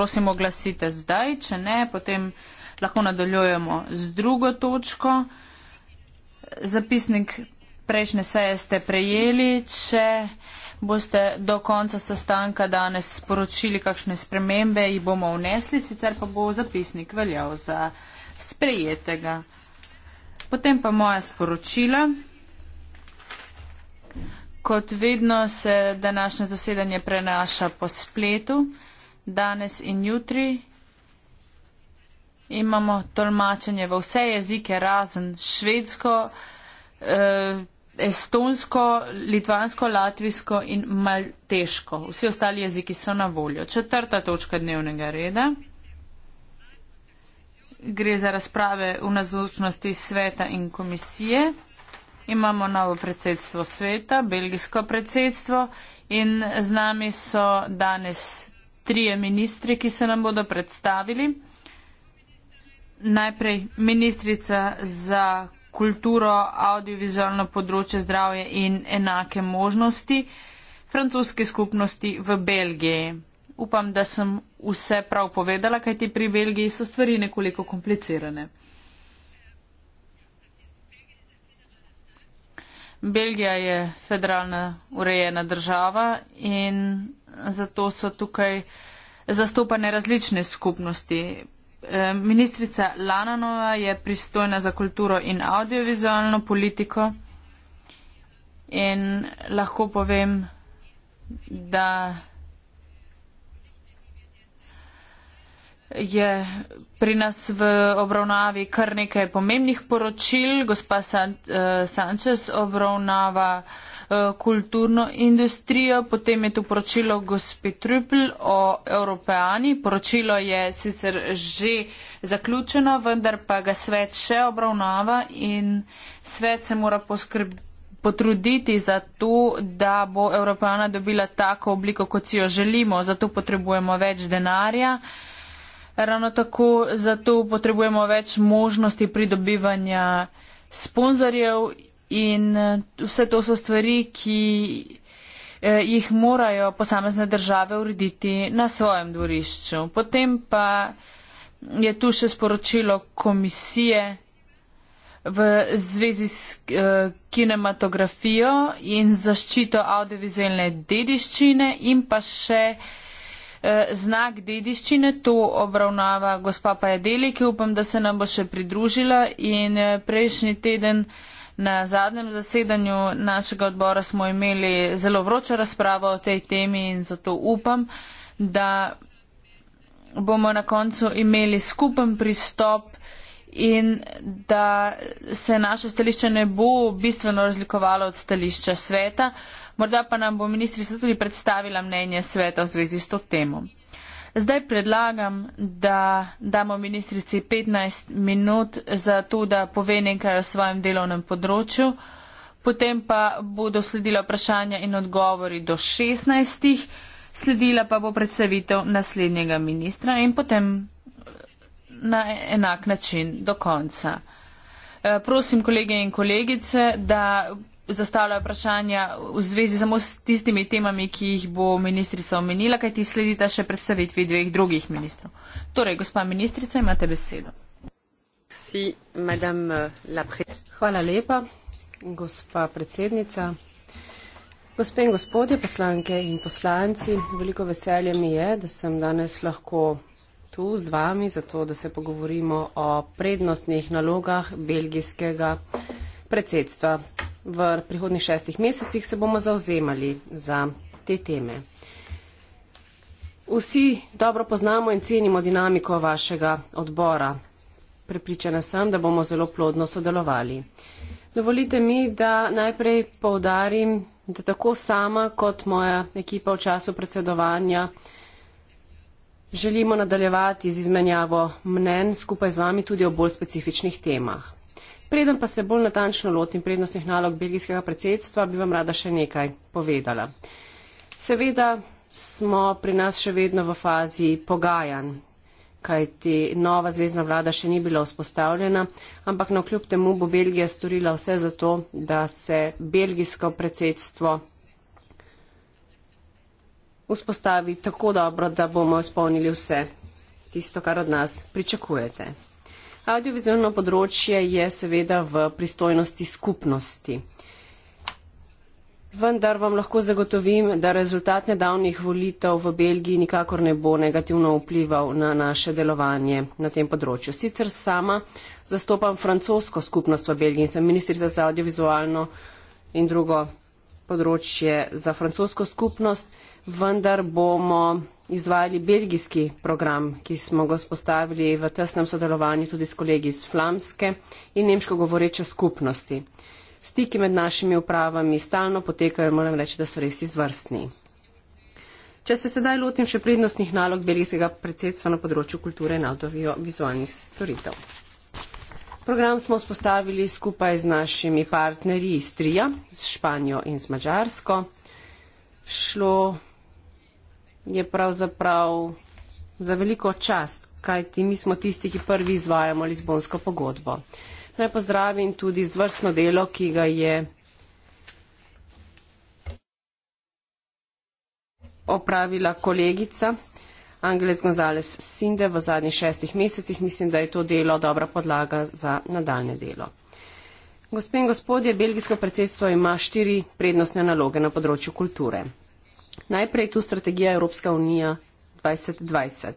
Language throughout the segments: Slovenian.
prosim oglasite zdaj, če ne, potem lahko nadaljujemo z drugo točko. Zapisnik prejšnje seje ste prejeli, če boste do konca sestanka danes sporočili kakšne spremembe, jih bomo vnesli, sicer pa bo zapisnik veljal za sprejetega. Potem pa moja sporočila. Kot vedno se današnje zasedanje prenaša po spletu danes in jutri. Imamo tolmačenje v vse jezike, razen švedsko, eh, estonsko, litvansko, latvijsko in malteško. Vsi ostali jeziki so na voljo. Četrta točka dnevnega reda. Gre za razprave v nazočnosti sveta in komisije. Imamo novo predsedstvo sveta, belgijsko predsedstvo in z nami so danes trije ministri, ki se nam bodo predstavili. Najprej ministrica za kulturo, audiovizualno področje zdravje in enake možnosti francoske skupnosti v Belgiji. Upam, da sem vse prav povedala, kajti pri Belgiji so stvari nekoliko komplicirane. Belgija je federalna urejena država in zato so tukaj zastopane različne skupnosti. E, ministrica Lananova je pristojna za kulturo in audiovizualno politiko in lahko povem, da je pri nas v obravnavi kar nekaj pomembnih poročil. Gospa San, uh, Sanchez obravnava uh, kulturno industrijo, potem je tu poročilo gospe Trüppel o Evropejani. Poročilo je sicer že zaključeno, vendar pa ga svet še obravnava in svet se mora poskrbiti potruditi za to, da bo Evropana dobila tako obliko, kot si jo želimo. Zato potrebujemo več denarja. Uh, Ravno tako zato potrebujemo več možnosti pridobivanja sponzorjev in eh, vse to so stvari, ki eh, jih morajo posamezne države urediti na svojem dvorišču. Potem pa je tu še sporočilo komisije v zvezi s eh, kinematografijo in zaščito audiovizualne dediščine in pa še Eh, znak dediščine, to obravnava gospa Pajedeli, ki upam, da se nam bo še pridružila in eh, prejšnji teden na zadnjem zasedanju našega odbora smo imeli zelo vročo razpravo o tej temi in zato upam, da bomo na koncu imeli skupen pristop in da se naše stališče ne bo bistveno razlikovalo od stališča sveta. Morda pa nam bo ministrica tudi predstavila mnenje sveta v zvezi s to temo. Zdaj predlagam, da damo ministrici 15 minut za to, da pove nekaj o svojem delovnem področju. Potem pa bodo sledila vprašanja in odgovori do 16. Sledila pa bo predstavitev naslednjega ministra in potem eh, na enak način do konca. Eh, prosim kolege in kolegice, da zastavljajo vprašanja v zvezi samo s tistimi temami, ki jih bo ministrica omenila, kaj ti sledita še predstavitvi dveh drugih ministrov. Torej, gospa ministrica, imate besedo. Eh, Hvala lepa, gospa predsednica. Gospe in gospodje, poslanke in poslanci, veliko veselje mi je, da sem danes lahko tu z vami, zato da se pogovorimo o prednostnih nalogah belgijskega predsedstva. V prihodnih šestih mesecih se bomo zauzemali za te teme. Vsi dobro poznamo in cenimo dinamiko vašega odbora. Prepričana sem, da bomo zelo plodno sodelovali. Dovolite mi, da najprej povdarim, da tako sama kot moja ekipa v času predsedovanja želimo nadaljevati z izmenjavo mnen skupaj z vami tudi o bolj specifičnih temah. Preden pa se bolj natančno lotim prednostnih nalog belgijskega predsedstva, bi vam rada še nekaj povedala. Seveda smo pri nas še vedno v fazi pogajanj, kajti nova zvezdna vlada še ni bila vzpostavljena, ampak na kljub temu bo Belgija storila vse za to, da se belgijsko predsedstvo vzpostavi tako dobro, da bomo izpolnili vse tisto, kar od nas pričakujete. Audiovizualno področje je seveda v pristojnosti skupnosti. Vendar vam lahko zagotovim, da rezultat nedavnih volitev v Belgiji nikakor ne bo negativno vplival na naše delovanje na tem področju. Sicer sama zastopam francosko skupnost v Belgiji in sem ministrica za audiovizualno in drugo področje za francosko skupnost, vendar bomo izvajali belgijski program, ki smo ga spostavili v tesnem sodelovanju tudi s kolegi iz flamske in nemško govoreče skupnosti. Stiki med našimi upravami stalno potekajo, moram reči, da so res izvrstni. Če se sedaj lotim še prednostnih nalog belgijskega predsedstva na področju kulture in avtovizualnih storitev. Program smo spostavili skupaj z našimi partnerji iz Trija, s Španjo in z Mačarsko. Šlo je pravzaprav za veliko čast, kajti mi smo tisti, ki prvi izvajamo Lizbonsko pogodbo. Naj pozdravim tudi zvrstno delo, ki ga je opravila kolegica Angeles González Sinde v zadnjih šestih mesecih. Mislim, da je to delo dobra podlaga za nadaljne delo. Gospod in gospodje, belgijsko predsedstvo ima štiri prednostne naloge na področju kulture. Najprej tu strategija Evropska unija 2020.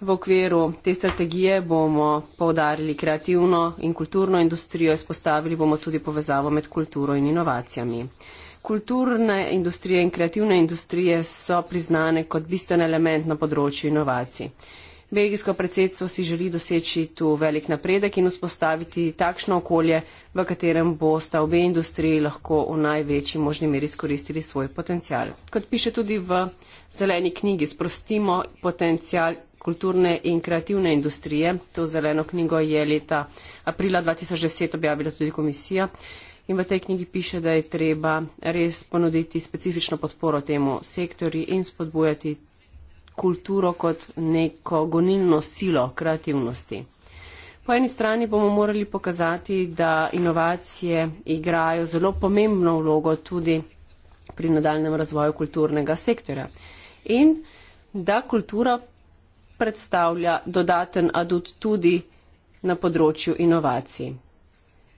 V okviru te strategije bomo povdarili kreativno in kulturno industrijo, izpostavili bomo tudi povezavo med kulturo in inovacijami. Kulturne industrije in kreativne industrije so priznane kot bistven element na področju inovacij. Belgijsko predsedstvo si želi doseči tu velik napredek in vzpostaviti takšno okolje, v katerem bosta obe industriji lahko v največji možni meri izkoristili svoj potencial. Kot piše tudi v zeleni knjigi, sprostimo potencial kulturne in kreativne industrije. To zeleno knjigo je leta aprila 2010 objavila tudi komisija. In v tej knjigi piše, da je treba res ponuditi specifično podporo temu sektorju in spodbujati kulturo kot neko gonilno silo kreativnosti. Po eni strani bomo morali pokazati, da inovacije igrajo zelo pomembno vlogo tudi pri nadaljem razvoju kulturnega sektorja in da kultura predstavlja dodaten adut tudi na področju inovacij.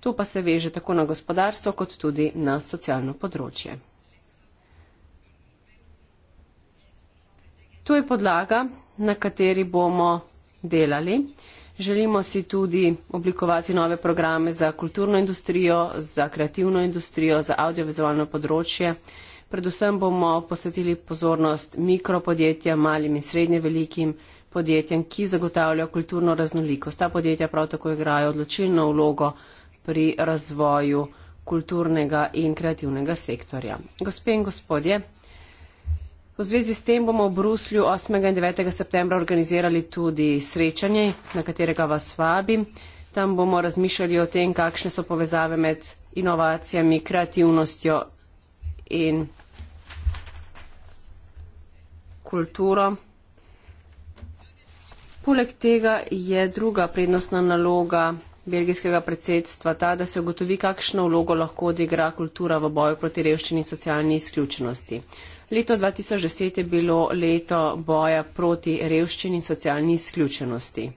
To pa se veže tako na gospodarstvo kot tudi na socialno področje. To je podlaga, na kateri bomo delali. Želimo si tudi oblikovati nove programe za kulturno industrijo, za kreativno industrijo, za audiovizualno področje. Predvsem bomo posvetili pozornost mikropodjetjem, malim in srednje velikim podjetjem, ki zagotavljajo kulturno raznolikost. Ta podjetja prav tako igrajo odločilno vlogo pri razvoju kulturnega in kreativnega sektorja. Gospe in gospodje, V zvezi s tem bomo v Bruslju 8. in 9. septembra organizirali tudi srečanje, na katerega vas vabim. Tam bomo razmišljali o tem, kakšne so povezave med inovacijami, kreativnostjo in kulturo. Poleg tega je druga prednostna naloga belgijskega predsedstva ta, da se ugotovi, kakšno vlogo lahko odigra kultura v boju proti revščini in socialni izključenosti. Leto 2010 je bilo leto boja proti revščini in socialni izključenosti.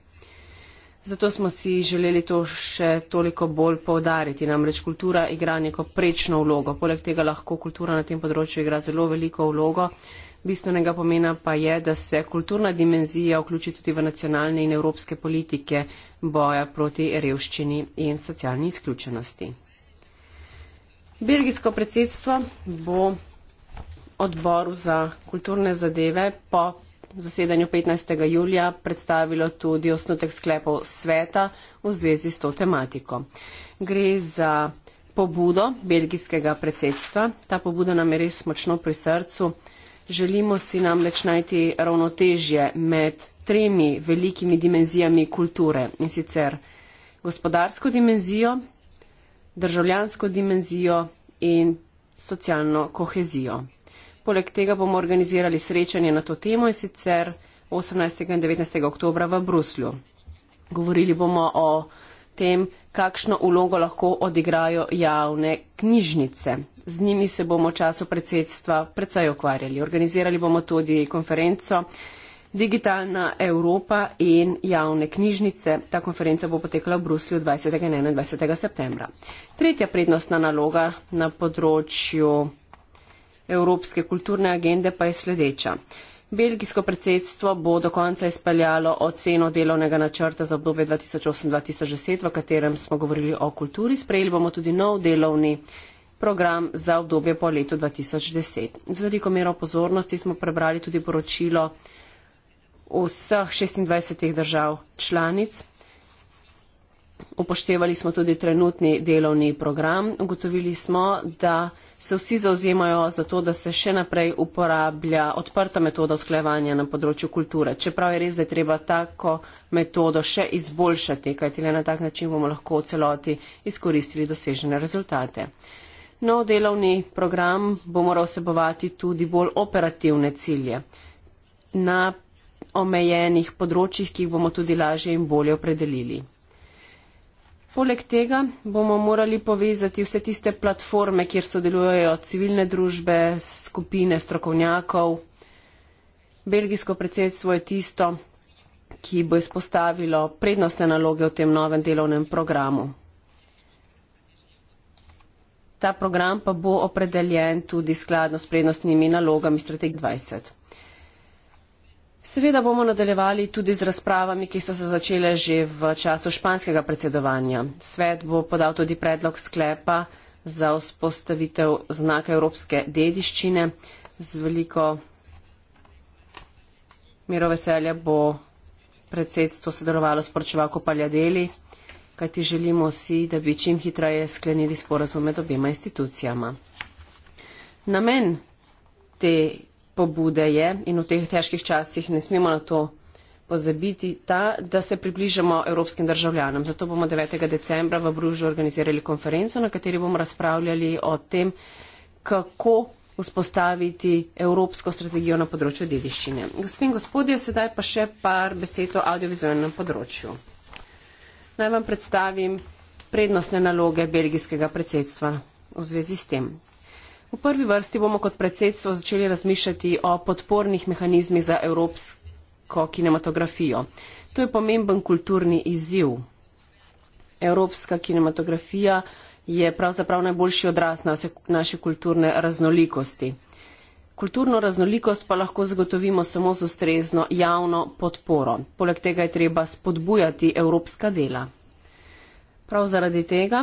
Zato smo si želeli to še toliko bolj povdariti. Namreč kultura igra neko prečno vlogo. Poleg tega lahko kultura na tem področju igra zelo veliko vlogo. Bistvenega pomena pa je, da se kulturna dimenzija vključi tudi v nacionalne in evropske politike boja proti revščini in socialni izključenosti. Belgijsko predsedstvo bo odboru za kulturne zadeve po zasedanju 15. julija predstavilo tudi osnutek sklepov sveta v zvezi s to tematiko. Gre za pobudo belgijskega predsedstva. Ta pobuda nam je res močno pri srcu. Želimo si namreč najti ravnotežje med tremi velikimi dimenzijami kulture in sicer gospodarsko dimenzijo, državljansko dimenzijo in socialno kohezijo. Poleg tega bomo organizirali srečanje na to temo in sicer 18. in 19. oktobra v Bruslju. Govorili bomo o tem, kakšno ulogo lahko odigrajo javne knjižnice. Z njimi se bomo v času predsedstva predvsej ukvarjali. Organizirali bomo tudi konferenco Digitalna Evropa in javne knjižnice. Ta konferenca bo potekala v Bruslju 20. in 21. septembra. Tretja prednostna naloga na področju evropske kulturne agende pa je sledeča. Belgijsko predsedstvo bo do konca izpeljalo oceno delovnega načrta za obdobje 2008-2010, v katerem smo govorili o kulturi. Sprejeli bomo tudi nov delovni program za obdobje po letu 2010. Z veliko mero pozornosti smo prebrali tudi poročilo vseh 26 držav članic. Upoštevali smo tudi trenutni delovni program. Ugotovili smo, da se vsi zauzemajo za to, da se še naprej uporablja odprta metoda usklajevanja na področju kulture. Čeprav je res, da je treba tako metodo še izboljšati, kajti le na tak način bomo lahko v celoti izkoristili dosežene rezultate. Nov delovni program bo moral vsebovati tudi bolj operativne cilje na omejenih področjih, ki jih bomo tudi lažje in bolje opredelili. Poleg tega bomo morali povezati vse tiste platforme, kjer sodelujejo civilne družbe, skupine strokovnjakov. Belgijsko predsedstvo je tisto, ki bo izpostavilo prednostne naloge v tem novem delovnem programu. Ta program pa bo opredeljen tudi skladno s prednostnimi nalogami strategije 20. Seveda bomo nadaljevali tudi z razpravami, ki so se začele že v času španskega predsedovanja. Svet bo podal tudi predlog sklepa za vzpostavitev znaka evropske dediščine. Z veliko miro veselja bo predsedstvo sodelovalo s poročevalko Paljadeli, kajti želimo si, da bi čim hitreje sklenili sporazume med obima institucijama. Namen te pobude je in v teh težkih časih ne smemo na to pozabiti ta, da se približamo evropskim državljanom. Zato bomo 9. decembra v Bružu organizirali konferenco, na kateri bomo razpravljali o tem, kako vzpostaviti evropsko strategijo na področju dediščine. Gospod in gospodje, sedaj pa še par besed o audiovizualnem področju. Naj vam predstavim prednostne naloge belgijskega predsedstva v zvezi s tem. V prvi vrsti bomo kot predsedstvo začeli razmišljati o podpornih mehanizmih za evropsko kinematografijo. To je pomemben kulturni izziv. Evropska kinematografija je pravzaprav najboljši odraz na vse naše kulturne raznolikosti. Kulturno raznolikost pa lahko zagotovimo samo z ustrezno javno podporo. Poleg tega je treba spodbujati evropska dela. Prav zaradi tega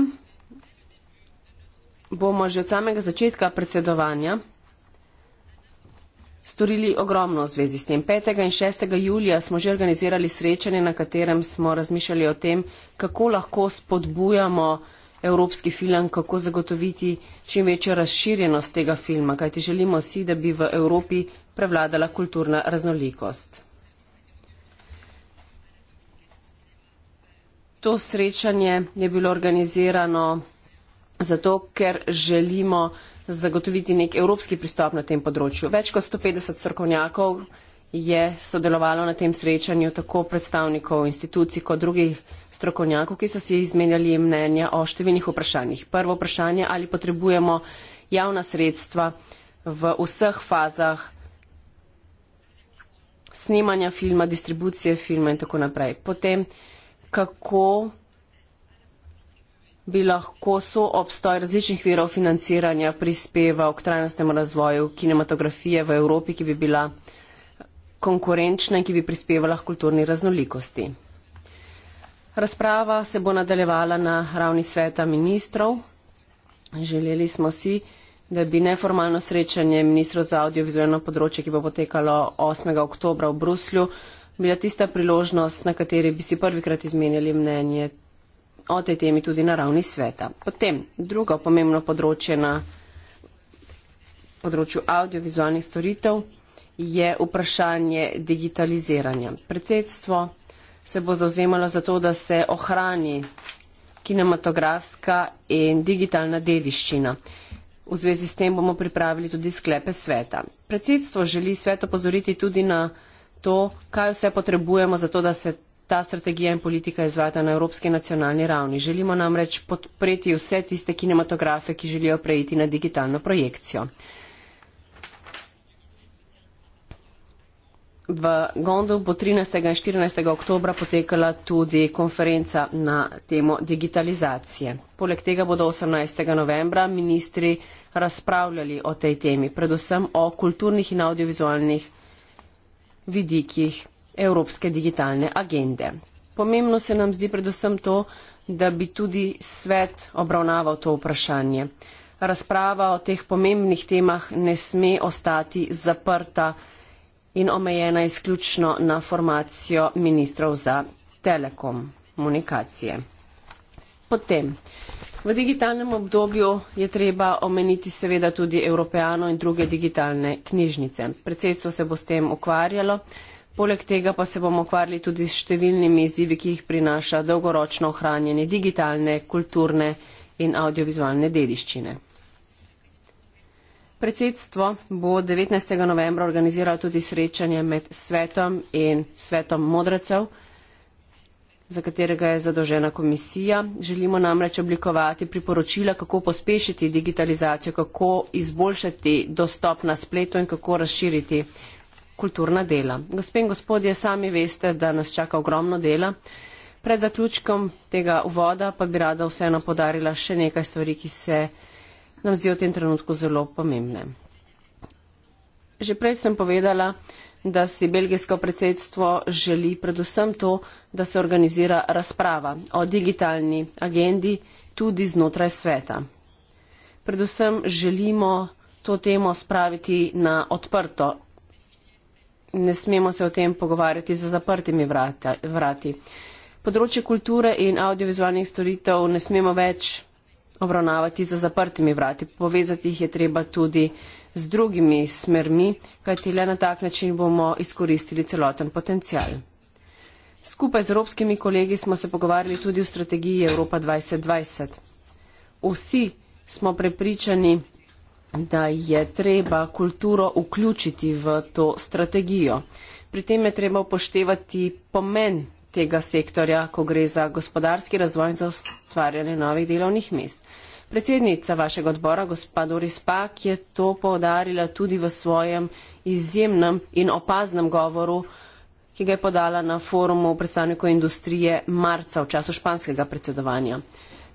bomo že od samega začetka predsedovanja storili ogromno v zvezi s tem. 5. in 6. julija smo že organizirali srečanje, na katerem smo razmišljali o tem, kako lahko spodbujamo evropski film, kako zagotoviti čim večjo razširjenost tega filma, kajti želimo si, da bi v Evropi prevladala kulturna raznolikost. To srečanje je bilo organizirano zato ker želimo zagotoviti nek evropski pristop na tem področju. Več kot 150 strokovnjakov je sodelovalo na tem srečanju tako predstavnikov institucij kot drugih strokovnjakov, ki so si izmenjali mnenja o številnih vprašanjih. Prvo vprašanje, ali potrebujemo javna sredstva v vseh fazah snemanja filma, distribucije filma in tako naprej. Potem, kako bi lahko so obstoj različnih virov financiranja prispeval k trajnostnemu razvoju kinematografije v Evropi, ki bi bila konkurenčna in ki bi prispevala k kulturni raznolikosti. Razprava se bo nadaljevala na ravni sveta ministrov. Želeli smo si, da bi neformalno srečanje ministrov za audiovizualno področje, ki bo potekalo 8. oktobra v Bruslju, bila tista priložnost, na kateri bi si prvikrat izmenjali mnenje o tej temi tudi na ravni sveta. Potem drugo pomembno področje na področju audiovizualnih storitev je vprašanje digitaliziranja. Predsedstvo se bo zauzemalo za to, da se ohrani kinematografska in digitalna dediščina. V zvezi s tem bomo pripravili tudi sklepe sveta. Predsedstvo želi svet opozoriti tudi na to, kaj vse potrebujemo za to, da se ta strategija in politika izvajata na evropski nacionalni ravni. Želimo namreč podpreti vse tiste kinematografe, ki želijo preiti na digitalno projekcijo. V Gondu bo 13. in 14. oktobra potekala tudi konferenca na temo digitalizacije. Poleg tega bodo 18. novembra ministri razpravljali o tej temi, predvsem o kulturnih in audiovizualnih vidikih evropske digitalne agende. Pomembno se nam zdi predvsem to, da bi tudi svet obravnaval to vprašanje. Razprava o teh pomembnih temah ne sme ostati zaprta in omejena izključno na formacijo ministrov za telekomunikacije. Potem, v digitalnem obdobju je treba omeniti seveda tudi Evropejano in druge digitalne knjižnice. Predsedstvo se bo s tem ukvarjalo. Poleg tega pa se bomo ukvarjali tudi s številnimi izzivi, ki jih prinaša dolgoročno ohranjanje digitalne, kulturne in audiovizualne dediščine. Predsedstvo bo 19. novembra organiziralo tudi srečanje med svetom in svetom modracev, za katerega je zadolžena komisija. Želimo namreč oblikovati priporočila, kako pospešiti digitalizacijo, kako izboljšati dostop na spletu in kako razširiti kulturna dela. Gospe in gospodje, sami veste, da nas čaka ogromno dela. Pred zaključkom tega uvoda pa bi rada vseeno podarila še nekaj stvari, ki se nam zdijo v tem trenutku zelo pomembne. Že prej sem povedala, da si belgijsko predsedstvo želi predvsem to, da se organizira razprava o digitalni agendi tudi znotraj sveta. Predvsem želimo to temo spraviti na odprto ne smemo se o tem pogovarjati za zaprtimi vrata, vrati. Področje kulture in audiovizualnih storitev ne smemo več obravnavati za zaprtimi vrati. Povezati jih je treba tudi z drugimi smermi, kajti le na tak način bomo izkoristili celoten potencial. Skupaj z evropskimi kolegi smo se pogovarjali tudi o strategiji Evropa 2020. Vsi smo prepričani, da je treba kulturo vključiti v to strategijo. Pri tem je treba upoštevati pomen tega sektorja, ko gre za gospodarski razvoj in za ustvarjanje novih delovnih mest. Predsednica vašega odbora, gospa Doris Pak, je to povdarila tudi v svojem izjemnem in opaznem govoru, ki ga je podala na forumu predstavnikov industrije marca v času španskega predsedovanja.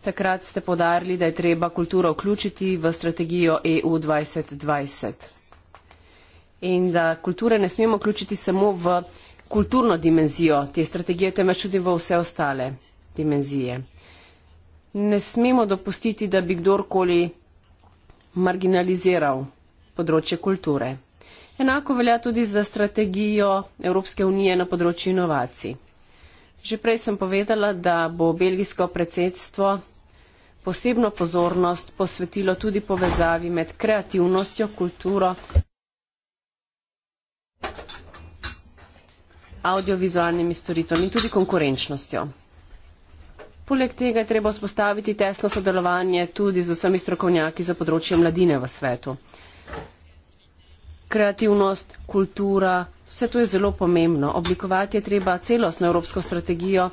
Takrat ste podarili, da je treba kulturo vključiti v strategijo EU 2020 in da kulture ne smemo vključiti samo v kulturno dimenzijo te strategije, temveč tudi v vse ostale dimenzije. Ne smemo dopustiti, da bi kdorkoli marginaliziral področje kulture. Enako velja tudi za strategijo Evropske unije na področju inovacij. Že prej sem povedala, da bo belgijsko predsedstvo posebno pozornost posvetilo tudi povezavi med kreativnostjo, kulturo, audiovizualnimi storitvami in tudi konkurenčnostjo. Poleg tega je treba vzpostaviti tesno sodelovanje tudi z vsemi strokovnjaki za področje mladine v svetu. Kreativnost, kultura, vse to je zelo pomembno. Oblikovati je treba celostno evropsko strategijo,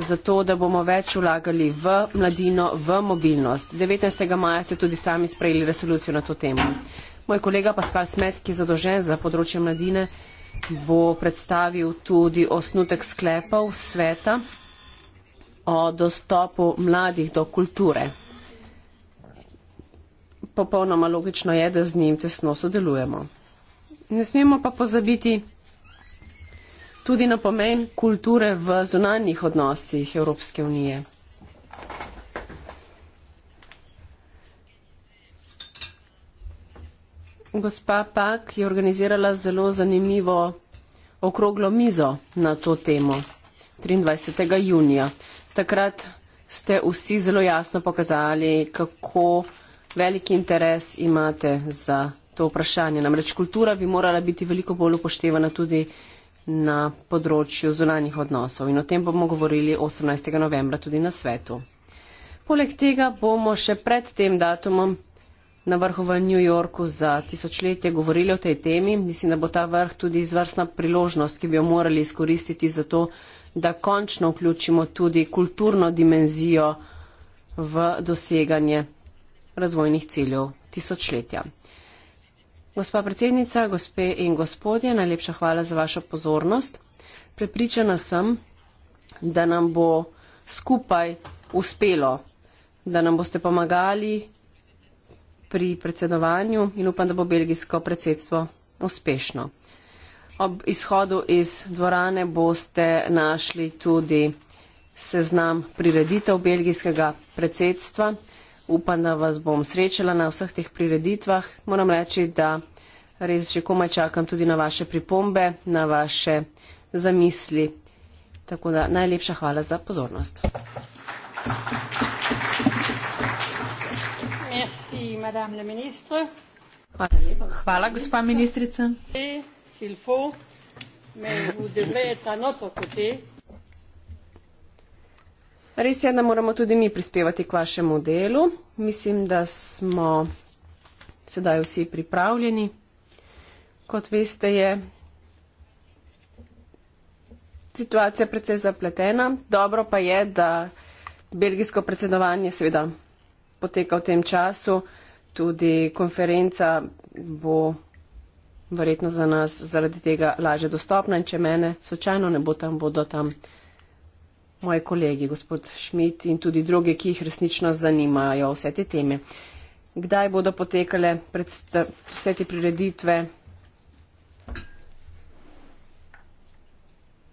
zato, da bomo več vlagali v mladino, v mobilnost. 19. maja ste tudi sami sprejeli resolucijo na to temo. Moj kolega Pascal Smet, ki je zadolžen za področje mladine, bo predstavil tudi osnutek sklepov sveta o dostopu mladih do kulture. Popolnoma logično je, da z njim tesno sodelujemo. Ne smemo pa pozabiti tudi na pomen kulture v zunanjih odnosih Evropske unije. Gospa Pak je organizirala zelo zanimivo okroglo mizo na to temo 23. junija. Takrat ste vsi zelo jasno pokazali, kako velik interes imate za to vprašanje. Namreč kultura bi morala biti veliko bolj upoštevana tudi na področju zunanjih odnosov in o tem bomo govorili 18. novembra tudi na svetu. Poleg tega bomo še pred tem datumom na vrhu v New Yorku za tisočletje govorili o tej temi. Mislim, da bo ta vrh tudi izvrstna priložnost, ki bi jo morali izkoristiti za to, da končno vključimo tudi kulturno dimenzijo v doseganje razvojnih ciljev tisočletja. Gospa predsednica, gospe in gospodje, najlepša hvala za vašo pozornost. Prepričana sem, da nam bo skupaj uspelo, da nam boste pomagali pri predsedovanju in upam, da bo belgijsko predsedstvo uspešno. Ob izhodu iz dvorane boste našli tudi seznam prireditev belgijskega predsedstva upam, da vas bom srečala na vseh teh prireditvah. Moram reči, da res že komaj čakam tudi na vaše pripombe, na vaše zamisli. Tako da najlepša hvala za pozornost. Merci, madame, hvala, hvala, gospa ministrica. Hvala, gospa ministrica. Res je, da moramo tudi mi prispevati k vašemu delu. Mislim, da smo sedaj vsi pripravljeni. Kot veste, je situacija precej zapletena. Dobro pa je, da belgijsko predsedovanje seveda poteka v tem času. Tudi konferenca bo verjetno za nas zaradi tega lažje dostopna in če mene slučajno ne bo tam, bodo tam moji kolegi, gospod Šmit in tudi drugi, ki jih resnično zanimajo vse te teme. Kdaj bodo potekale vse te prireditve?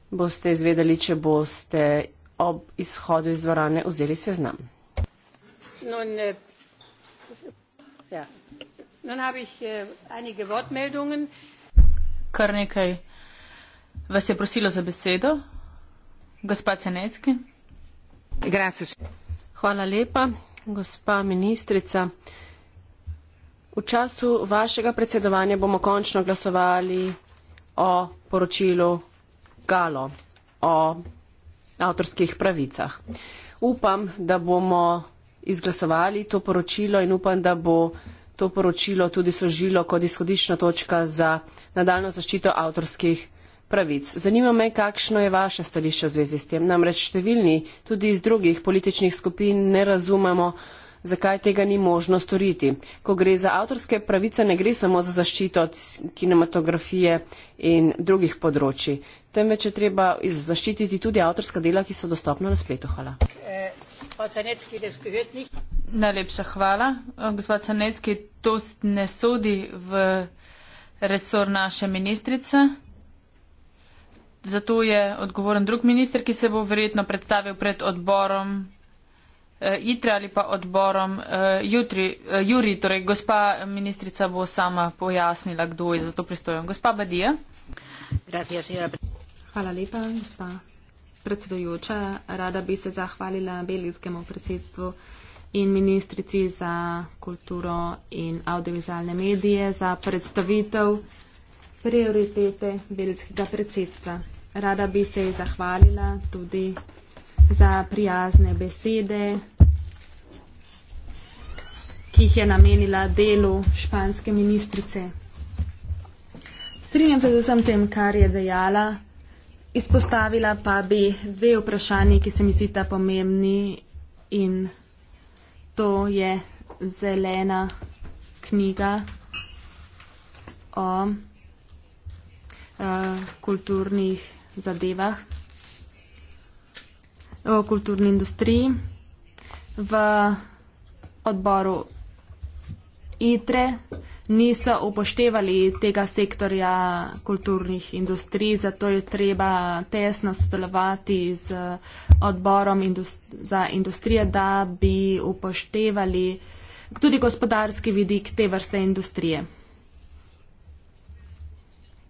Boste izvedeli, če boste ob izhodu iz dvorane vzeli seznam. No, ne. Äh, ja. Dan habe ich äh, einige Wortmeldungen. Kar nekaj vas je prosilo za besedo v času vašega predsedovanja bomo končno glasovali o poročilu galo o avtorskih pravicah. Upam, da bomo izglasovali to poročilo in upam, da bo to poročilo tudi služilo kot izhodiščna točka za nadaljno zaščito avtorskih pravic pravic. Zanima me, kakšno je vaše stališče v zvezi s tem. Namreč številni, tudi iz drugih političnih skupin, ne razumemo, zakaj tega ni možno storiti. Ko gre za avtorske pravice, ne gre samo za zaščito kinematografije in drugih področji, temveč je treba zaščititi tudi avtorska dela, ki so dostopna na spletu. Hvala. Najlepša hvala. Gospa Canecki, to ne sodi v resor naše ministrice. Zato je odgovoren drug minister, ki se bo verjetno predstavil pred odborom jutri eh, ali pa odborom eh, jutri. Eh, Juri, torej gospa ministrica bo sama pojasnila, kdo je za to pristojen. Gospa Badija. Hvala lepa, gospa predsedujoča. Rada bi se zahvalila belgijskemu predsedstvu in ministrici za kulturo in audiovizualne medije za predstavitev prioritete belgijskega predsedstva. Rada bi se ji zahvalila tudi za prijazne besede, ki jih je namenila delu španske ministrice. Strinjam se z vsem tem, kar je dejala. Izpostavila pa bi dve vprašanji, ki se mi zdita pomembni in to je zelena knjiga o Eh, kulturnih zadevah, o kulturni industriji v odboru ITRE niso upoštevali tega sektorja kulturnih industrij, zato je treba tesno sodelovati z odborom indust za industrije, da bi upoštevali tudi gospodarski vidik te vrste industrije.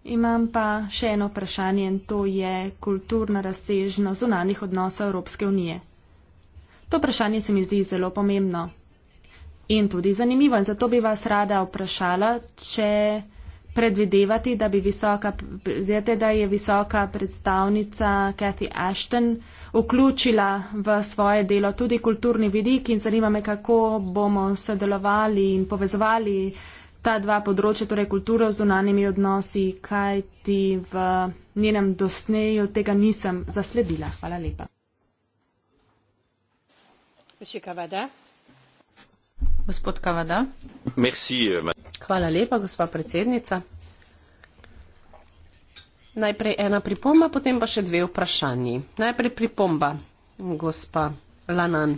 Imam pa še eno vprašanje in to je kulturna razsežnost zunanih odnosov Evropske unije. To vprašanje se mi zdi zelo pomembno in tudi zanimivo in zato bi vas rada vprašala, če predvidevati, da, bi visoka, da je visoka predstavnica Cathy Ashton vključila v svoje delo tudi kulturni vidik in zanima me, kako bomo sodelovali in povezovali uh, ta dva področja, torej kulturo z unanimi odnosi, kaj ti v njenem dosneju tega nisem zasledila. Hvala lepa. Še kavada. Gospod Kavada. Merci, euh, Hvala lepa, gospa predsednica. Najprej ena pripomba, potem pa še dve vprašanji. Najprej pripomba, gospa Lanan.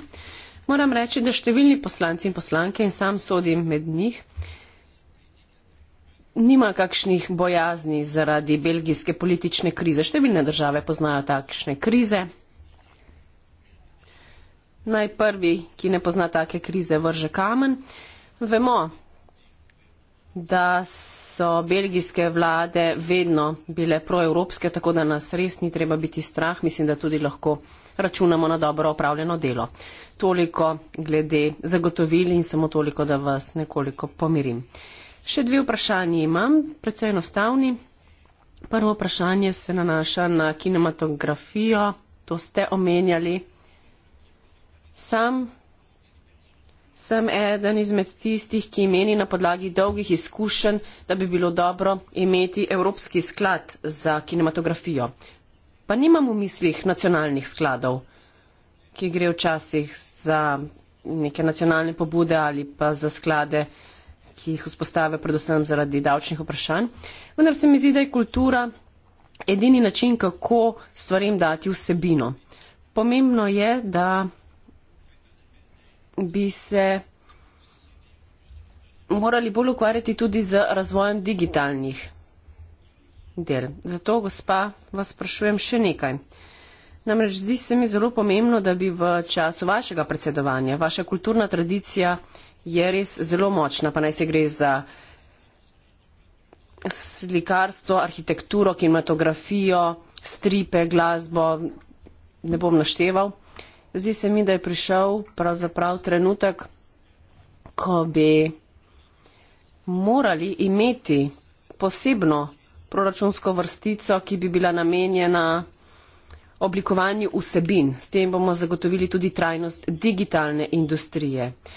Moram reči, da številni poslanci in poslanke in sam sodim med njih, nima kakšnih bojazni zaradi belgijske politične krize. Številne države poznajo takšne krize. Najprvi, ki ne pozna take krize, vrže kamen. Vemo, da so belgijske vlade vedno bile proevropske, tako da nas res ni treba biti strah. Mislim, da tudi lahko računamo na dobro opravljeno delo. Toliko glede zagotovili in samo toliko, da vas nekoliko pomirim. Še dve vprašanji imam, precej enostavni. Prvo vprašanje se nanaša na kinematografijo, to ste omenjali. Sam sem eden izmed tistih, ki meni na podlagi dolgih izkušenj, da bi bilo dobro imeti Evropski sklad za kinematografijo. Pa nimam v mislih nacionalnih skladov, ki gre včasih za neke nacionalne pobude ali pa za sklade ki jih vzpostavlja predvsem zaradi davčnih vprašanj. Vendar se mi zdi, da je kultura edini način, kako stvarem dati vsebino. Pomembno je, da bi se morali bolj ukvarjati tudi z razvojem digitalnih del. Zato, gospa, vas sprašujem še nekaj. Namreč zdi se mi zelo pomembno, da bi v času vašega predsedovanja vaša kulturna tradicija je res zelo močna, pa naj se gre za slikarstvo, arhitekturo, kinematografijo, stripe, glasbo, ne bom našteval. Zdi se mi, da je prišel pravzaprav trenutek, ko bi morali imeti posebno proračunsko vrstico, ki bi bila namenjena oblikovanju vsebin. S tem bomo zagotovili tudi trajnost digitalne industrije. Uh,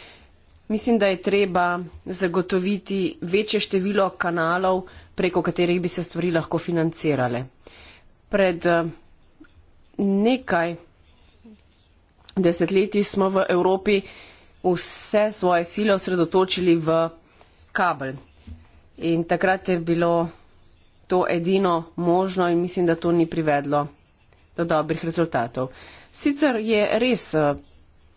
Mislim, da je treba zagotoviti večje število kanalov, preko katerih bi se stvari lahko financirale. Pred eh, nekaj desetletji smo v Evropi vse svoje sile osredotočili v kabel. In takrat je bilo to edino možno in mislim, da to ni privedlo do dobrih rezultatov. Sicer je res eh,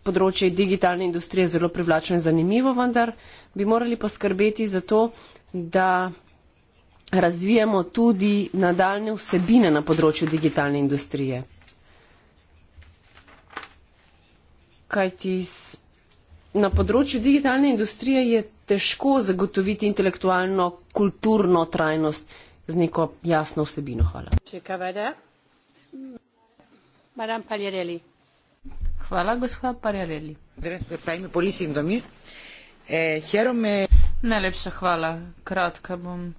področje digitalne industrije zelo privlačno in zanimivo, vendar bi morali poskrbeti za to, da razvijamo tudi nadaljne vsebine na področju digitalne industrije. Kaj ti na področju digitalne industrije je težko zagotoviti intelektualno, kulturno trajnost z neko jasno vsebino. Hvala. Če kaj vede? Madame Paljereli. Hvala, gospa Parjareli. Pa ime poli sindomi. E, Herome. Najlepša hvala, kratka bom.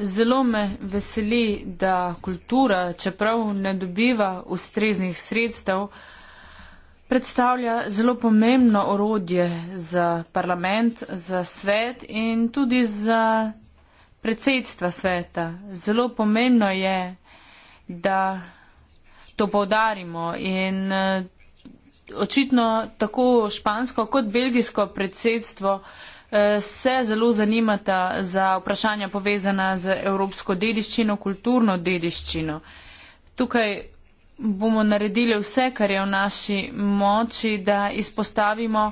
Zelo me veseli, da kultura, čeprav ne dobiva ustreznih sredstev, predstavlja zelo pomembno orodje za parlament, za svet in tudi za predsedstva sveta. Zelo pomembno je, da to povdarimo in očitno tako špansko kot belgijsko predsedstvo eh, se zelo zanimata za vprašanja povezana z evropsko dediščino, kulturno dediščino. Tukaj bomo naredili vse, kar je v naši moči, da izpostavimo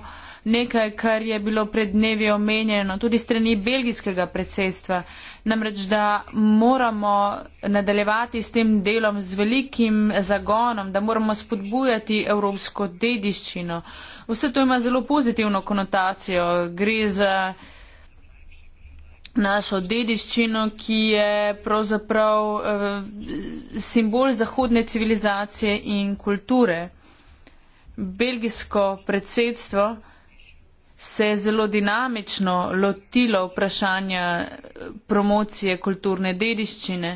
nekaj, kar je bilo pred dnevi omenjeno tudi strani belgijskega predsedstva. Namreč, da moramo nadaljevati s tem delom z velikim zagonom, da moramo spodbujati evropsko dediščino. Vse to ima zelo pozitivno konotacijo. Gre za našo dediščino, ki je pravzaprav eh, simbol zahodne civilizacije in kulture. Belgijsko predsedstvo se je zelo dinamično lotilo vprašanja eh, promocije kulturne dediščine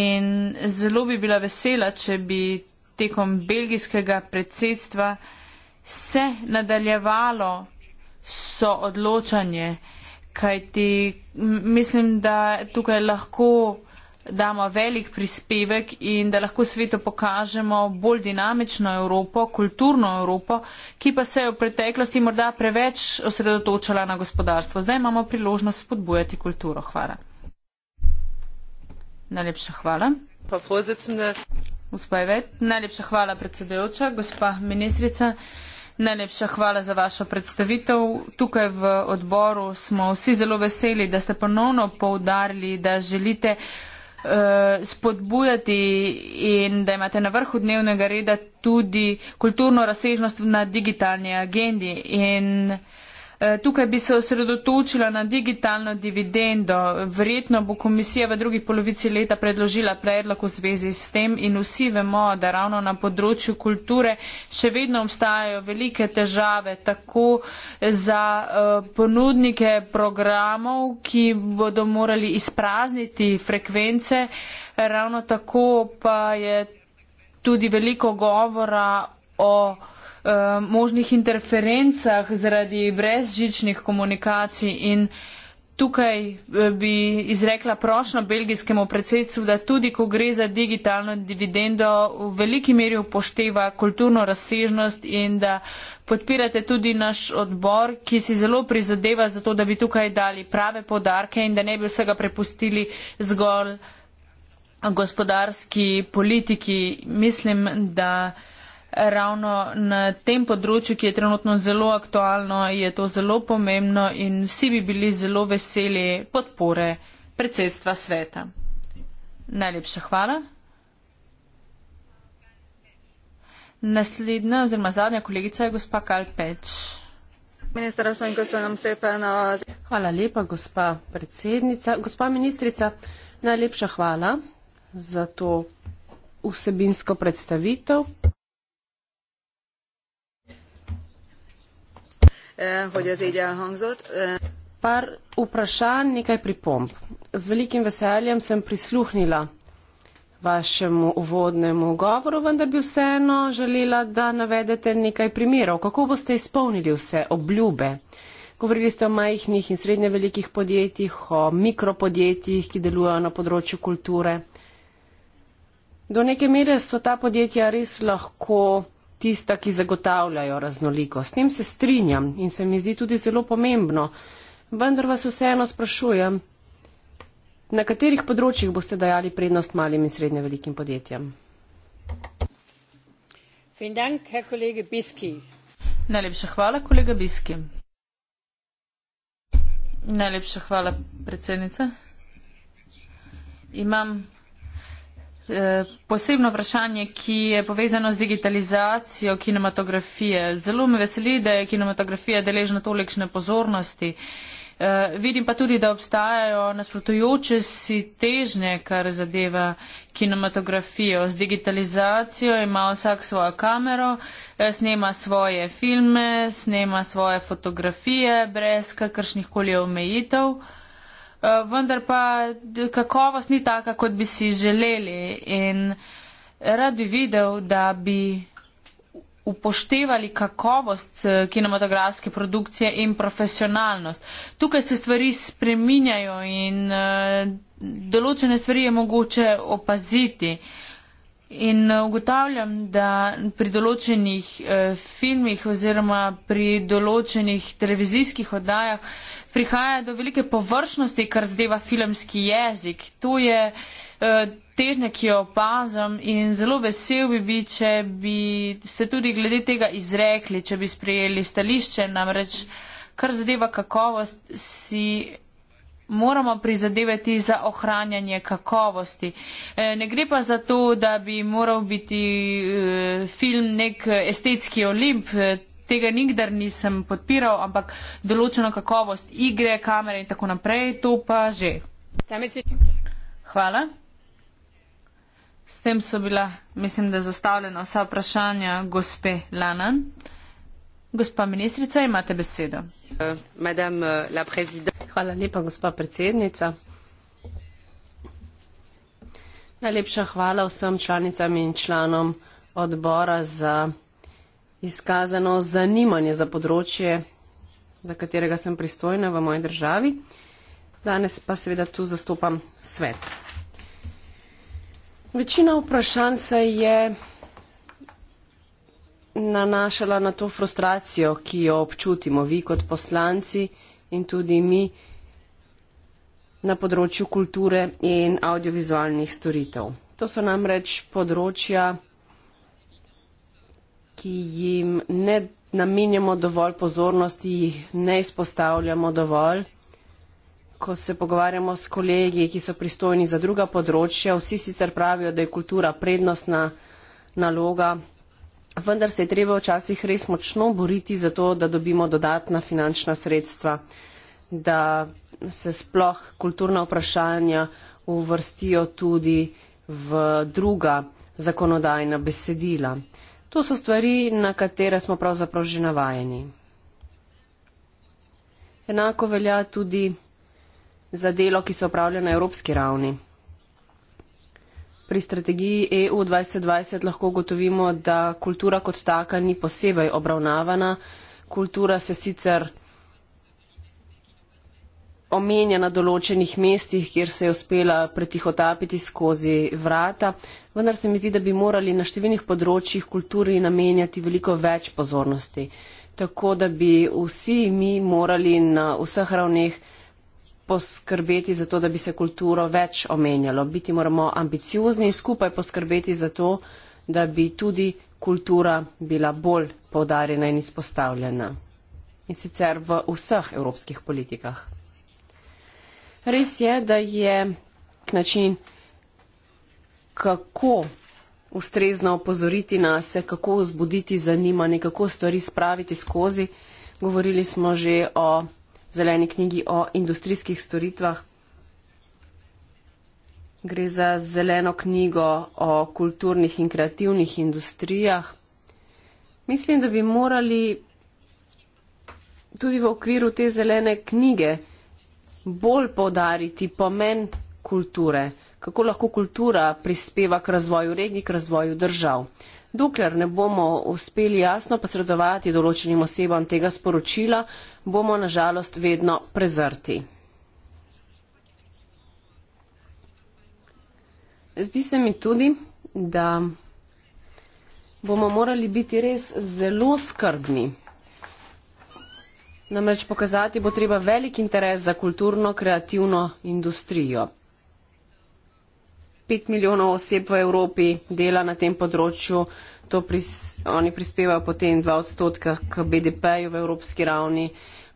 in zelo bi bila vesela, če bi tekom belgijskega predsedstva se nadaljevalo so odločanje eh, kajti mislim, da tukaj lahko damo velik prispevek in da lahko svetu pokažemo bolj dinamično Evropo, kulturno Evropo, ki pa se je v preteklosti morda preveč osredotočala na gospodarstvo. Zdaj imamo priložnost spodbujati kulturo. Hvala. Najlepša hvala. Pa vozicne. Gospa Evet, najlepša hvala predsedujoča, gospa ministrica. Najlepša hvala za vašo predstavitev. Tukaj v odboru smo vsi zelo veseli, da ste ponovno poudarili, da želite eh, spodbujati in da imate na vrhu dnevnega reda tudi kulturno razsežnost na digitalni agendi. In Eh, tukaj bi se osredotočila na digitalno dividendo. Verjetno bo komisija v drugi polovici leta predložila predlog v zvezi s tem in vsi vemo, da ravno na področju kulture še vedno obstajajo velike težave tako za eh, ponudnike programov, ki bodo morali izprazniti frekvence, ravno tako pa je tudi veliko govora o Eh, možnih interferencah zaradi brezžičnih komunikacij in tukaj eh, bi izrekla prošno belgijskemu predsedstvu, da tudi ko gre za digitalno dividendo, v veliki meri upošteva kulturno razsežnost in da podpirate tudi naš odbor, ki si zelo prizadeva za to, da bi tukaj dali prave podarke in da ne bi vsega prepustili zgolj gospodarski politiki. Mislim, da ravno na tem področju, ki je trenutno zelo aktualno, je to zelo pomembno in vsi bi bili zelo veseli podpore predsedstva sveta. Najlepša hvala. Naslednja oziroma zadnja kolegica je gospa Kalpeč. Hvala lepa, gospa predsednica. Gospa ministrica, najlepša hvala za to vsebinsko predstavitev. Eh, hogy ez így elhangzott. Eh, Pár vprašanj, nekaj pripomb. Z velikim veseljem sem prisluhnila vašemu uvodnemu govoru, vendar bi vseeno želela, da navedete nekaj primerov, kako boste izpolnili vse obljube. Govorili ste o majhnih in srednje velikih podjetjih, o mikropodjetjih, ki delujejo na področju kulture. Do neke mere so ta podjetja res lahko tista, ki zagotavljajo raznolikost. S tem se strinjam in se mi zdi tudi zelo pomembno. Vendar vas vseeno sprašujem, na katerih področjih boste dajali prednost malim in srednje velikim podjetjem? Najlepša hvala, kolega Biski. Najlepša hvala, predsednica. Imam posebno vprašanje, ki je povezano z digitalizacijo kinematografije. Zelo me veseli, da je kinematografija deležna tolikšne pozornosti. Eh, vidim pa tudi, da obstajajo nasprotujoče si težnje, kar zadeva kinematografijo. Z digitalizacijo ima vsak svojo kamero, eh, snema svoje filme, snema svoje fotografije brez kakršnih koli omejitev. Eh, vendar pa kakovost ni taka, kot bi si želeli in rad bi videl, da bi upoštevali kakovost eh, kinematografske produkcije in profesionalnost. Tukaj se stvari spreminjajo in eh, določene stvari je mogoče opaziti. Uh, In eh, ugotavljam, da pri določenih eh, filmih oziroma pri določenih televizijskih oddajah prihaja do velike površnosti, kar zdeva filmski jezik. To je eh, težnja, ki jo opazam in zelo vesel bi bi, če bi se tudi glede tega izrekli, če bi sprejeli stališče. Namreč, kar zadeva kakovost, si moramo prizadevati za ohranjanje kakovosti. E, ne gre pa za to, da bi moral biti e, film nek estetski olimp. E, tega nikdar nisem podpiral, ampak določeno kakovost igre, kamere in tako naprej, to pa že. Hvala. S tem so bila, mislim, da zastavljena vsa vprašanja gospe Lanan. Gospa ministrica, imate besedo. Euh, euh, hvala lepa, gospa predsednica. Najlepša hvala vsem članicam in članom odbora za izkazano zanimanje za področje, za katerega sem pristojna v moji državi. Danes pa seveda tu zastopam svet. Večina vprašanj se je nanašala na to frustracijo, ki jo občutimo vi kot poslanci in tudi mi na področju kulture in audiovizualnih storitev. To so namreč področja, ki jim ne namenjamo dovolj pozornosti, jih ne izpostavljamo dovolj. Ko se pogovarjamo s kolegi, ki so pristojni za druga področja, vsi sicer pravijo, da je kultura prednostna naloga, vendar se je treba včasih res močno boriti za to, da dobimo dodatna finančna sredstva, da se sploh kulturna vprašanja uvrstijo tudi v druga zakonodajna besedila. To so stvari, na katere smo pravzaprav že navajeni. Enako velja tudi za delo, ki se opravlja na evropski ravni pri strategiji EU 2020 lahko gotovimo, da kultura kot taka ni posebej obravnavana. Kultura se sicer omenja na določenih mestih, kjer se je uspela pretihotapiti skozi vrata, vendar se mi zdi, da bi morali na številnih področjih kulturi namenjati veliko več pozornosti. Tako da bi vsi mi morali na vseh ravneh poskrbeti za to, da bi se kulturo več omenjalo. Biti moramo ambiciozni in skupaj poskrbeti za to, da bi tudi kultura bila bolj povdarjena in izpostavljena. In sicer v vseh evropskih politikah. Res je, da je način, kako ustrezno opozoriti nas, kako vzbuditi zanimanje, kako stvari spraviti skozi. Govorili smo že o zeleni knjigi o industrijskih storitvah. Gre za zeleno knjigo o kulturnih in kreativnih industrijah. Mislim, da bi morali tudi v okviru te zelene knjige bolj povdariti pomen kulture, kako lahko kultura prispeva k razvoju regij, k razvoju držav dokler ne bomo uspeli jasno posredovati določenim osebam tega sporočila, bomo nažalost vedno prezrti. Zdi se mi tudi, da bomo morali biti res zelo skrbni. Namreč pokazati bo treba velik interes za kulturno, kreativno industrijo pet milijonov oseb v Evropi dela na tem področju, to pris, oni prispevajo potem dva odstotka k BDP-ju v evropski ravni.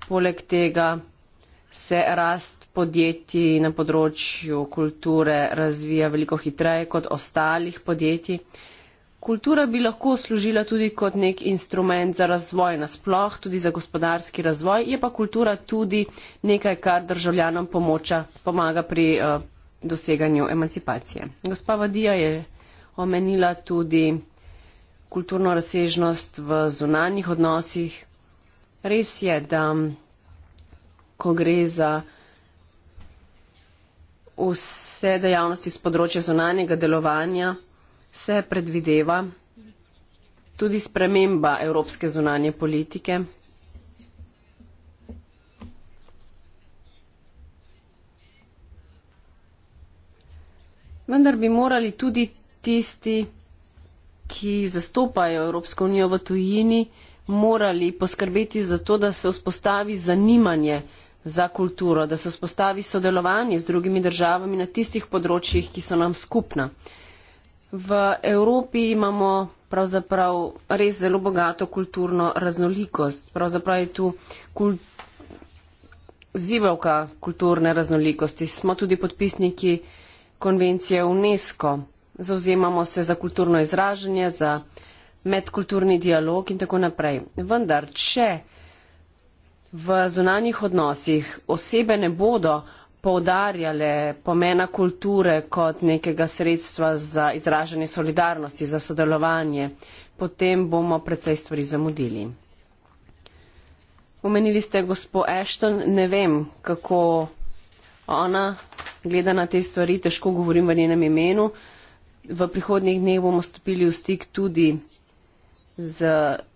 Poleg tega se rast podjetij na področju kulture razvija veliko hitreje kot ostalih podjetij. Kultura bi lahko služila tudi kot nek instrument za razvoj nasploh, tudi za gospodarski razvoj, je pa kultura tudi nekaj, kar državljanom pomoča, pomaga pri uh, doseganju emancipacije. Gospa Vadija je omenila tudi kulturno razsežnost v zunanjih odnosih. Res je, da ko gre za vse dejavnosti z področja zunanjega delovanja, se predvideva tudi sprememba evropske zunanje politike. vendar bi morali tudi tisti, ki zastopajo Evropsko unijo v tujini, morali poskrbeti za to, da se vzpostavi zanimanje za kulturo, da se vzpostavi sodelovanje z drugimi državami na tistih področjih, ki so nam skupna. V Evropi imamo pravzaprav res zelo bogato kulturno raznolikost. Pravzaprav je tu kul zivavka kulturne raznolikosti. Smo tudi podpisniki konvencije UNESCO. Zauzemamo se za kulturno izražanje, za medkulturni dialog in tako naprej. Vendar, če v zunanjih odnosih osebe ne bodo poudarjale pomena kulture kot nekega sredstva za izražanje solidarnosti, za sodelovanje, potem bomo precej stvari zamudili. Omenili ste gospod Ashton, ne vem, kako ona gleda na te stvari, težko govorim v njenem imenu. V prihodnjih dneh bomo stopili v stik tudi z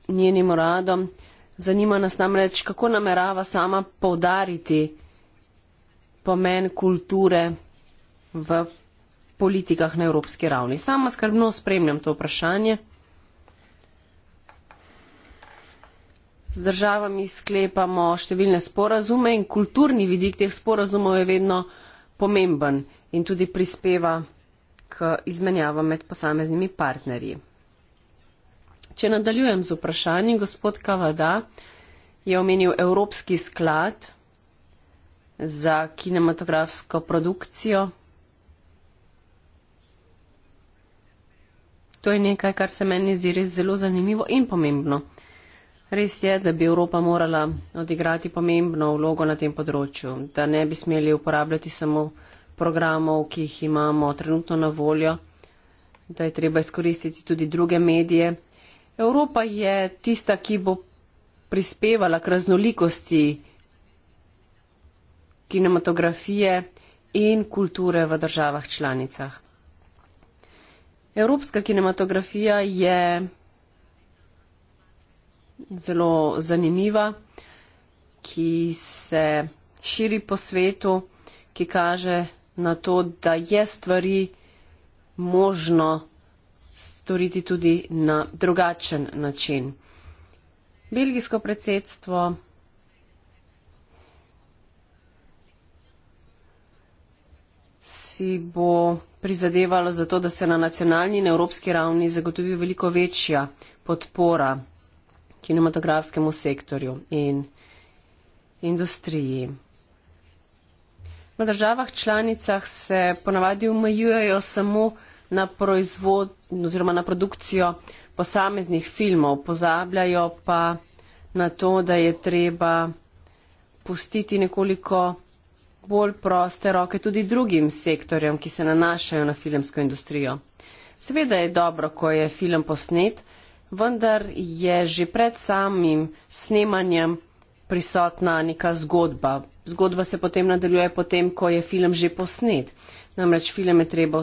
njenim uradom. Zanima nas namreč, kako namerava sama povdariti pomen kulture v politikah na evropski ravni. Sama skrbno spremljam to vprašanje. z državami sklepamo številne sporazume in kulturni vidik teh sporazumov je vedno pomemben in tudi prispeva k izmenjavam med posameznimi partnerji. Če nadaljujem z vprašanjem, gospod Kavada je omenil Evropski sklad za kinematografsko produkcijo. To je nekaj, kar se meni zdi res zelo zanimivo in pomembno. Res je, da bi Evropa morala odigrati pomembno vlogo na tem področju, da ne bi smeli uporabljati samo programov, ki jih imamo trenutno na voljo, da je treba izkoristiti tudi druge medije. Evropa je tista, ki bo prispevala k raznolikosti kinematografije in kulture v državah članicah. Evropska kinematografija je zelo zanimiva, ki se širi po svetu, ki kaže na to, da je stvari možno storiti tudi na drugačen način. Belgijsko predsedstvo si bo prizadevalo za to, da se na nacionalni in evropski ravni zagotovi veliko večja podpora kinematografskemu sektorju in industriji. V državah članicah se ponavadi omejujejo samo na proizvod oziroma na produkcijo posameznih filmov, pozabljajo pa na to, da je treba pustiti nekoliko bolj proste roke tudi drugim sektorjem, ki se nanašajo na filmsko industrijo. Seveda je dobro, ko je film posnet, vendar je že pred samim snemanjem prisotna neka zgodba. Zgodba se potem nadaljuje potem, ko je film že posnet. Namreč film je treba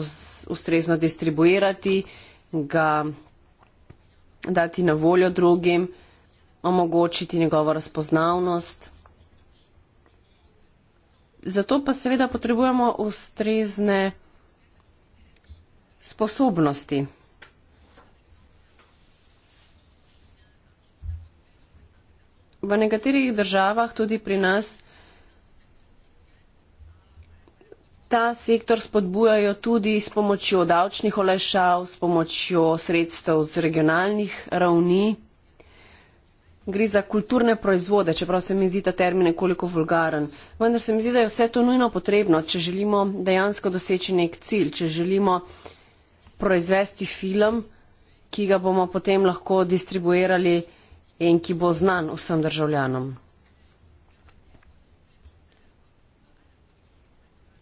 ustrezno distribuirati, ga dati na voljo drugim, omogočiti njegovo razpoznavnost. Zato pa seveda potrebujemo ustrezne sposobnosti, v nekaterih državah, tudi pri nas, ta sektor spodbujajo tudi s pomočjo davčnih olajšav, s pomočjo sredstev z regionalnih ravni. Gre za kulturne proizvode, čeprav se mi zdi ta termin nekoliko vulgaren. Vendar se mi zdi, da je vse to nujno potrebno, če želimo dejansko doseči nek cilj, če želimo proizvesti film, ki ga bomo potem lahko distribuirali in ki bo znan vsem državljanom.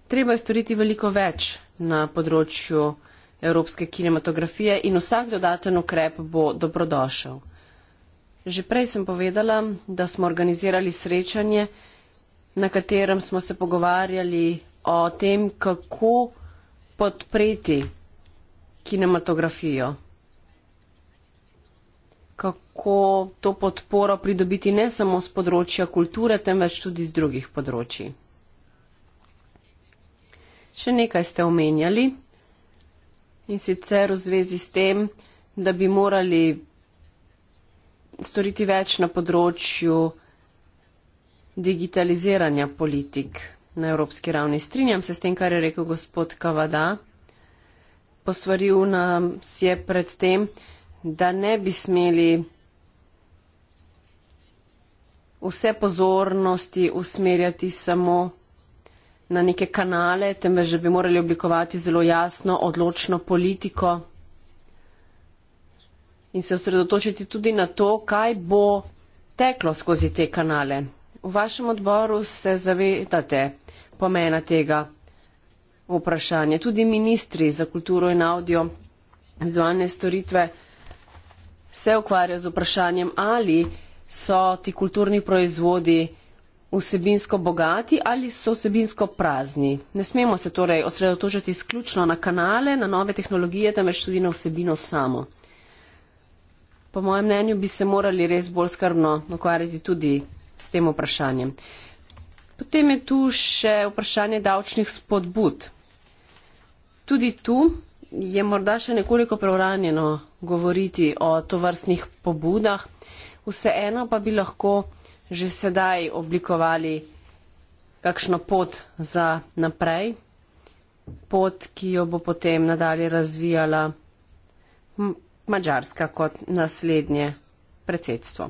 Treba je storiti veliko več na področju evropske kinematografije in vsak dodaten ukrep bo dobrodošel. Že prej sem povedala, da smo organizirali srečanje, na katerem smo se pogovarjali o tem, kako podpreti kinematografijo kako to podporo pridobiti ne samo z področja kulture, temveč tudi z drugih področji. Še nekaj ste omenjali in sicer v zvezi s tem, da bi morali storiti več na področju digitaliziranja politik na evropski ravni. Strinjam se s tem, kar je rekel gospod Kavada. Posvaril nam je predtem, da ne bi smeli vse pozornosti usmerjati samo na neke kanale, temveč bi morali oblikovati zelo jasno, odločno politiko in se osredotočiti tudi na to, kaj bo teklo skozi te kanale. V vašem odboru se zavedate pomena tega vprašanja. Tudi ministri za kulturo in audio vizualne storitve se ukvarjajo z vprašanjem ali so ti kulturni proizvodi vsebinsko bogati ali so vsebinsko prazni. Ne smemo se torej osredotožiti izključno na kanale, na nove tehnologije, temveč tudi na vsebino samo. Po mojem mnenju bi se morali res bolj skrbno ukvarjati tudi s tem vprašanjem. Potem je tu še vprašanje davčnih spodbud. Tudi tu je morda še nekoliko preuranjeno govoriti o tovrstnih pobudah vseeno pa bi lahko že sedaj oblikovali kakšno pot za naprej, pot, ki jo bo potem nadalje razvijala Mačarska kot naslednje predsedstvo.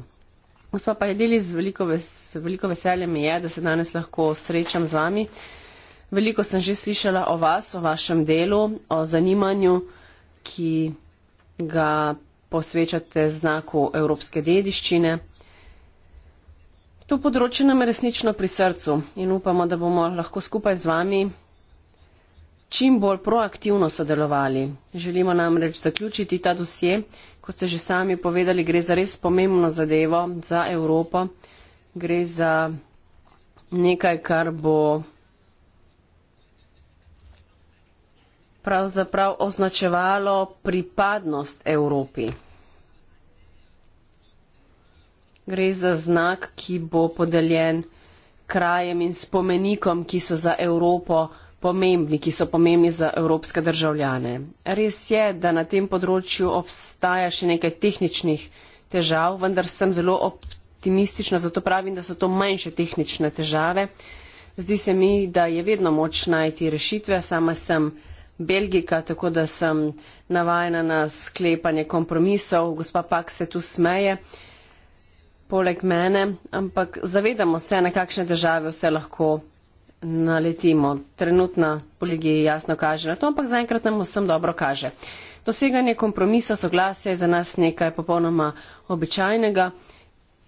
Gospa pa je deli z veliko, ves, veliko veseljem je, da se danes lahko srečam z vami. Veliko sem že slišala o vas, o vašem delu, o zanimanju, ki ga posvečate znaku evropske dediščine. To področje nam je resnično pri srcu in upamo, da bomo lahko skupaj z vami čim bolj proaktivno sodelovali. Želimo namreč zaključiti ta dosje, kot ste že sami povedali, gre za res pomembno zadevo za Evropo, gre za nekaj, kar bo pravzaprav označevalo pripadnost Evropi. Gre za znak, ki bo podeljen krajem in spomenikom, ki so za Evropo pomembni, ki so pomembni za evropske državljane. Res je, da na tem področju obstaja še nekaj tehničnih težav, vendar sem zelo optimistična, zato pravim, da so to manjše tehnične težave. Zdi se mi, da je vedno moč najti rešitve. Sama sem Belgika, tako da sem navajena na sklepanje kompromisov. Gospa Pak se tu smeje poleg mene, ampak zavedamo se, na kakšne države vse lahko naletimo. Trenutna poligija jasno kaže na to, ampak zaenkrat nam vsem dobro kaže. Doseganje kompromisa soglasja je za nas nekaj popolnoma običajnega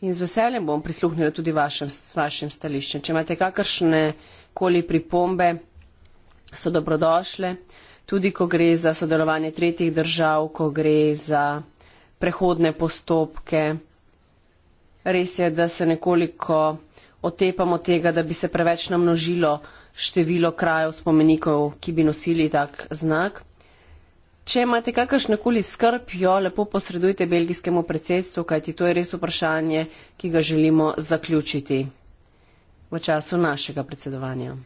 in z veseljem bom prisluhnila tudi vašem, vašem stališčem. Če imate kakršne koli pripombe, so dobrodošle tudi ko gre za sodelovanje tretjih držav, ko gre za prehodne postopke. Res je, da se nekoliko otepamo tega, da bi se preveč namnožilo število krajev spomenikov, ki bi nosili tak znak. Če imate kakršne koli skrb, jo lepo posredujte belgijskemu predsedstvu, kajti to je res vprašanje, ki ga želimo zaključiti v času našega predsedovanja.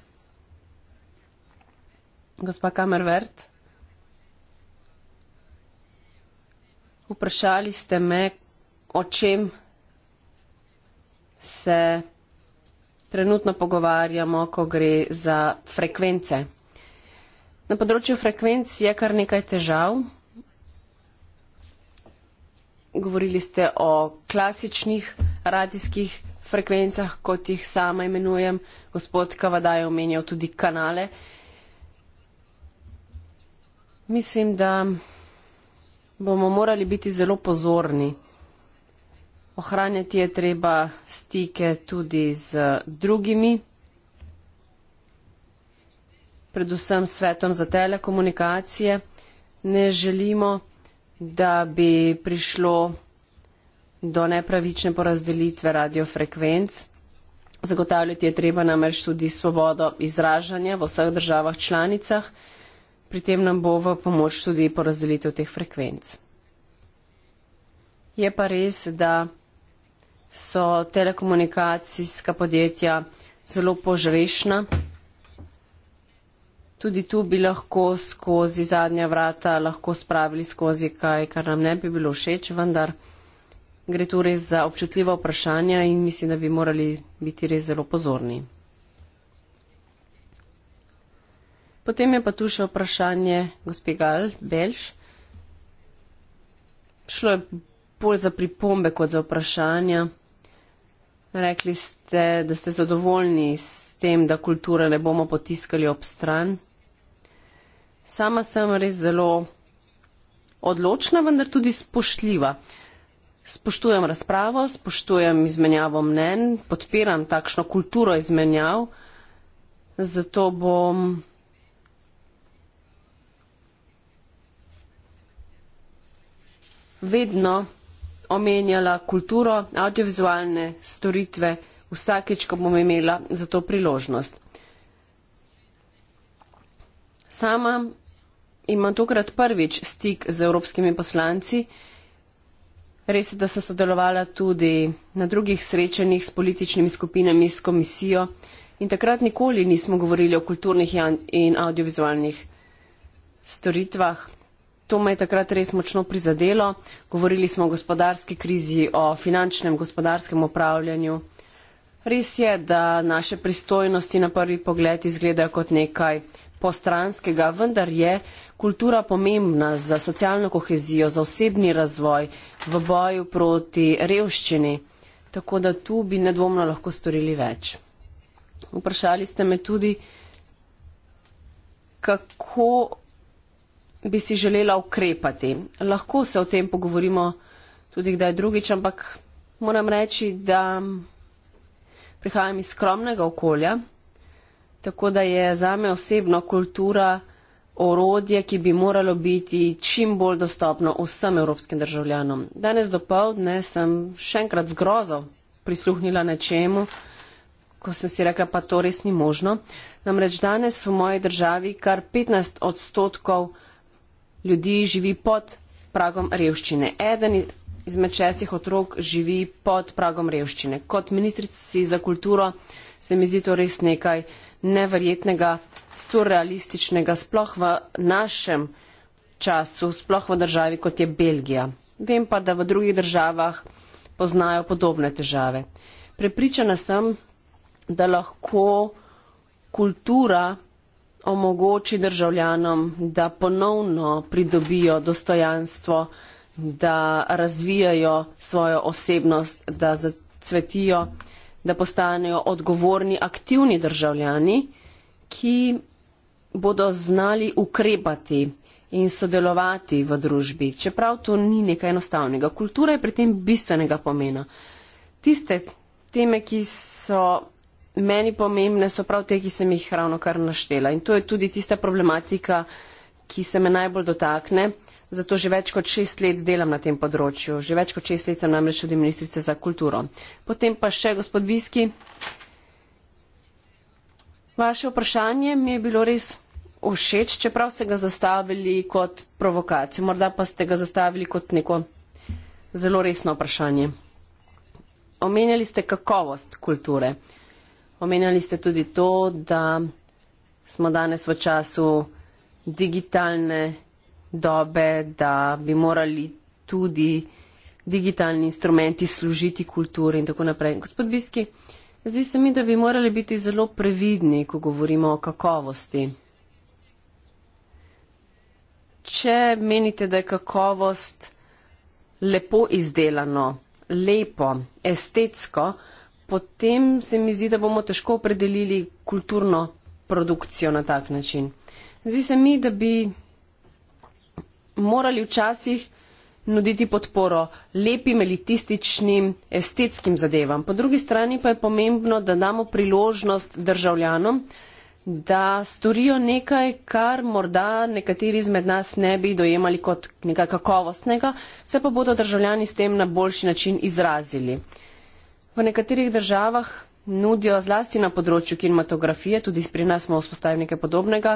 Vprašali ste me, o čem se trenutno pogovarjamo, ko gre za frekvence. Na področju frekvenc je kar nekaj težav. Govorili ste o klasičnih radijskih frekvencah, kot jih sama imenujem. Gospod Kavada je omenjal tudi kanale. Mislim, da bomo morali biti zelo pozorni. Ohranjati je treba stike tudi z drugimi, predvsem svetom za telekomunikacije. Ne želimo, da bi prišlo do nepravične porazdelitve radiofrekvenc. Zagotavljati je treba namreč tudi svobodo izražanja v vseh državah članicah pri tem nam bo v pomoč tudi porazdelitev teh frekvenc. Je pa res, da so telekomunikacijska podjetja zelo požrešna. Tudi tu bi lahko skozi zadnja vrata lahko spravili skozi kaj, kar nam ne bi bilo všeč, vendar gre tu res za občutljiva vprašanja in mislim, da bi morali biti res zelo pozorni. Potem je pa tu še vprašanje gospe Gal Belš. Šlo je bolj za pripombe kot za vprašanja. Rekli ste, da ste zadovoljni s tem, da kulture ne bomo potiskali ob stran. Sama sem res zelo odločna, vendar tudi spoštljiva. Spoštujem razpravo, spoštujem izmenjavo mnen, podpiram takšno kulturo izmenjav, zato bom vedno omenjala kulturo, audiovizualne storitve, vsakeč, ko bom imela za to priložnost. Sama imam tokrat prvič stik z evropskimi poslanci. Res je, da sem sodelovala tudi na drugih srečanjih s političnimi skupinami, s komisijo in takrat nikoli nismo govorili o kulturnih in audiovizualnih storitvah To me je takrat res močno prizadelo. Govorili smo o gospodarski krizi, o finančnem gospodarskem upravljanju. Res je, da naše pristojnosti na prvi pogled izgledajo kot nekaj postranskega, vendar je kultura pomembna za socialno kohezijo, za osebni razvoj v boju proti revščini. Tako da tu bi nedvomno lahko storili več. Vprašali ste me tudi, kako bi si želela ukrepati. Lahko se o tem pogovorimo tudi kdaj drugič, ampak moram reči, da prihajam iz skromnega okolja, tako da je zame osebno kultura orodje, ki bi moralo biti čim bolj dostopno vsem evropskim državljanom. Danes dopoldne sem še enkrat zgrozo prisluhnila nečemu, ko sem si rekla, pa to res ni možno. Namreč danes v moji državi kar 15 odstotkov ljudi živi pod pragom revščine. Eden izmed šestih otrok živi pod pragom revščine. Kot ministrici za kulturo se mi zdi to res nekaj neverjetnega, surrealističnega, sploh v našem času, sploh v državi, kot je Belgija. Vem pa, da v drugih državah poznajo podobne težave. Prepričana sem, da lahko kultura omogoči državljanom, da ponovno pridobijo dostojanstvo, da razvijajo svojo osebnost, da zacvetijo, da postanejo odgovorni, aktivni državljani, ki bodo znali ukrepati in sodelovati v družbi, čeprav to ni nekaj enostavnega. Kultura je pri tem bistvenega pomena. Tiste teme, ki so meni pomembne so prav te, ki sem jih ravno kar naštela. In to je tudi tista problematika, ki se me najbolj dotakne. Zato že več kot šest let delam na tem področju. Že več kot šest let sem namreč tudi ministrica za kulturo. Potem pa še gospod Biski. Vaše vprašanje mi je bilo res všeč, čeprav ste ga zastavili kot provokacijo, morda pa ste ga zastavili kot neko zelo resno vprašanje. Omenjali ste kakovost kulture. Uh, Omenjali ste tudi to, da smo danes v času digitalne dobe, da bi morali tudi digitalni instrumenti služiti kulturi in tako naprej. Gospod Biski, zdi se mi, da bi morali biti zelo previdni, ko govorimo o kakovosti. Če menite, da je kakovost lepo izdelano, lepo, estetsko, potem se mi zdi, da bomo težko opredelili kulturno produkcijo na tak način. Zdi se mi, da bi morali včasih nuditi podporo lepim, elitističnim, estetskim zadevam. Po drugi strani pa je pomembno, da damo priložnost državljanom, da storijo nekaj, kar morda nekateri izmed nas ne bi dojemali kot nekaj kakovostnega, se pa bodo državljani s tem na boljši način izrazili. Uh, V nekaterih državah nudijo zlasti na področju kinematografije, tudi pri nas smo vzpostavili nekaj podobnega,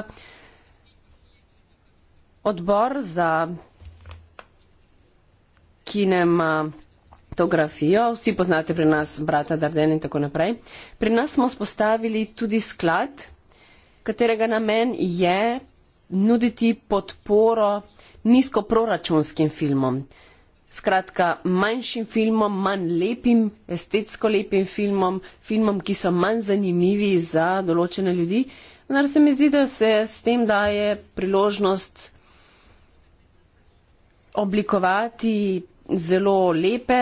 odbor za kinematografijo, vsi poznate pri nas brata Darden in tako naprej. Pri nas smo vzpostavili tudi sklad, katerega namen je nuditi podporo nizkoproračunskim filmom skratka manjšim filmom, manj lepim, estetsko lepim filmom, filmom, ki so manj zanimivi za določene ljudi. Vendar se mi zdi, da se s tem daje priložnost oblikovati zelo lepe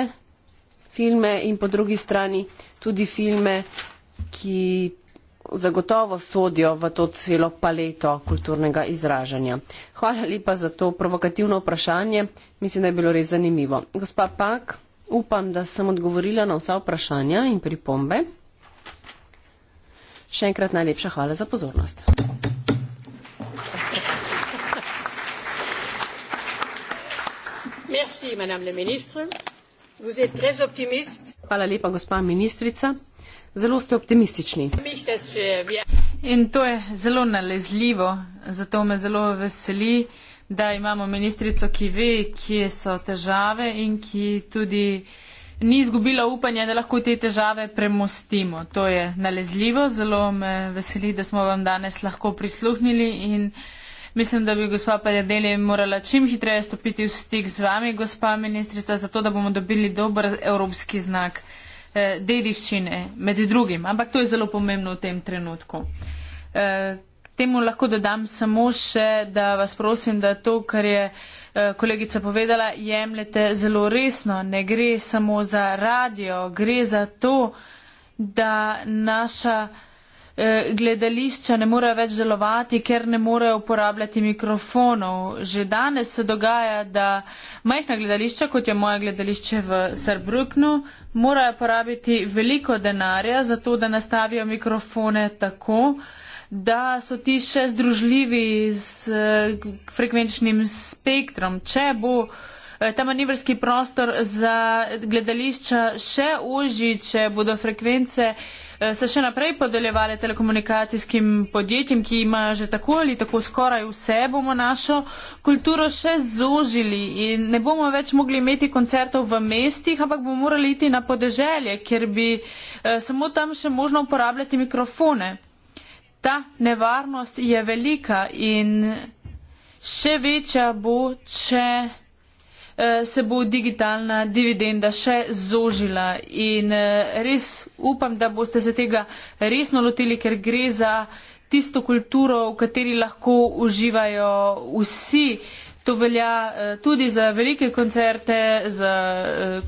filme in po drugi strani tudi filme, ki zagotovo sodijo v to celo paleto kulturnega izražanja. Hvala lepa za to provokativno vprašanje, mislim, da je bilo res zanimivo. Gospa Pak, upam, da sem odgovorila na vsa vprašanja in pripombe. Še enkrat najlepša hvala za pozornost. Merci, Hvala lepa, gospa ministrica zelo ste optimistični. In to je zelo nalezljivo, zato me zelo veseli, da imamo ministrico, ki ve, kje so težave in ki tudi ni izgubila upanja, da lahko te težave premostimo. To je nalezljivo, zelo me veseli, da smo vam danes lahko prisluhnili in mislim, da bi gospa Pajadeli morala čim hitreje stopiti v stik z vami, gospa ministrica, zato da bomo dobili dober evropski znak eh, dediščine, med drugim, ampak to je zelo pomembno v tem trenutku. Eh, temu lahko dodam samo še, da vas prosim, da to, kar je eh, kolegica povedala, jemljete zelo resno. Ne gre samo za radio, gre za to, da naša. Eh, gledališča ne morejo več delovati, ker ne morejo uporabljati mikrofonov. Že danes se dogaja, da majhna gledališča, kot je moje gledališče v Srbruknu, morajo porabiti veliko denarja za to, da nastavijo mikrofone tako, da so ti še združljivi s eh, frekvenčnim spektrom. Če bo eh, ta manevrski prostor za gledališča še ožji, če bodo frekvence Eh, se še naprej podeljevale telekomunikacijskim podjetjem, ki ima že tako ali tako skoraj vse, bomo našo kulturo še zožili in ne bomo več mogli imeti koncertov v mestih, ampak bomo morali iti na podeželje, ker bi eh, samo tam še možno uporabljati mikrofone. Ta nevarnost je velika in še večja bo, če. Eh, se bo digitalna dividenda še zožila. In eh, res upam, da boste se tega resno lotili, ker gre za tisto kulturo, v kateri lahko uživajo vsi. To velja eh, tudi za velike koncerte, za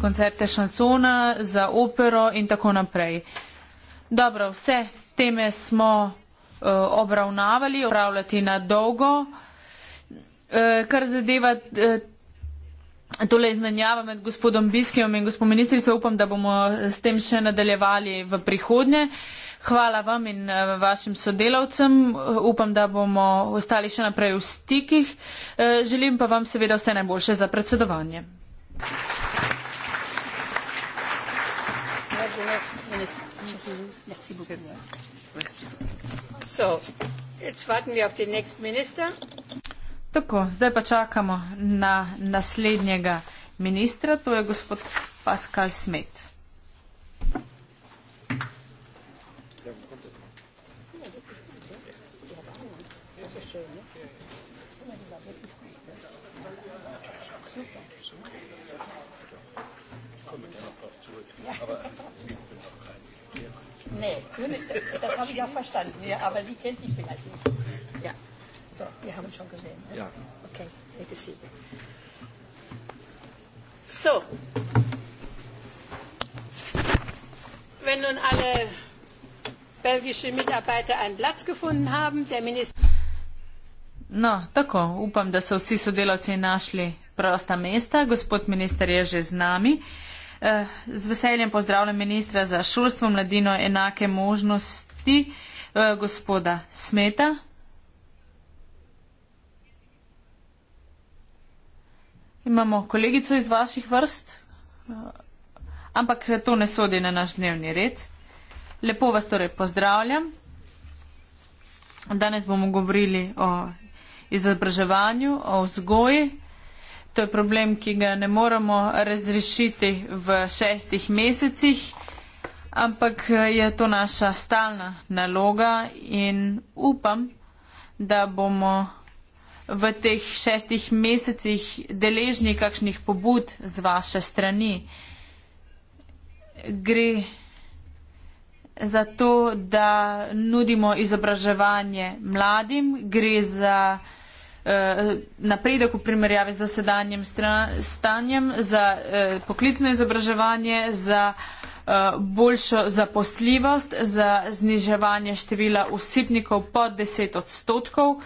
koncerte šansona, za opero in tako naprej. Dobro, vse teme smo obravnavali, obravljati na dolgo. Kar zadeva tole izmenjava med gospodom Biskijom in gospod ministrico. Upam, da bomo s tem še nadaljevali v prihodnje. Hvala vam in eh, vašim sodelavcem. Upam, da bomo ostali še naprej v stikih. Eh, želim pa vam seveda vse najboljše za predsedovanje. So, Tako, zdaj pa čakamo na naslednjega ministra, to je gospod Pascal Smet. Nee, das habe ich auch verstanden. Ja, aber sie kennt dich vielleicht nicht. So you haven't shown the name? Yeah. Okay, take a seat. So, wenn nun alle belgische Mitarbeiter einen Platz gefunden haben, der Minister. No, tako, upam, da so vsi sodelavci našli prosta mesta. Gospod minister je že z nami. Eh, z veseljem pozdravljam ministra za šolstvo, mladino, enake možnosti, eh, gospoda Smeta. Imamo kolegico iz vaših vrst, ampak to ne sodi na naš dnevni red. Lepo vas torej pozdravljam. Danes bomo govorili o izobraževanju, o vzgoji. To je problem, ki ga ne moramo razrešiti v šestih mesecih, ampak je to naša stalna naloga in upam, da bomo v teh šestih mesecih deležni kakšnih pobud z vaše strani? Gre za to, da nudimo izobraževanje mladim, gre za eh, napredek v primerjavi z sedanjem stanjem, za eh, poklicno izobraževanje, za eh, boljšo zaposljivost, za zniževanje števila usipnikov pod 10 odstotkov.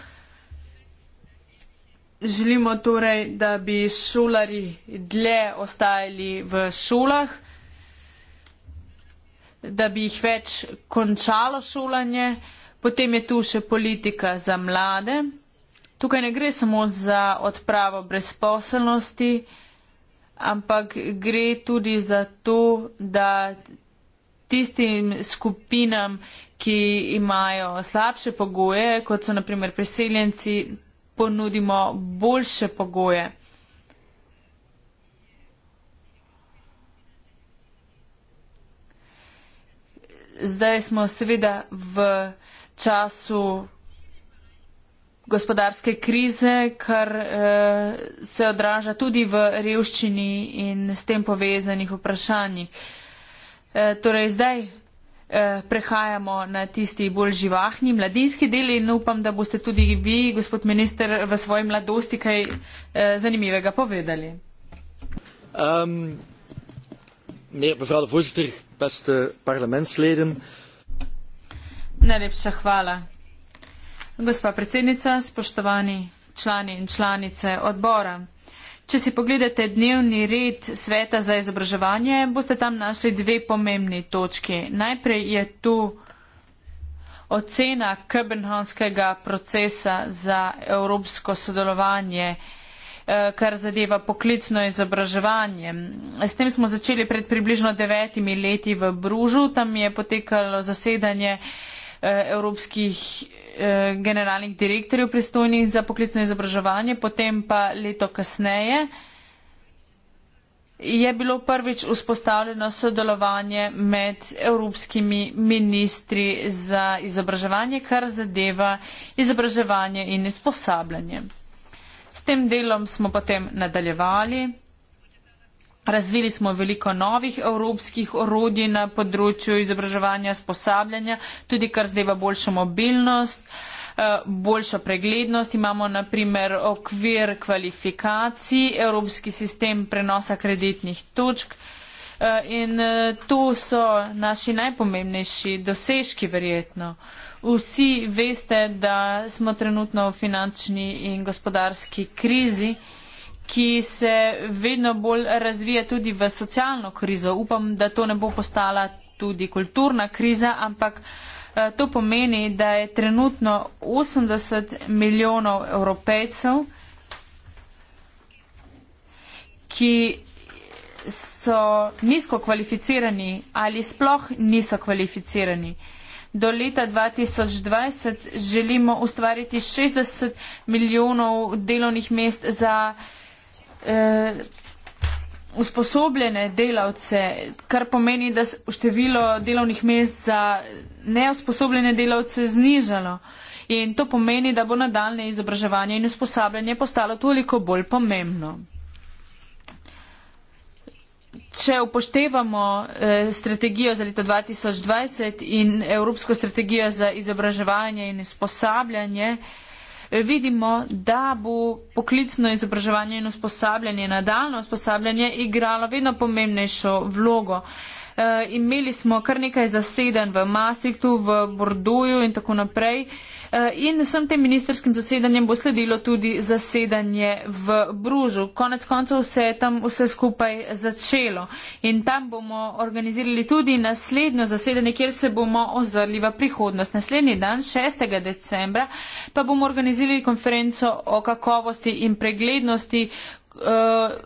Želimo torej, da bi šolari dlje ostajali v šolah, da bi jih več končalo šolanje. Potem je tu še politika za mlade. Tukaj ne gre samo za odpravo brezposelnosti, ampak gre tudi za to, da tistim skupinam, ki imajo slabše pogoje, kot so naprimer priseljenci, lahko nudimo boljše pogoje. Zdaj smo seveda v času gospodarske krize, kar eh, se odraža tudi v revščini in s tem povezanih vprašanjih. Eh, torej zdaj Eh, prehajamo na tisti bolj živahni mladinski del in upam, da boste tudi vi, gospod minister, v svoji mladosti kaj eh, zanimivega povedali. Um, meneer, mevrouw de voorzitter, beste parlementsleden. Najlepša hvala. Gospa predsednica, spoštovani člani in članice odbora. Če si pogledate dnevni red sveta za izobraževanje, boste tam našli dve pomembni točki. Najprej je tu ocena Köbenhanskega procesa za evropsko sodelovanje, eh, kar zadeva poklicno izobraževanje. S tem smo začeli pred približno devetimi leti v Bružu, tam je potekalo zasedanje Eh, evropskih eh, generalnih direktorjev pristojnih za poklicno izobraževanje, potem pa leto kasneje je bilo prvič vzpostavljeno sodelovanje med evropskimi ministri za izobraževanje, kar zadeva izobraževanje in izposabljanje. S tem delom smo potem nadaljevali. Razvili smo veliko novih evropskih orodij na področju izobraževanja, sposabljanja, tudi kar zdajva boljšo mobilnost, eh, boljšo preglednost. Imamo naprimer okvir kvalifikacij, evropski sistem prenosa kreditnih točk eh, in eh, to so naši najpomembnejši dosežki verjetno. Vsi veste, da smo trenutno v finančni in gospodarski krizi ki se vedno bolj razvija tudi v socialno krizo. Upam, da to ne bo postala tudi kulturna kriza, ampak eh, to pomeni, da je trenutno 80 milijonov evropejcev, ki so nizko kvalificirani ali sploh niso kvalificirani. Do leta 2020 želimo ustvariti 60 milijonov delovnih mest za eh, usposobljene delavce, kar pomeni, da se število delovnih mest za neusposobljene delavce znižalo. In to pomeni, da bo nadaljne izobraževanje in usposabljanje postalo toliko bolj pomembno. Če upoštevamo eh, strategijo za leto 2020 in Evropsko strategijo za izobraževanje in usposabljanje, eh, vidimo, da bo poklicno izobraževanje in usposabljanje, nadaljno usposabljanje igralo vedno pomembnejšo vlogo. Eh, imeli smo kar nekaj zaseden v Maastrichtu, v Bordoju in tako naprej. Eh, in vsem tem ministerskim zasedanjem bo sledilo tudi zasedanje v Bružu. Konec koncev se je tam vse skupaj začelo. In tam bomo organizirali tudi naslednjo zasedanje, kjer se bomo ozrli v prihodnost. Naslednji dan, 6. decembra, pa bomo organizirali konferenco o kakovosti in preglednosti. Uh,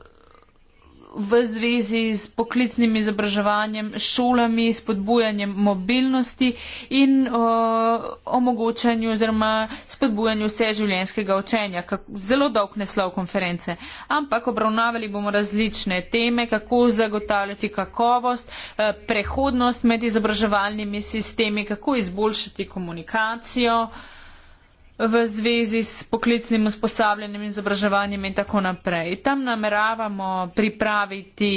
v zvezi z poklicnim izobraževanjem, šolami, spodbujanjem mobilnosti in uh, omogočanju oziroma spodbujanju vseživljenjskega učenja. Zelo dolg neslov konference. Ampak obravnavali bomo različne teme, kako zagotavljati kakovost, uh, prehodnost med izobraževalnimi sistemi, kako izboljšati komunikacijo. Uh, v zvezi s poklicnim usposabljanjem in izobraževanjem in tako naprej. Tam nameravamo pripraviti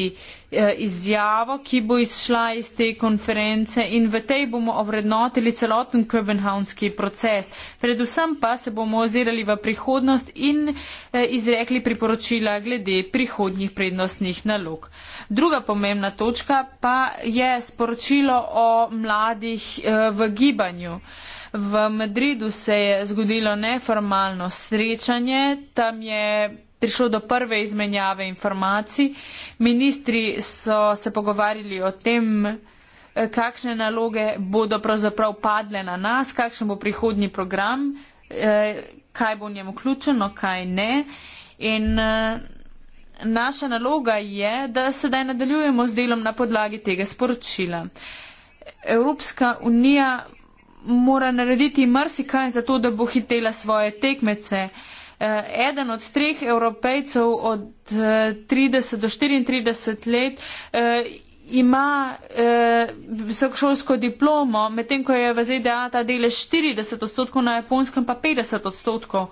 eh, izjavo, ki bo izšla iz te konference in v tej bomo ovrednotili celoten Kobenhavnski proces. Predvsem pa se bomo ozirali v prihodnost in eh, izrekli priporočila glede prihodnjih prednostnih nalog. Druga pomembna točka pa je sporočilo o mladih eh, v gibanju. V Madridu se je zgodilo neformalno srečanje, tam je prišlo do prve izmenjave informacij. Ministri so se pogovarjali o tem, kakšne naloge bodo pravzaprav padle na nas, kakšen bo prihodnji program, eh, kaj bo v njem vključeno, kaj ne. In eh, naša naloga je, da sedaj nadaljujemo z delom na podlagi tega sporočila. Evropska unija mora narediti marsikaj za to, da bo hitela svoje tekmece. Eh, eden od treh evropejcev od 30 eh, do 34 let eh, ima visokošolsko diplomo, medtem ko je v ZDA ta delež 40 odstotkov, na japonskem pa 50 odstotkov.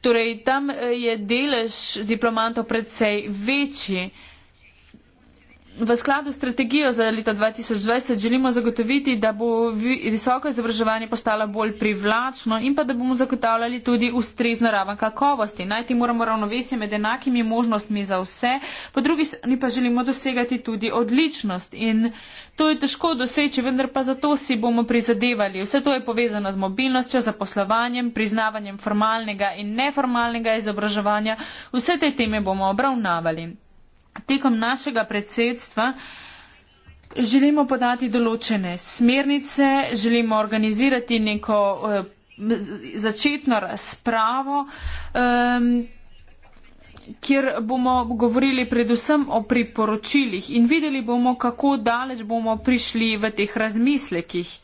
Torej, tam je delež diplomantov predvsej večji. Uh, V skladu s strategijo za leto 2020 želimo zagotoviti, da bo visoko izobraževanje postalo bolj privlačno in pa da bomo zagotavljali tudi ustrezno raven kakovosti. Najti moramo ravnovesje med enakimi možnostmi za vse, po drugi strani pa želimo dosegati tudi odličnost. In to je težko doseči, vendar pa zato si bomo prizadevali. Vse to je povezano z mobilnostjo, zaposlovanjem, priznavanjem formalnega in neformalnega izobraževanja. Vse te teme bomo obravnavali tekom našega predsedstva želimo podati določene smernice, želimo organizirati neko eh, začetno razpravo, ehm, kjer bomo govorili predvsem o priporočilih in videli bomo, kako daleč bomo prišli v teh razmislekih.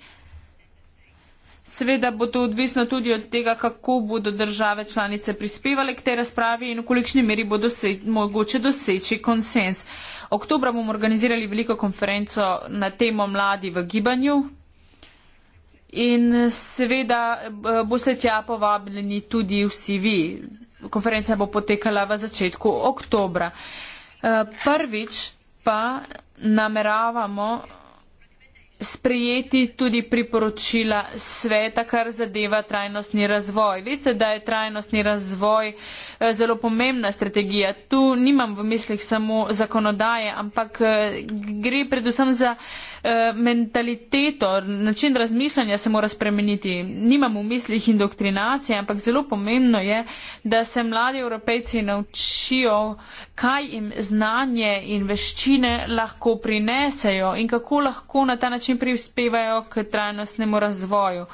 Seveda bo to odvisno tudi od tega, kako bodo države članice prispevale k tej razpravi in v kolikšni meri bo dose mogoče doseči konsens. Oktobra bomo organizirali veliko konferenco na temo mladi v gibanju in seveda eh, boste tja povabljeni tudi vsi vi. Konferenca bo potekala v začetku oktobra. Eh, prvič pa nameravamo sprejeti tudi priporočila sveta, kar zadeva trajnostni razvoj. Veste, da je trajnostni razvoj eh, zelo pomembna strategija. Tu nimam v mislih samo zakonodaje, ampak eh, gre predvsem za Eh, mentaliteto, način razmišljanja se mora spremeniti. Nimam v mislih indoktrinacije, ampak zelo pomembno je, da se mladi evropejci naučijo, kaj jim znanje in veščine lahko prinesejo in kako lahko na ta način prispevajo k trajnostnemu razvoju.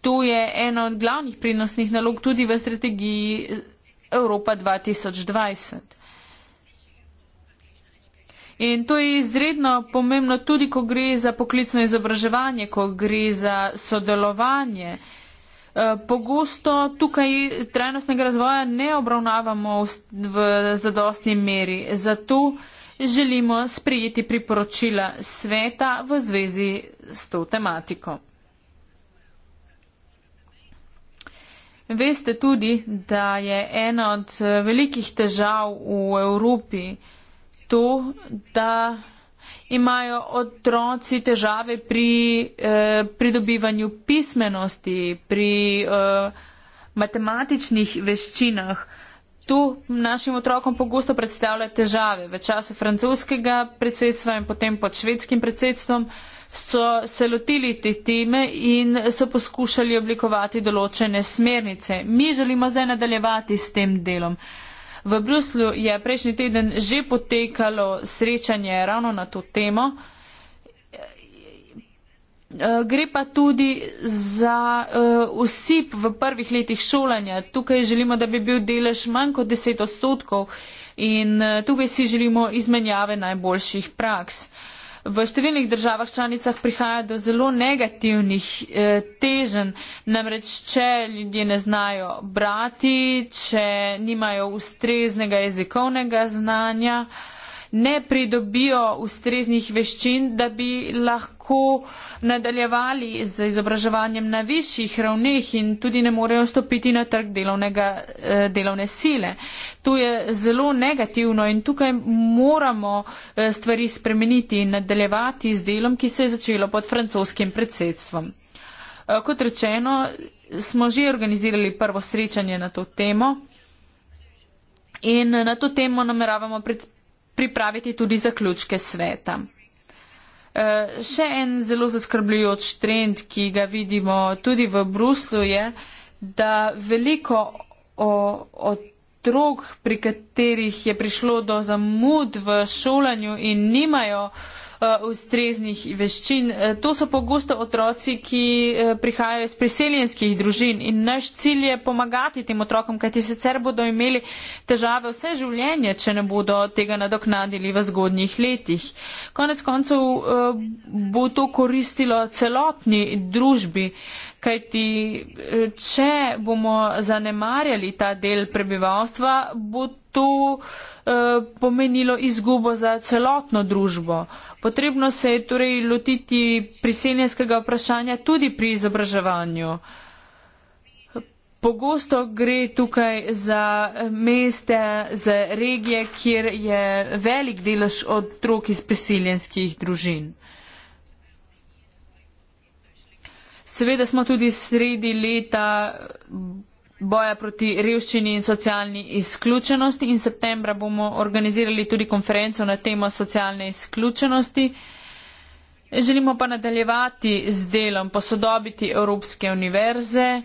To je ena od glavnih prinosnih nalog tudi v strategiji Evropa 2020. In to je izredno pomembno tudi, ko gre za poklicno izobraževanje, ko gre za sodelovanje. Eh, pogosto tukaj trajnostnega razvoja ne obravnavamo v zadostni meri, zato želimo sprijeti priporočila sveta v zvezi s to tematiko. Veste tudi, da je ena od eh, velikih težav v Evropi, to, da imajo otroci težave pri eh, pridobivanju pismenosti, pri eh, matematičnih veščinah. Tu našim otrokom pogosto predstavlja težave. V času francoskega predsedstva in potem pod švedskim predsedstvom so se lotili te teme in so poskušali oblikovati določene smernice. Mi želimo zdaj nadaljevati s tem delom. Eh, V Bruslju je prejšnji teden že potekalo srečanje ravno na to temo. Eh, gre pa tudi za uh, eh, vsip v prvih letih šolanja. Tukaj želimo, da bi bil delež manj kot 10 odstotkov in uh, tukaj si želimo izmenjave najboljših praks. Uh, v številnih državah članicah prihaja do zelo negativnih eh, težen. Namreč, če ljudje ne znajo brati, če nimajo ustreznega jezikovnega znanja, ne pridobijo ustreznih veščin, da bi lahko nadaljevali z izobraževanjem na višjih ravneh in tudi ne morejo stopiti na trg eh, delovne sile. To je zelo negativno in tukaj moramo eh, stvari spremeniti in nadaljevati z delom, ki se je začelo pod francoskim predsedstvom. Eh, kot rečeno, smo že organizirali prvo srečanje na to temo. In na to temo nameravamo pripraviti tudi zaključke sveta. E, še en zelo zaskrbljujoč trend, ki ga vidimo tudi v Bruslu, je, da veliko otrok, pri katerih je prišlo do zamud v šolanju in nimajo uh, Eh, ustreznih veščin. Eh, to so pogosto otroci, ki eh, prihajajo iz priseljenskih družin in naš cilj je pomagati tem otrokom, kajti sicer bodo imeli težave vse življenje, če ne bodo tega nadoknadili v zgodnjih letih. Konec koncev bo to koristilo celotni družbi, kajti če bomo zanemarjali ta del prebivalstva, bo to eh, pomenilo izgubo za celotno družbo. Potrebno se je torej lotiti priseljenskega vprašanja tudi pri izobraževanju. Pogosto gre tukaj za meste, za regije, kjer je velik delež otrok iz priseljenskih družin. Seveda smo tudi sredi leta boja proti revščini in socialni izključenosti in septembra bomo organizirali tudi konferenco na temo socialne izključenosti. Želimo pa nadaljevati z delom posodobiti Evropske univerze.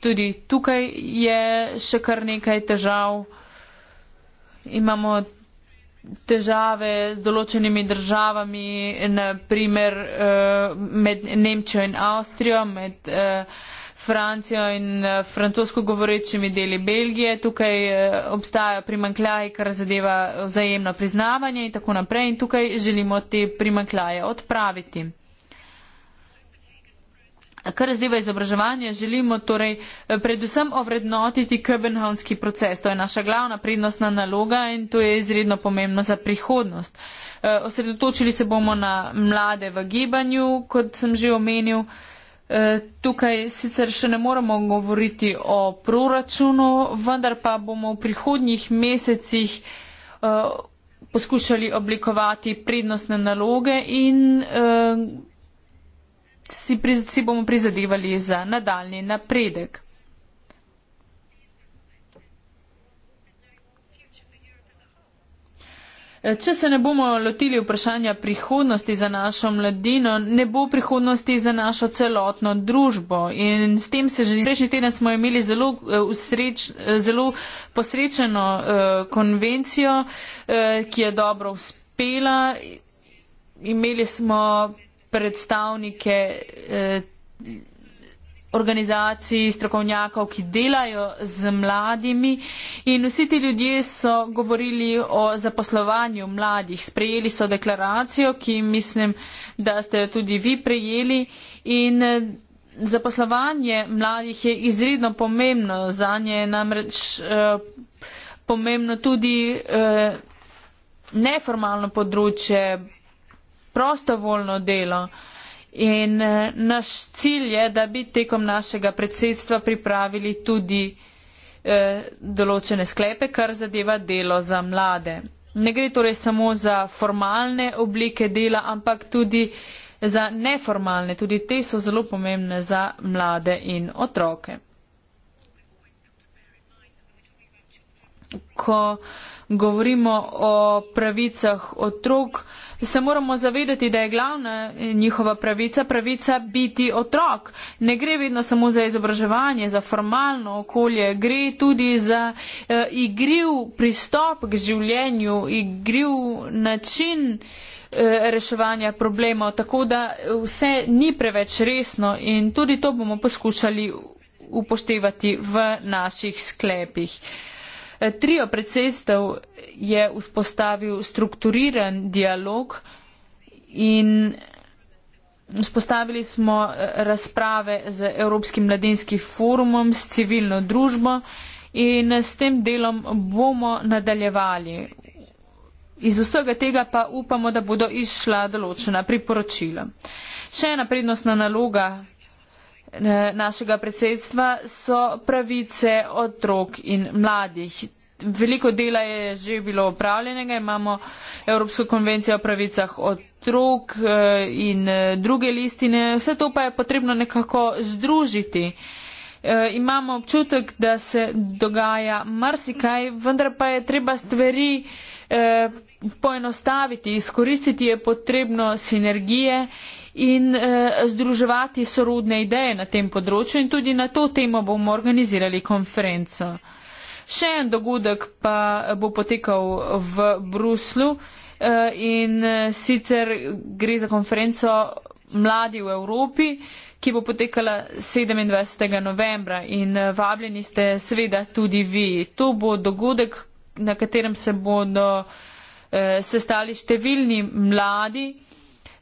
Tudi tukaj je še kar nekaj težav. Imamo težave z določenimi državami, naprimer eh, med Nemčijo in Avstrijo, med eh, Francijo in eh, francosko govorečimi deli Belgije. Tukaj eh, obstajajo primankljaji, kar zadeva eh, vzajemno priznavanje in tako naprej. In tukaj želimo te primankljaje odpraviti. Kar zdiva izobraževanje, želimo torej predvsem ovrednotiti Köbenhavnski proces. To je naša glavna prednostna naloga in to je izredno pomembno za prihodnost. Osredotočili se bomo na mlade v gibanju, kot sem že omenil. Eh, tukaj sicer še ne moremo govoriti o proračunu, vendar pa bomo v prihodnjih mesecih eh, poskušali oblikovati prednostne naloge in eh, si bomo prizadevali za nadaljni napredek. Eh, če se ne bomo lotili vprašanja prihodnosti za našo mladino, ne bo prihodnosti za našo celotno družbo. In s tem se že prejšnji teden smo imeli zelo, eh, usreč, eh, zelo posrečeno uh, konvencijo, uh, ki je dobro uspela. Imeli smo predstavnike. Uh, organizacij, strokovnjakov, ki delajo z mladimi in vsi ti ljudje so govorili o zaposlovanju mladih. Sprejeli so deklaracijo, ki mislim, da ste jo tudi vi prejeli in eh, zaposlovanje mladih je izredno pomembno. Za nje je namreč eh, pomembno tudi eh, neformalno področje, prostovoljno delo in eh, naš cilj je, da bi tekom našega predsedstva pripravili tudi eh, določene sklepe, kar zadeva delo za mlade. Ne gre torej samo za formalne oblike dela, ampak tudi za neformalne, tudi te so zelo pomembne za mlade in otroke. ko govorimo o pravicah otrok, se moramo zavedati, da je glavna eh, njihova pravica pravica biti otrok. Ne gre vedno samo za izobraževanje, za formalno okolje, gre tudi za uh, igriv pristop k življenju, igriv način eh, reševanja problemov, tako da vse ni preveč resno in tudi to bomo poskušali upoštevati v naših sklepih. Trio predsedstev je vzpostavil strukturiran dialog in vzpostavili smo eh, razprave z Evropskim mladinskim forumom, s civilno družbo in eh, s tem delom bomo nadaljevali. Iz vsega tega pa upamo, da bodo izšla določena priporočila. Še ena prednostna naloga našega predsedstva so pravice otrok in mladih. Veliko dela je že bilo opravljenega, imamo Evropsko konvencijo o pravicah otrok e, in e, druge listine, vse to pa je potrebno nekako združiti. E, imamo občutek, da se dogaja marsikaj, vendar pa je treba stvari poenostaviti, izkoristiti je potrebno sinergije in eh, združevati sorodne ideje na tem področju in tudi na to temo bomo organizirali konferenco. Še en dogodek pa bo potekal v Bruslu eh, in eh, sicer gre za konferenco Mladi v Evropi, ki bo potekala 27. novembra in eh, vabljeni ste seveda tudi vi. To bo dogodek, na katerem se bodo eh, sestali številni mladi.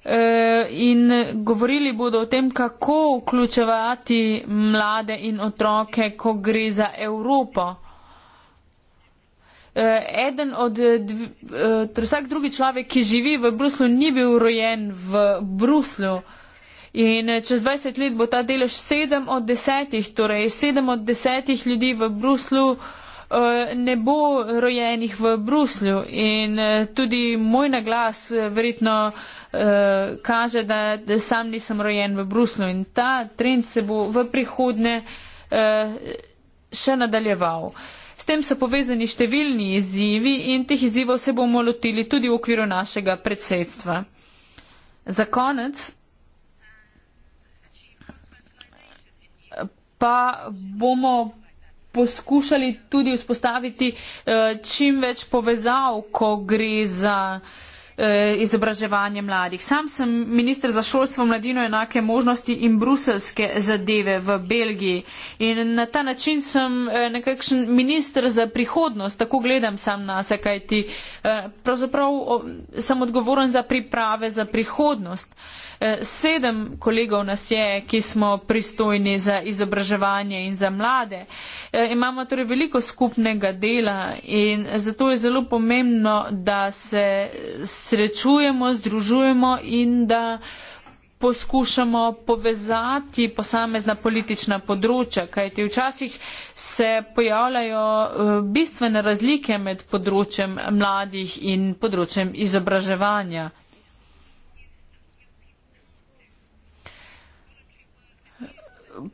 Eh, in govorili bodo o tem, kako vključevati mlade in otroke, ko gre za Evropo. Eh, eden od, dv, eh, torej vsak drugi človek, ki živi v Bruslu, ni bil rojen v Bruslu. In eh, čez 20 let bo ta delež 7 od 10, torej 7 od 10 ljudi v Bruslu uh, Eh, ne bo rojenih v Bruslju in eh, tudi moj naglas eh, verjetno kaže, da, da sam nisem rojen v Bruslju in ta trend se bo v prihodne še nadaljeval. S tem so povezani številni izzivi in teh izzivov se bomo lotili tudi v okviru našega predsedstva. Za konec pa bomo poskušali tudi vzpostaviti eh, čim več povezav, ko gre za Eh, izobraževanje mladih. Sam sem minister za šolstvo, mladino, enake možnosti in bruselske zadeve v Belgiji. In na ta način sem eh, nekakšen minister za prihodnost, tako gledam sam na se, kaj ti eh, pravzaprav sem odgovoren za priprave za prihodnost. Sedem kolegov nas je, ki smo pristojni za izobraževanje in za mlade. Imamo torej veliko skupnega dela in zato je zelo pomembno, da se srečujemo, združujemo in da poskušamo povezati posamezna politična področja, kajti včasih se pojavljajo eh, bistvene razlike med področjem mladih in področjem izobraževanja.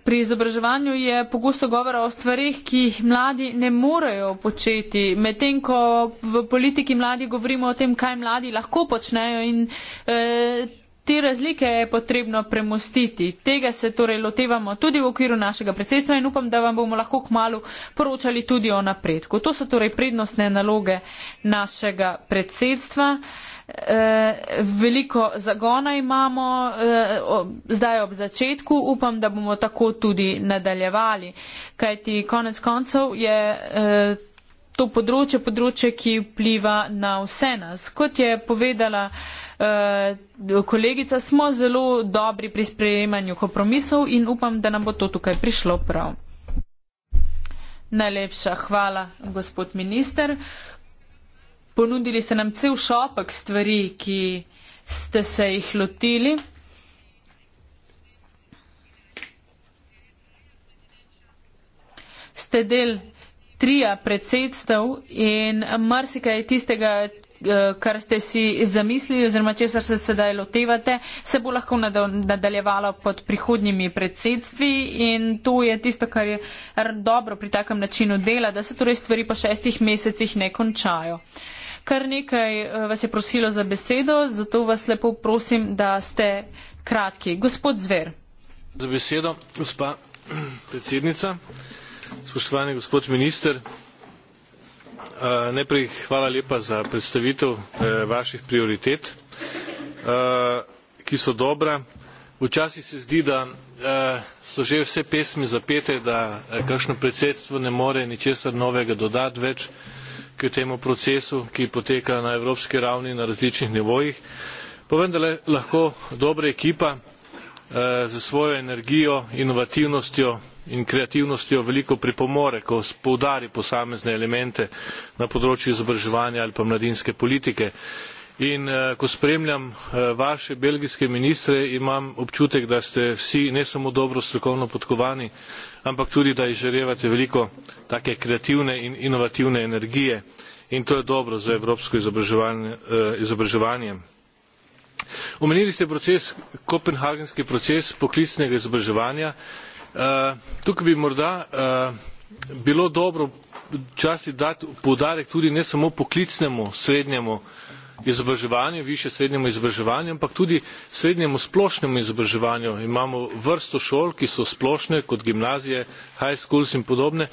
pri izobraževanju je pogosto govora o stvarih, ki jih mladi ne morejo početi. Medtem ko v politiki mladi govorimo o tem, kaj mladi lahko počnejo in e, te razlike je potrebno premostiti. Tega se torej lotevamo tudi v okviru našega predsedstva in upam, da vam bomo lahko k malu poročali tudi o napredku. To so torej prednostne naloge našega predsedstva. Eh, veliko zagona imamo eh, zdaj ob začetku, upam, da bomo tako tudi nadaljevali, kajti konec koncev je eh, to področje področje, ki vpliva na vse nas. Kot je povedala kolegica, smo zelo dobri pri sprejemanju kompromisov in upam, da nam bo to tukaj prišlo prav. Najlepša hvala, gospod minister. Uh, ponudili ste nam cel šopek stvari, ki ste se jih lotili. Ste del trija predsedstev in marsikaj tistega, eh, kar ste si zamislili oziroma česar se sedaj lotevate, se bo lahko nadaljevalo pod prihodnjimi predsedstvi in to je tisto, kar je dobro pri takem načinu dela, da se torej stvari po šestih mesecih ne končajo. Kar nekaj eh, vas je prosilo za besedo, zato vas lepo prosim, da ste kratki. Gospod Zver. Za besedo, gospa predsednica, spoštovani gospod minister. Eh, najprej hvala lepa za predstavitev eh, vaših prioritet, ki so dobra. Včasih se zdi, da so že vse pesmi zapete, da kakšno predsedstvo ne more ničesar novega dodati več k temu procesu ki poteka na evropski ravni na različnih nivojih pa vendarle lahko dobra ekipa z eh, svojo energijo inovativnostjo in kreativnostjo veliko pripomore ko poudari posamezne elemente na področju izobraževanja ali pa mladinske politike in eh, ko spremljam eh, vaše belgijske ministre imam občutek da ste vsi ne samo dobro strokovno podkovani ampak tudi da izžarevate veliko take kreativne in inovativne energije in to je dobro za evropsko izobraževanje. Eh, omenili ste proces kopenhagenski proces poklicnega izobraževanja tukaj bi morda bilo dobro včasih dati poudarek tudi ne samo poklicnemu srednjemu izobraževanju višjem srednjem izobraževanju ampak tudi srednjemu splošnemu izobraževanju imamo vrsto šol ki so splošne kot gimnazije high schools in podobne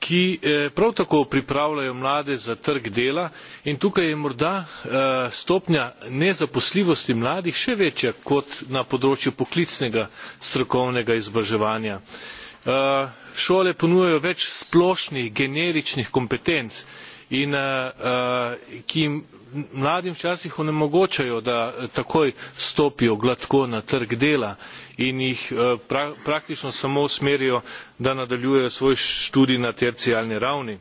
ki eh, prav tako pripravljajo mlade za trg dela in tukaj je morda eh, stopnja nezaposljivosti mladih še večja kot na področju poklicnega strokovnega izobraževanja eh, šole ponujajo več splošnih generičnih kompetenc in ki jim mladim včasih onemogočajo, da eh, takoj stopijo gladko na trg dela in jih eh, pra, praktično samo usmerijo, da nadaljujejo svoj študij na tercijalni ravni.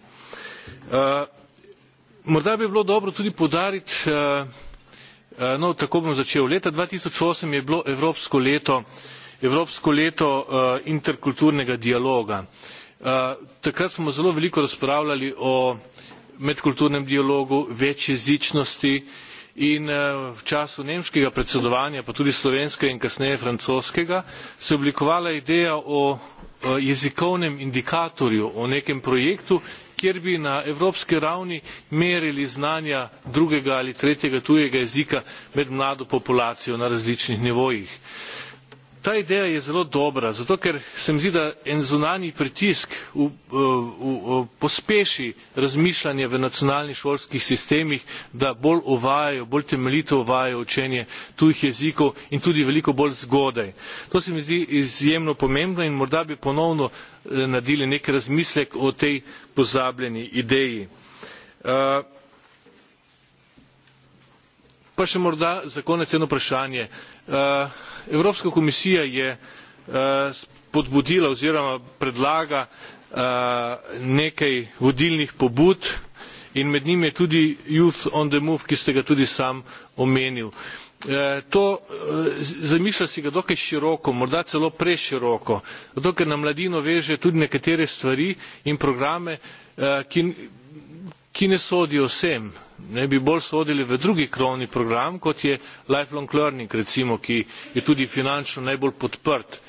Eh, morda bi bilo dobro tudi podariti, no tako bom začel, leta 2008 je bilo Evropsko leto, Evropsko leto interkulturnega dialoga. Takrat smo zelo veliko razpravljali o medkulturnem dialogu večjezičnosti in eh, v času nemškega predsedovanja pa tudi slovenskega in kasneje francoskega se je oblikovala ideja o eh, jezikovnem indikatorju o nekem projektu kjer bi na evropski ravni merili znanja drugega ali tretjega tujega jezika med mlado populacijo na različnih nivojih ta ideja je zelo dobra zato ker se mi zdi da en zunanji pritisk v, v, v, v, pospeši razmišljanje v nacionalnih šolskih sistemih da bolj uvajajo bolj temeljito uvajajo učenje tujih jezikov in tudi veliko bolj zgodaj to se mi zdi izjemno pomembno in morda bi ponovno eh, naredili nek razmislek o tej pozabljeni ideji uh, pa še morda za konec eno vprašanje uh, evropska komisija je eh, spodbudila oziroma predlaga eh, nekaj vodilnih pobud in med njimi je tudi youth on the move ki ste ga tudi sam omenil. Eh, to zamišlja si ga dokaj široko morda celo preširoko zato ker na mladino veže tudi nekatere stvari in programe ki ne sodijo sem ne bi bolj sodili v drugi krovni program, kot je lifelong learning recimo, ki je tudi finančno najbolj podprt,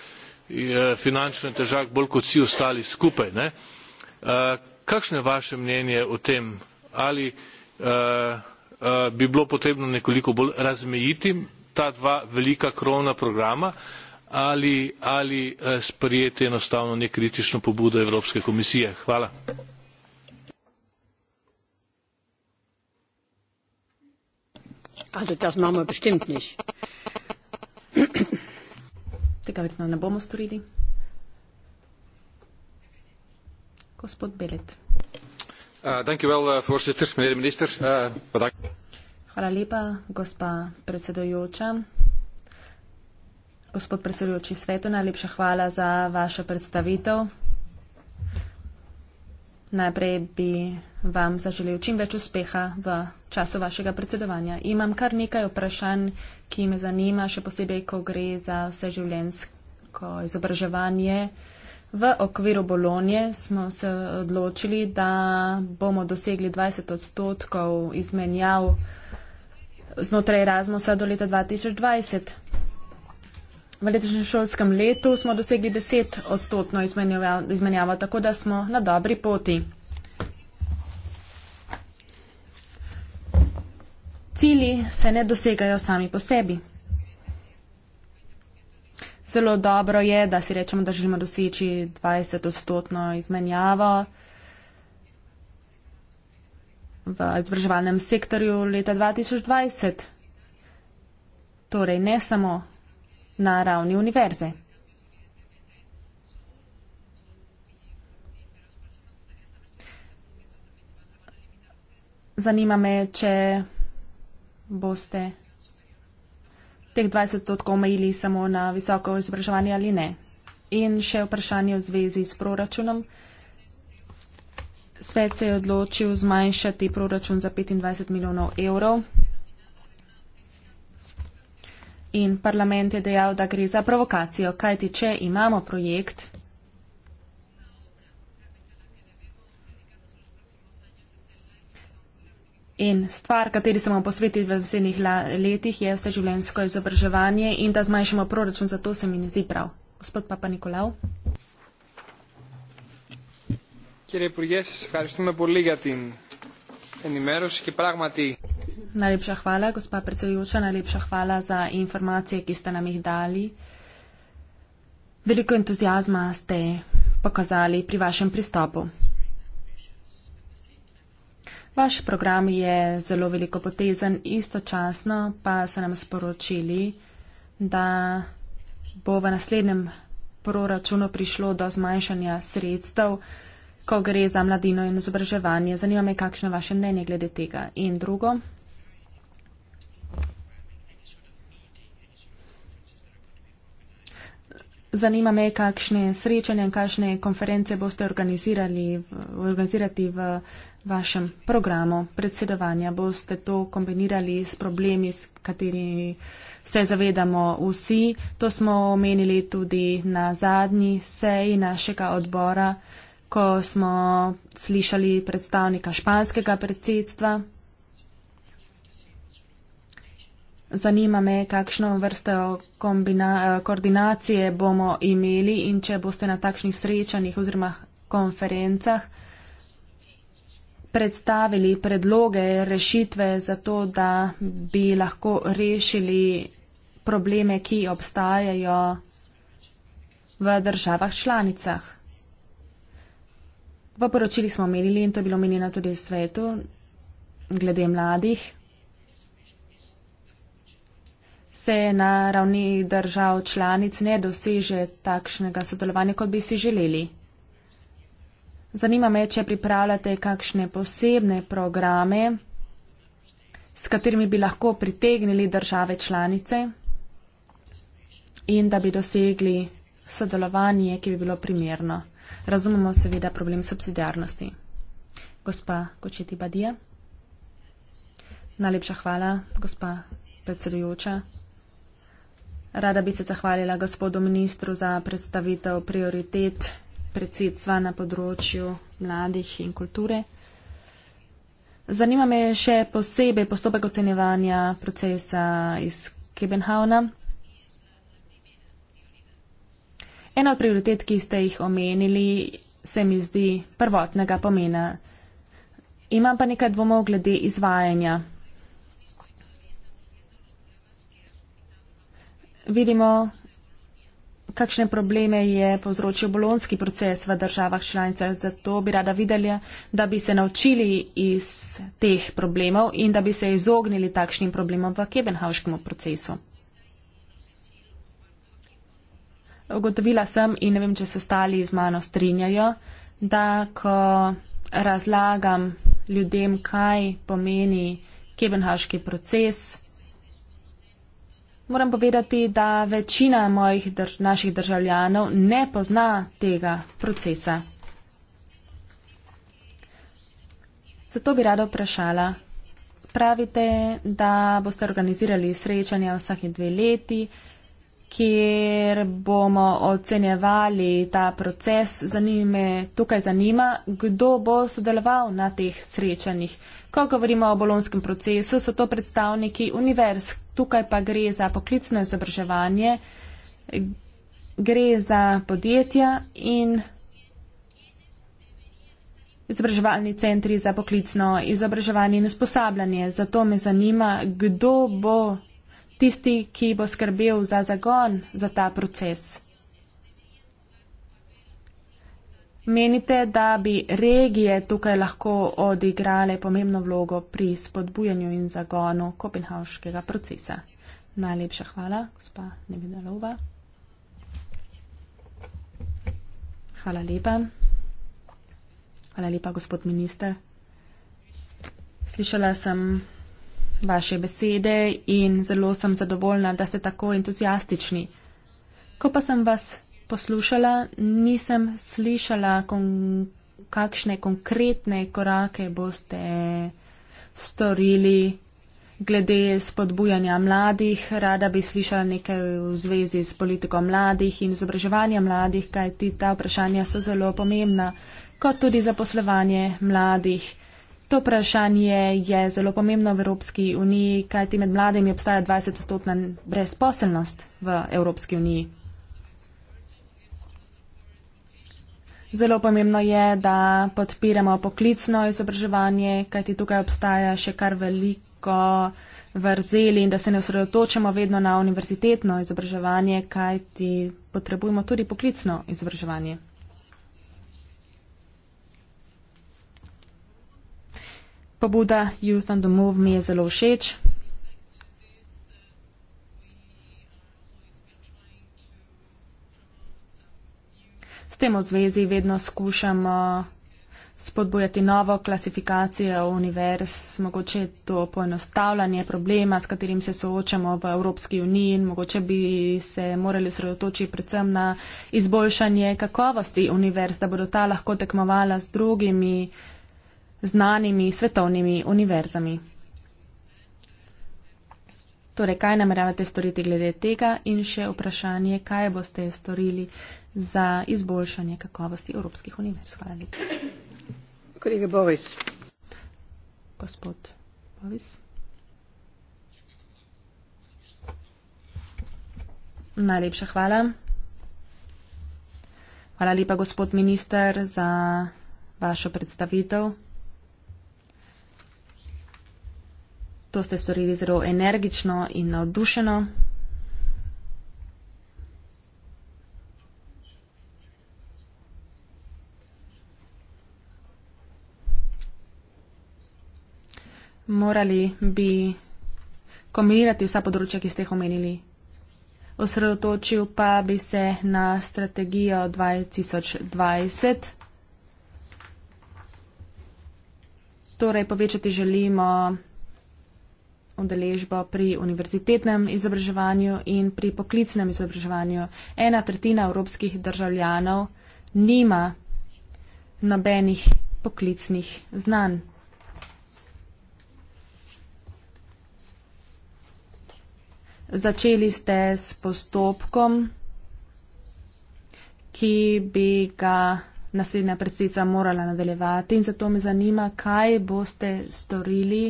finančno je težak bolj kot vsi ostali skupaj. Ne. Eh, kakšno je vaše mnenje o tem? Ali eh, eh, bi bilo potrebno nekoliko bolj razmejiti ta dva velika krovna programa ali, ali sprejeti enostavno nekritično pobudo Evropske komisije? Hvala. Also das machen wir bestimmt nicht. Tega verjetno ne bomo storili. Gospod Belet. Uh, well, uh, minister, uh, Hvala lepa, gospa predsedojoča. Gospod predsedujoči svetu, najlepša hvala za vašo predstavitev. Najprej bi vam zaželil čim več uspeha v času vašega predsedovanja. Imam kar nekaj vprašanj, ki me zanima, še posebej, ko gre za vseživljenjsko izobraževanje. V okviru Bolonje smo se odločili, da bomo dosegli 20 odstotkov izmenjav znotraj Erasmusa do leta 2020. V letošnjem šolskem letu smo dosegli 10-odstotno izmenjavo, izmenjavo, tako da smo na dobri poti. Cili se ne dosegajo sami po sebi. Zelo dobro je, da si rečemo, da želimo doseči 20-odstotno izmenjavo v izobraževalnem sektorju leta 2020. Torej, ne samo na ravni univerze. Zanima me, če boste teh 20 odstotkov omejili samo na visoko izobraževanje ali ne. In še vprašanje v zvezi s proračunom. Svet se je odločil zmanjšati proračun za 25 milijonov evrov in parlament je dejal, da gre za provokacijo, kajti če imamo projekt, In stvar, kateri se bomo posvetili v naslednjih letih, je vseživljenjsko izobraževanje in da zmanjšamo proračun, zato se mi ne zdi prav. Gospod Papa Nikolav. Gospod Burgess, hvala, da ste me podlegali in enimeroški pragmati. Najlepša hvala, gospa predsedujoča, najlepša hvala za informacije, ki ste nam jih dali. Veliko entuzijazma ste pokazali pri vašem pristopu. Vaš program je zelo veliko potezen, istočasno pa so nam sporočili, da bo v naslednjem proračunu prišlo do zmanjšanja sredstev, ko gre za mladino in izobraževanje. Zanima me, kakšno je vaše mnenje glede tega. In drugo, Zanima me, kakšne srečanja in kakšne konference boste organizirali, organizirati v vašem programu predsedovanja. Boste to kombinirali s problemi, s katerimi se zavedamo vsi. To smo omenili tudi na zadnji seji našega odbora, ko smo slišali predstavnika španskega predsedstva, Zanima me, kakšno vrste eh, koordinacije bomo imeli in če boste na takšnih srečanjih oziroma konferencah predstavili predloge, rešitve za to, da bi lahko rešili probleme, ki obstajajo v državah članicah. V poročili smo omenili, in to je bilo omenjeno tudi svetu, glede mladih se na ravni držav članic ne doseže takšnega sodelovanja, kot bi si želeli. Zanima me, če pripravljate kakšne posebne programe, s katerimi bi lahko pritegnili države članice in da bi dosegli sodelovanje, ki bi bilo primerno. Razumemo seveda problem subsidiarnosti. Gospa Kočeti Badija. Najlepša hvala, gospa predsedujoča. Rada bi se zahvalila gospodu ministru za predstavitev prioritet predsedstva na področju mladih in kulture. Zanima me še posebej postopek ocenjevanja procesa iz Kebenhavna. Ena od prioritet, ki ste jih omenili, se mi zdi prvotnega pomena. Imam pa nekaj dvomov glede izvajanja vidimo, kakšne probleme je povzročil bolonski proces v državah članicah. Zato bi rada videla, da bi se naučili iz teh problemov in da bi se izognili takšnim problemom v Kebenhavškem procesu. Ugotovila sem in ne vem, če se ostali z mano strinjajo, da ko razlagam ljudem, kaj pomeni Kebenhavški proces, Moram povedati, da večina mojih drž naših državljanov ne pozna tega procesa. Zato bi rada vprašala. Pravite, da boste organizirali srečanja vsake dve leti, kjer bomo ocenjevali ta proces. Zanime, tukaj zanima, kdo bo sodeloval na teh srečanjih. Ko govorimo o bolonskem procesu, so to predstavniki univerz, tukaj pa gre za poklicno izobraževanje, gre za podjetja in izobraževalni centri za poklicno izobraževanje in usposabljanje. Zato me zanima, kdo bo tisti, ki bo skrbel za zagon za ta proces. Menite, da bi regije tukaj lahko odigrale pomembno vlogo pri spodbujanju in zagonu kopenhavškega procesa? Najlepša hvala, gospa Nevidalova. Hvala lepa. Hvala lepa, gospod minister. Slišala sem vaše besede in zelo sem zadovoljna, da ste tako entuzijastični. Ko pa sem vas poslušala, nisem slišala, kon, kakšne konkretne korake boste storili glede spodbujanja mladih. Rada bi slišala nekaj v zvezi s politiko mladih in izobraževanjem mladih, kajti ta vprašanja so zelo pomembna, kot tudi zaposlovanje mladih. To vprašanje je zelo pomembno v Evropski uniji, kajti med mladimi obstaja 20-stotna brezposelnost v Evropski uniji. Zelo pomembno je, da podpiramo poklicno izobraževanje, kajti tukaj obstaja še kar veliko vrzeli in da se ne osredotočamo vedno na univerzitetno izobraževanje, kajti potrebujemo tudi poklicno izobraževanje. Pobuda Youth on the Move mi je zelo všeč. tem v zvezi vedno skušam spodbujati novo klasifikacijo univerz, mogoče to poenostavljanje problema, s katerim se soočamo v Evropski uniji in mogoče bi se morali sredotočiti predvsem na izboljšanje kakovosti univerz, da bodo ta lahko tekmovala z drugimi znanimi svetovnimi univerzami. Torej, kaj nameravate storiti glede tega in še vprašanje, kaj boste storili za izboljšanje kakovosti evropskih univerz? Hvala lepa. Kolega Boris. Gospod Boris. Najlepša hvala. Hvala lepa, gospod minister, za vašo predstavitev. To ste storili zelo energično in navdušeno. Morali bi kombinirati vsa področja, ki ste jih omenili. Osredotočil pa bi se na strategijo 2020. Torej, povečati želimo udeležbo pri univerzitetnem izobraževanju in pri poklicnem izobraževanju. Ena tretjina evropskih državljanov nima nobenih poklicnih znanj. Začeli ste s postopkom, ki bi ga naslednja predsednica morala nadaljevati in zato me zanima, kaj boste storili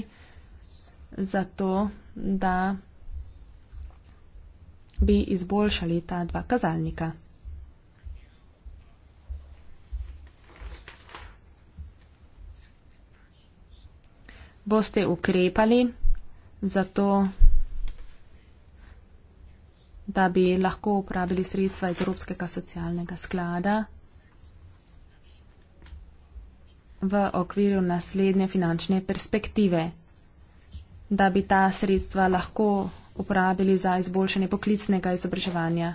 za to, da bi izboljšali ta dva kazalnika. Boste ukrepali za to, da bi lahko uporabili sredstva iz Evropskega socialnega sklada v okviru naslednje finančne perspektive da bi ta sredstva lahko uporabili za izboljšanje poklicnega izobraževanja.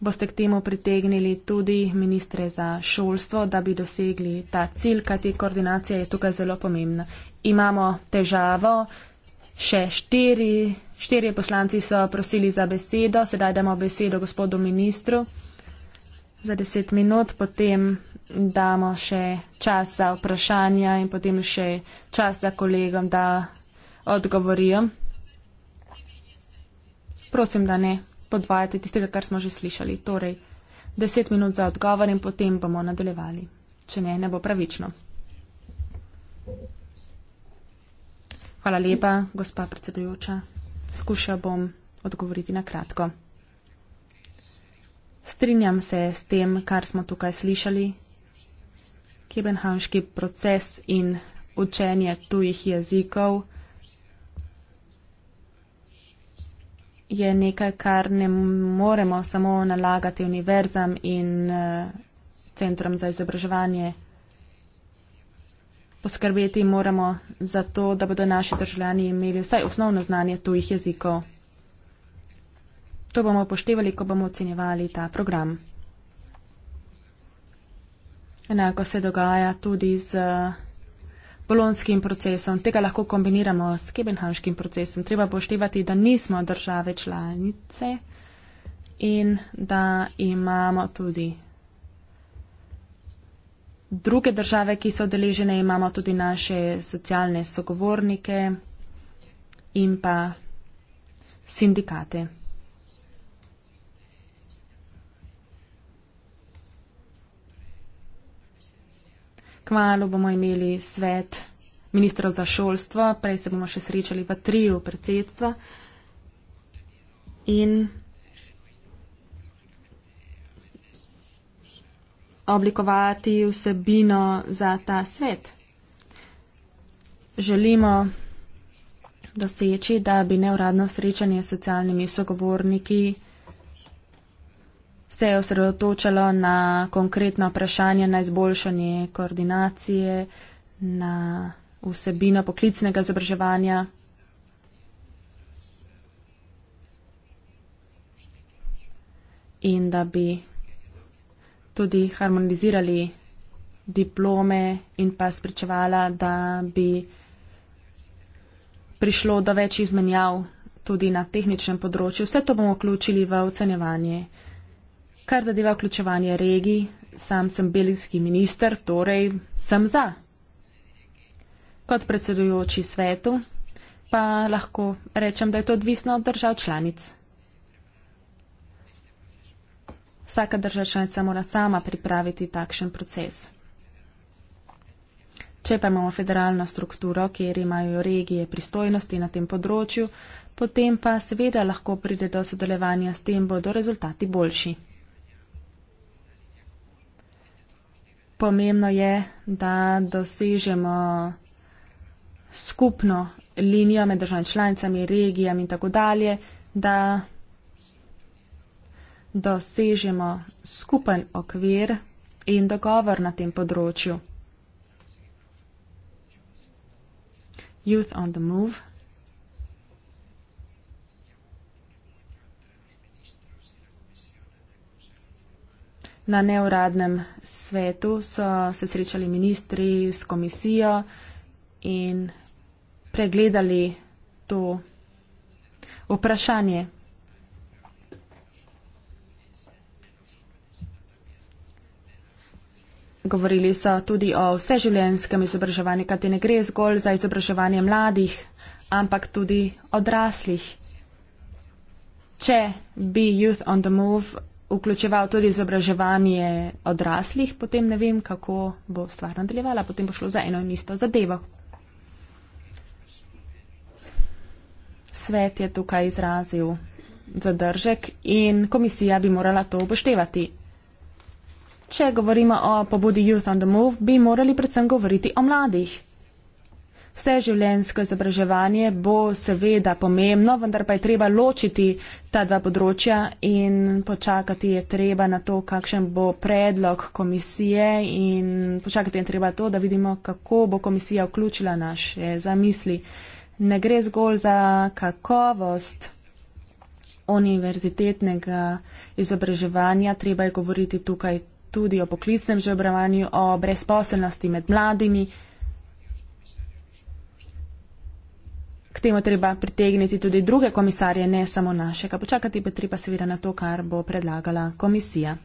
Boste k temu pritegnili tudi ministre za šolstvo, da bi dosegli ta cilj, kajti koordinacija je tukaj zelo pomembna. Imamo težavo, še štiri, štiri poslanci so prosili za besedo, sedaj damo besedo gospodu ministru za deset minut, potem damo še čas za vprašanja in potem še čas za kolegom, da Odgovorim. Prosim, da ne podvajate tistega, kar smo že slišali. Torej, deset minut za odgovor in potem bomo nadaljevali. Če ne, ne bo pravično. Hvala lepa, gospa predsedujoča. Skušal bom odgovoriti na kratko. Strinjam se s tem, kar smo tukaj slišali. Kebenhamški proces in učenje tujih jezikov. je nekaj, kar ne moremo samo nalagati univerzam in uh, centrom za izobraževanje. Poskrbeti moramo za to, da bodo naši državljani imeli vsaj osnovno znanje tujih jezikov. To bomo upoštevali, ko bomo ocenjevali ta program. Enako se dogaja tudi z. Uh, bolonskim procesom, tega lahko kombiniramo s kebenhavškim procesom. Treba poštevati, da nismo države članice in da imamo tudi druge države, ki so deležene, imamo tudi naše socialne sogovornike in pa sindikate. Kmalo bomo imeli svet ministrov za šolstvo, prej se bomo še srečali v triju predsedstva. In oblikovati vsebino za ta svet. Želimo doseči, da bi neuradno srečanje s socialnimi sogovorniki se je osredotočalo na konkretno vprašanje, na izboljšanje koordinacije, na vsebino poklicnega izobraževanja. In da bi tudi harmonizirali diplome in pa spričevala, da bi prišlo do več izmenjav tudi na tehničnem področju. Vse to bomo vključili v ocenjevanje. Kar zadeva vključevanje regij, sam sem belgijski minister, torej sem za. Kot predsedujoči svetu pa lahko rečem, da je to odvisno od držav članic. Vsaka država članica mora sama pripraviti takšen proces. Če pa imamo federalno strukturo, kjer imajo regije pristojnosti na tem področju, potem pa seveda lahko pride do sodelovanja, s tem bodo rezultati boljši. pomembno je, da dosežemo skupno linijo med državami članicami, regijami in tako dalje, da dosežemo skupen okvir in dogovor na tem področju. Youth on the move. Na neuradnem svetu so se srečali ministri s komisijo in pregledali to vprašanje. Govorili so tudi o vseživljenjskem izobraževanju, kaj te ne gre zgolj za izobraževanje mladih, ampak tudi odraslih. Če bi Youth on the Move vključeval tudi izobraževanje odraslih, potem ne vem, kako bo stvar nadaljevala, potem bo šlo za eno in isto zadevo. Svet je tukaj izrazil zadržek in komisija bi morala to upoštevati. Če govorimo o pobudi Youth on the Move, bi morali predvsem govoriti o mladih. Vse življensko izobraževanje bo seveda pomembno, vendar pa je treba ločiti ta dva področja in počakati je treba na to, kakšen bo predlog komisije in počakati je treba to, da vidimo, kako bo komisija vključila naše zamisli. Ne gre zgolj za kakovost univerzitetnega izobraževanja, treba je govoriti tukaj tudi o poklicnem izobraževanju, o brezposelnosti med mladimi. k temu treba pritegniti tudi druge komisarje, ne samo našega. Počakati bo treba seveda na to, kar bo predlagala komisija.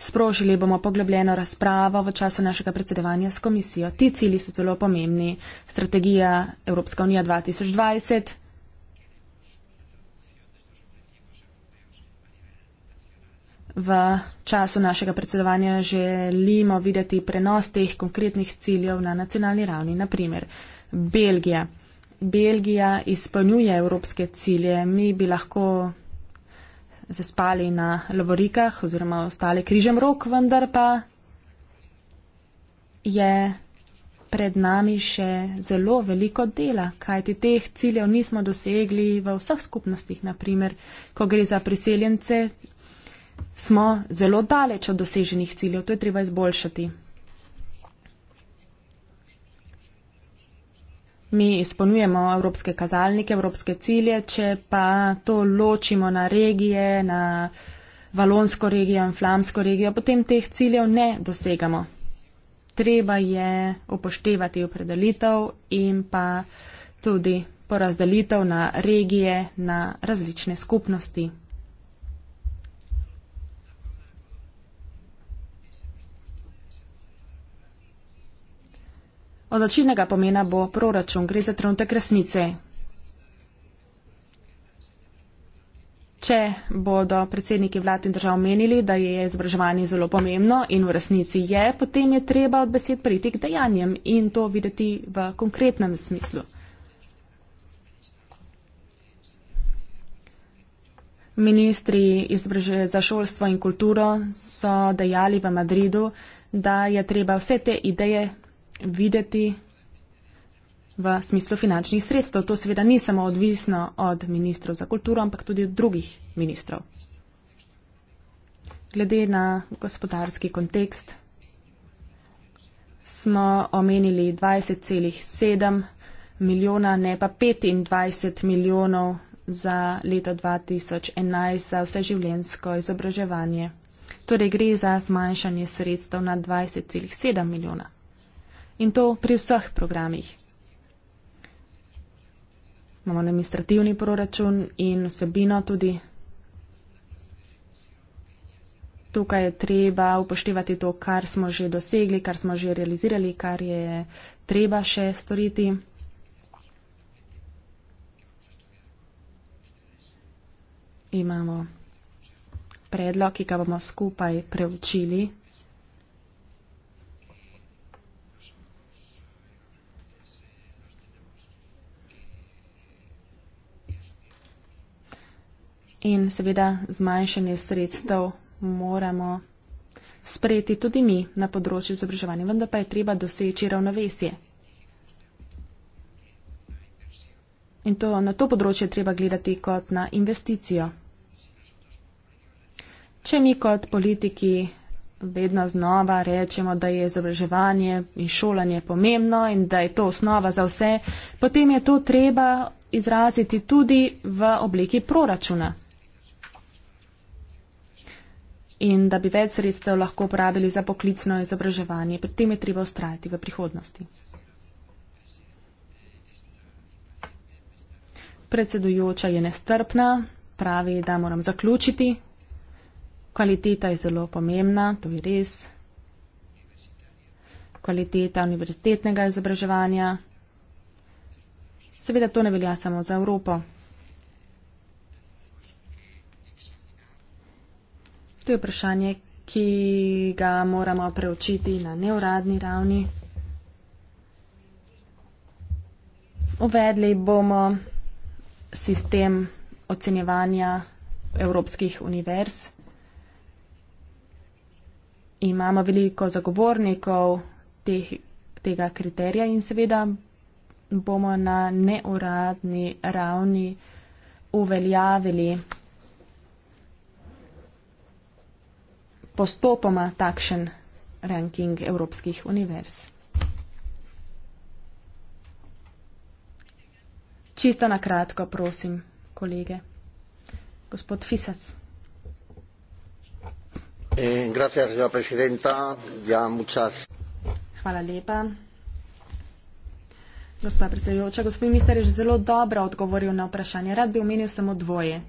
Sprožili bomo poglobljeno razpravo v času našega predsedovanja s komisijo. Ti cili so zelo pomembni. Strategija Evropska unija 2020. v času našega predsedovanja želimo videti prenos teh konkretnih ciljev na nacionalni ravni. Naprimer, Belgija. Belgija izpolnjuje evropske cilje. Mi bi lahko zaspali na lavorikah oziroma ostali križem rok, vendar pa je pred nami še zelo veliko dela, kajti teh ciljev nismo dosegli v vseh skupnostih. Naprimer, ko gre za priseljence, smo zelo daleč od doseženih ciljev, to je treba izboljšati. Mi izpolnjujemo evropske kazalnike, evropske cilje, če pa to ločimo na regije, na valonsko regijo in flamsko regijo, potem teh ciljev ne dosegamo. Treba je upoštevati opredelitev in pa tudi porazdelitev na regije, na različne skupnosti. Odločilnega pomena bo proračun, gre za trenutek resnice. Če bodo predsedniki vlad in držav menili, da je izobraževanje zelo pomembno in v resnici je, potem je treba od besed priti k dejanjem in to videti v konkretnem smislu. Ministri za šolstvo in kulturo so dejali v Madridu, da je treba vse te ideje videti v smislu finančnih sredstev. To seveda ni samo odvisno od ministrov za kulturo, ampak tudi od drugih ministrov. Glede na gospodarski kontekst smo omenili 20,7 milijona, ne pa 25 milijonov za leto 2011 za vseživljensko izobraževanje. Torej gre za zmanjšanje sredstev na 20,7 milijona in to pri vseh programih. Imamo administrativni proračun in vsebino tudi. Tukaj je treba upoštevati to, kar smo že dosegli, kar smo že realizirali, kar je treba še storiti. Imamo predlog, ki ga bomo skupaj preučili. in seveda zmanjšanje sredstev moramo sprejeti tudi mi na področju izobraževanja, vendar pa je treba doseči ravnovesje. In to, na to področje treba gledati kot na investicijo. Če mi kot politiki vedno znova rečemo, da je izobraževanje in šolanje pomembno in da je to osnova za vse, potem je to treba izraziti tudi v obliki proračuna in da bi več sredstev lahko uporabili za poklicno izobraževanje. Pri tem je treba ustrajati v prihodnosti. Predsedujoča je nestrpna, pravi, da moram zaključiti. Kvaliteta je zelo pomembna, to je res. Kvaliteta univerzitetnega izobraževanja. Seveda to ne velja samo za Evropo. To je vprašanje, ki ga moramo preučiti na neuradni ravni. Uvedli bomo sistem ocenjevanja evropskih univerz. Imamo veliko zagovornikov teh, tega kriterija in seveda bomo na neuradni ravni uveljavili postopoma takšen ranking evropskih univerz. Čisto na kratko, prosim, kolege. Gospod Fisas. Eh, Hvala lepa. Gospa predsedujoča, gospod minister je že zelo dobro odgovoril na vprašanje. Rad bi omenil samo dvoje.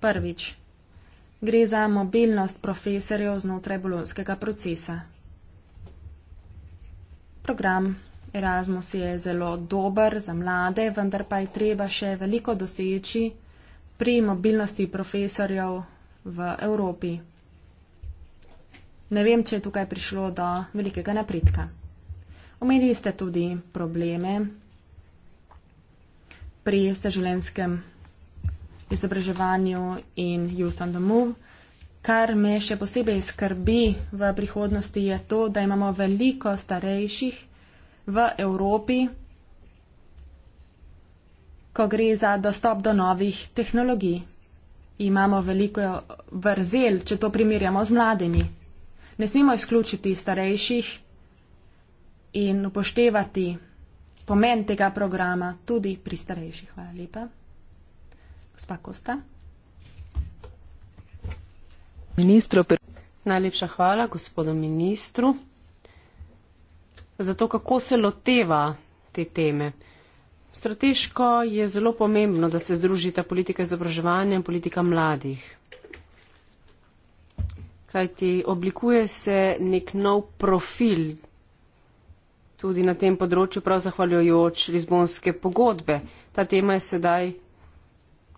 Prvič, Gre za mobilnost profesorjev znotraj bolonskega procesa. Program Erasmus je zelo dober za mlade, vendar pa je treba še veliko doseči pri mobilnosti profesorjev v Evropi. Ne vem, če je tukaj prišlo do velikega napredka. Omenili ste tudi probleme pri vseživljenjskem izobraževanju in Youth on the Move. Kar me še posebej skrbi v prihodnosti je to, da imamo veliko starejših v Evropi, ko gre za dostop do novih tehnologij. Imamo veliko vrzel, če to primerjamo z mladimi. Ne smemo izključiti starejših in upoštevati pomen tega programa tudi pri starejših. Hvala lepa. Gospa Kosta. Ministro, najlepša hvala gospodu ministru za to, kako se loteva te teme. Strateško je zelo pomembno, da se združita politika izobraževanja in politika mladih. Kajti oblikuje se nek nov profil tudi na tem področju, prav zahvaljujoč Lizbonske pogodbe. Ta tema je sedaj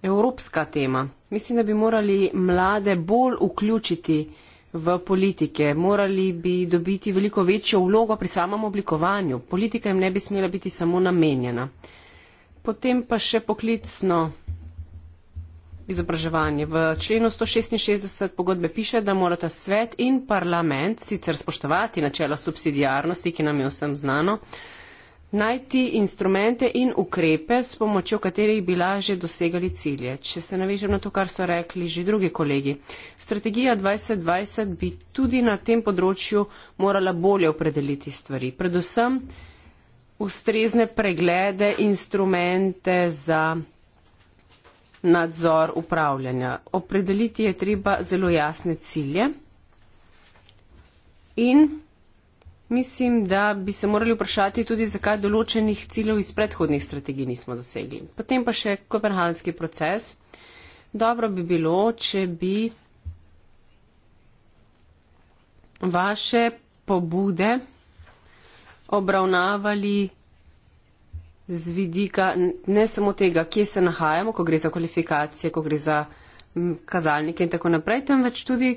evropska tema. Mislim, da bi morali mlade bolj vključiti v politike, morali bi dobiti veliko večjo vlogo pri samem oblikovanju. Politika jim ne bi smela biti samo namenjena. Potem pa še poklicno izobraževanje. V členu 166 pogodbe piše, da morata svet in parlament sicer spoštovati načela subsidijarnosti, ki nam je vsem znano, najti instrumente in ukrepe, s pomočjo katerih bi lažje dosegali cilje. Če se navežem na to, kar so rekli že drugi kolegi, strategija 2020 bi tudi na tem področju morala bolje opredeliti stvari. Predvsem ustrezne preglede, instrumente za nadzor upravljanja. Opredeliti je treba zelo jasne cilje in mislim, da bi se morali vprašati tudi, zakaj določenih ciljev iz predhodnih strategij nismo dosegli. Potem pa še kopenhanski proces. Dobro bi bilo, če bi vaše pobude obravnavali z vidika ne samo tega, kje se nahajamo, ko gre za kvalifikacije, ko gre za kazalnike in tako naprej, temveč tudi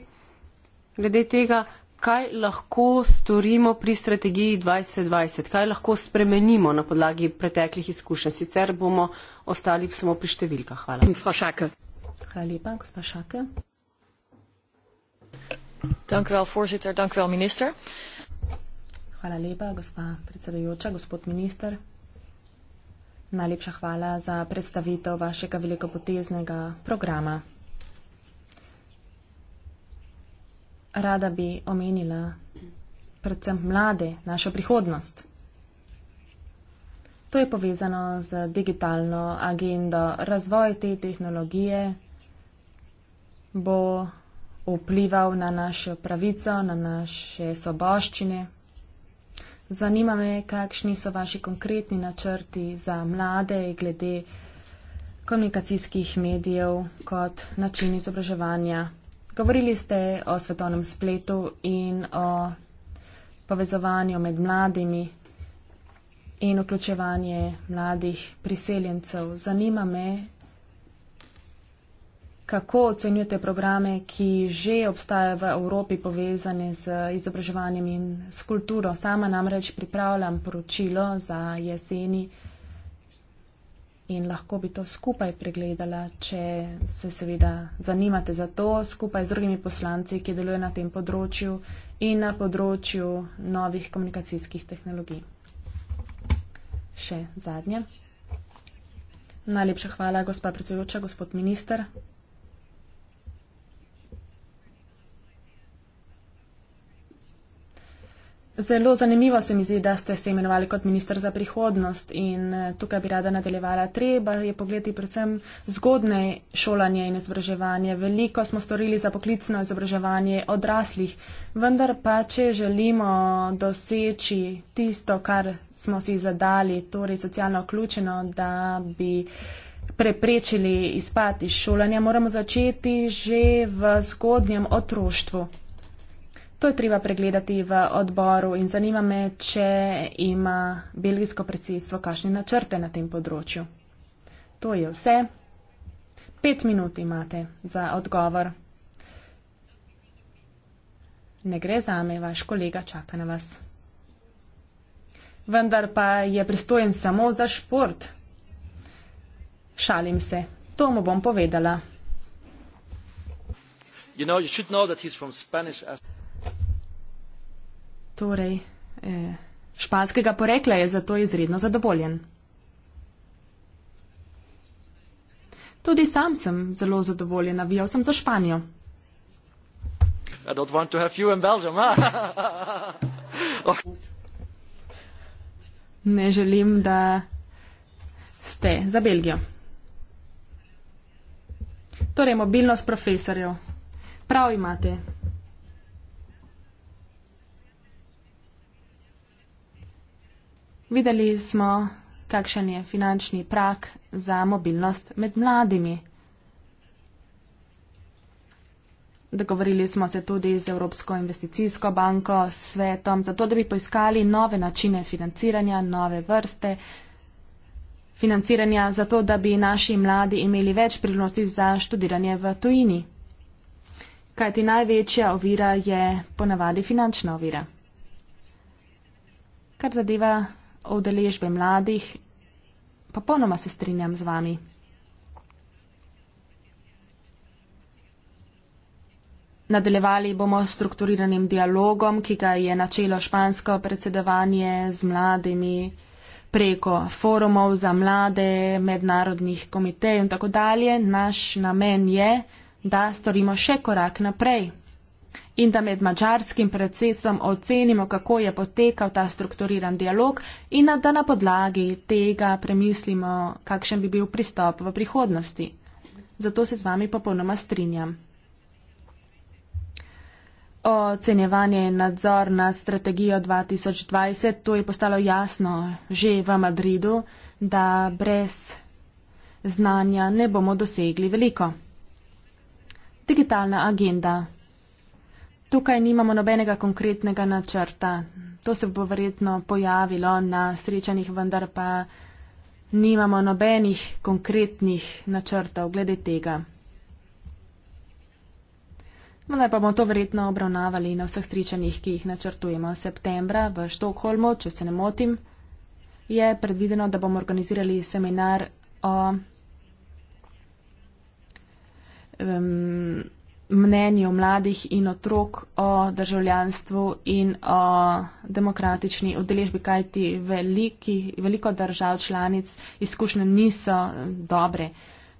glede tega, kaj lahko storimo pri strategiji 2020, kaj lahko spremenimo na podlagi preteklih izkušenj. Sicer bomo ostali samo pri številkah. Hvala. Hvala lepa, gospod Šake. Dank vel, forzitor, dank vel, minister. Hvala lepa, gospa predsedujoča, gospod minister. Najlepša hvala za predstavitev vašega velikopoteznega programa. rada bi omenila predvsem mlade, našo prihodnost. To je povezano z digitalno agendo. Razvoj te tehnologije bo vplival na našo pravico, na naše soboščine. Zanima me, kakšni so vaši konkretni načrti za mlade glede komunikacijskih medijev kot način izobraževanja. Govorili ste o svetovnem spletu in o povezovanju med mladimi in vključevanje mladih priseljencev. Zanima me, kako ocenjujete programe, ki že obstajajo v Evropi povezane z izobraževanjem in s kulturo. Sama namreč pripravljam poročilo za jeseni in lahko bi to skupaj pregledala, če se seveda zanimate za to, skupaj z drugimi poslanci, ki deluje na tem področju in na področju novih komunikacijskih tehnologij. Še zadnje. Najlepša hvala, gospa predsedujoča, gospod minister. Zelo zanimivo se mi zdi, da ste se imenovali kot minister za prihodnost in eh, tukaj bi rada nadaljevala. Treba je pogledati predvsem zgodne šolanje in izobraževanje. Veliko smo storili za poklicno izobraževanje odraslih, vendar pa, če želimo doseči tisto, kar smo si zadali, torej socialno vključeno, da bi preprečili izpad iz šolanja, moramo začeti že v zgodnjem otroštvu. To je treba pregledati v odboru in zanima me, če ima belgijsko predsedstvo kakšne načrte na tem področju. To je vse. Pet minut imate za odgovor. Ne gre za me, vaš kolega čaka na vas. Vendar pa je pristojen samo za šport. Šalim se, to mu bom povedala. You know, you Torej, eh, španskega porekla je zato izredno zadovoljen. Tudi sam sem zelo zadovoljen, navijal sem za Španijo. Belgium, huh? Oh. ne želim, da ste za Belgijo. Torej, mobilnost profesorjev. Prav imate. Videli smo, kakšen je finančni prak za mobilnost med mladimi. Dogovorili smo se tudi z Evropsko investicijsko banko, s svetom, zato da bi poiskali nove načine financiranja, nove vrste financiranja, zato da bi naši mladi imeli več priložnosti za študiranje v tujini. Kajti največja ovira je ponavadi finančna ovira. Kar zadeva o udeležbi mladih. Popolnoma se strinjam z vami. Nadaljevali bomo s strukturiranim dialogom, ki ga je načelo špansko predsedovanje z mladimi preko forumov za mlade, mednarodnih komitejev in tako dalje. Naš namen je, da storimo še korak naprej in da med mačarskim predsesom ocenimo, kako je potekal ta strukturiran dialog in da na podlagi tega premislimo, kakšen bi bil pristop v prihodnosti. Zato se z vami popolnoma strinjam. Ocenjevanje in nadzor nad strategijo 2020, to je postalo jasno že v Madridu, da brez znanja ne bomo dosegli veliko. Digitalna agenda. Tukaj nimamo nobenega konkretnega načrta. To se bo verjetno pojavilo na srečanjih, vendar pa nimamo nobenih konkretnih načrtov glede tega. Vendar no, pa bomo to verjetno obravnavali na vseh srečanjih, ki jih načrtujemo. Septembra v Štokholmu, če se ne motim, je predvideno, da bomo organizirali seminar o. Um, mnenju mladih in otrok o državljanstvu in o demokratični udeležbi, kajti veliki, veliko držav članic izkušnje niso dobre.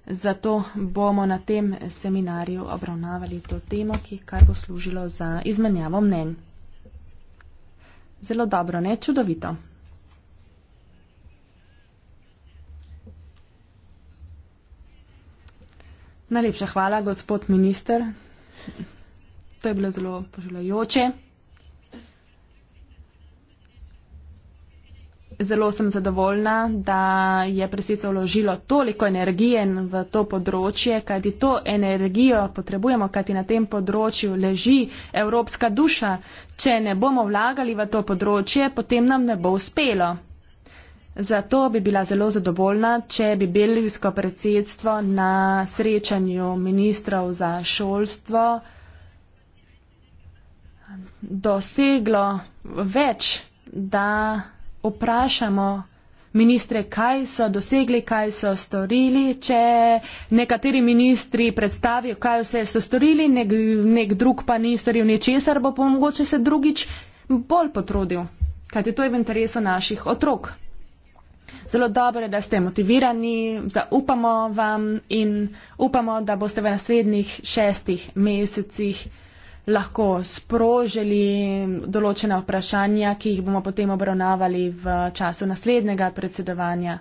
Zato bomo na tem seminarju obravnavali to temo, ki kar bo služilo za izmenjavo mnen. Zelo dobro, ne čudovito. Najlepša hvala, gospod minister. To je bilo zelo poželjajoče. Zelo sem zadovoljna, da je presica vložilo toliko energije v to področje, kajti to energijo potrebujemo, kajti na tem področju leži evropska duša. Če ne bomo vlagali v to področje, potem nam ne bo uspelo. Zato bi bila zelo zadovoljna, če bi belgijsko predsedstvo na srečanju ministrov za šolstvo doseglo več, da vprašamo ministre, kaj so dosegli, kaj so storili, če nekateri ministri predstavijo, kaj vse so storili, nek, nek drug pa ni storil ničesar, bo pa mogoče se drugič bolj potrudil, kajti to je v interesu naših otrok zelo dobro, da ste motivirani, zaupamo vam in upamo, da boste v naslednjih šestih mesecih lahko sprožili določena vprašanja, ki jih bomo potem obravnavali v času naslednjega predsedovanja.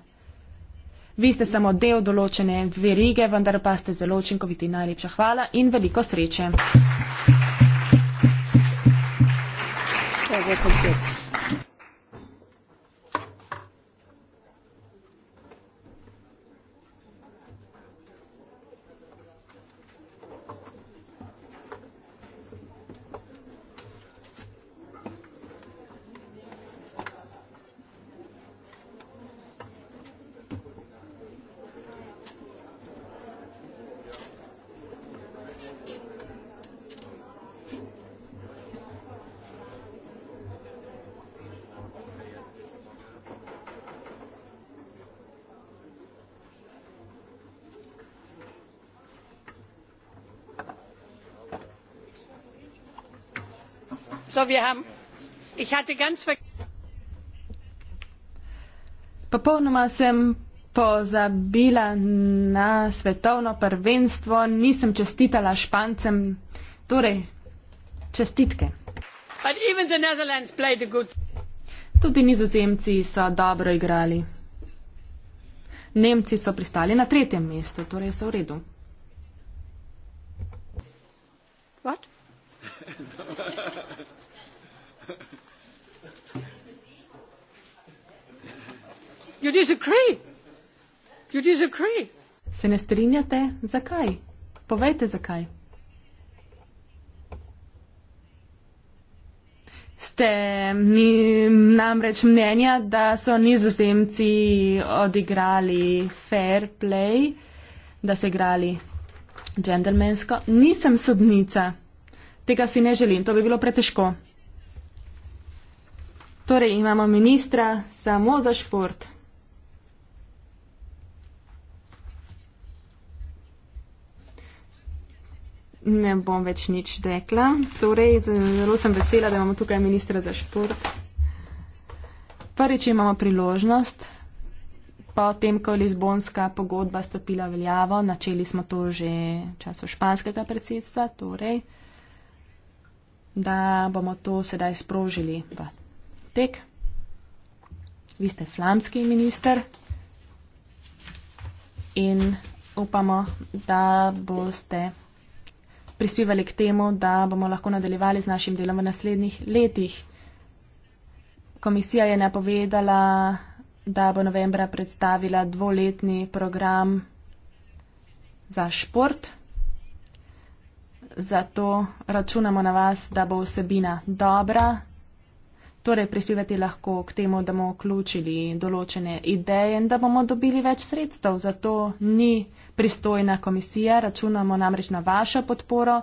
Vi ste samo del določene verige, vendar pa ste zelo učinkoviti. Najlepša hvala in veliko sreče. Thank you. Popolnoma sem pozabila na svetovno prvenstvo, nisem čestitala Špancem. Torej, čestitke. Tudi nizozemci so dobro igrali. Nemci so pristali na tretjem mestu, torej so v redu. What? You disagree. You disagree. Se ne strinjate? Zakaj? Povejte zakaj. Ste mi namreč mnenja, da so nizozemci odigrali fair play, da so igrali džentlmensko. Nisem sodnica. Tega si ne želim. To bi bilo pretežko. Torej imamo ministra samo za šport. ne bom več nič rekla. Torej, zelo sem vesela, da imamo tukaj ministra za šport. Prvič imamo priložnost, pa potem, ko je Lizbonska pogodba stopila veljavo, načeli smo to že v času španskega predsedstva, torej, da bomo to sedaj sprožili v tek. Vi ste flamski minister in upamo, da boste. Okay prispevali k temu, da bomo lahko nadaljevali z našim delom v naslednjih letih. Komisija je napovedala, da bo novembra predstavila dvoletni program za šport. Zato računamo na vas, da bo vsebina dobra, torej prispevati lahko k temu, da bomo vključili določene ideje in da bomo dobili več sredstev. Zato ni pristojna komisija, računamo namreč na vašo podporo.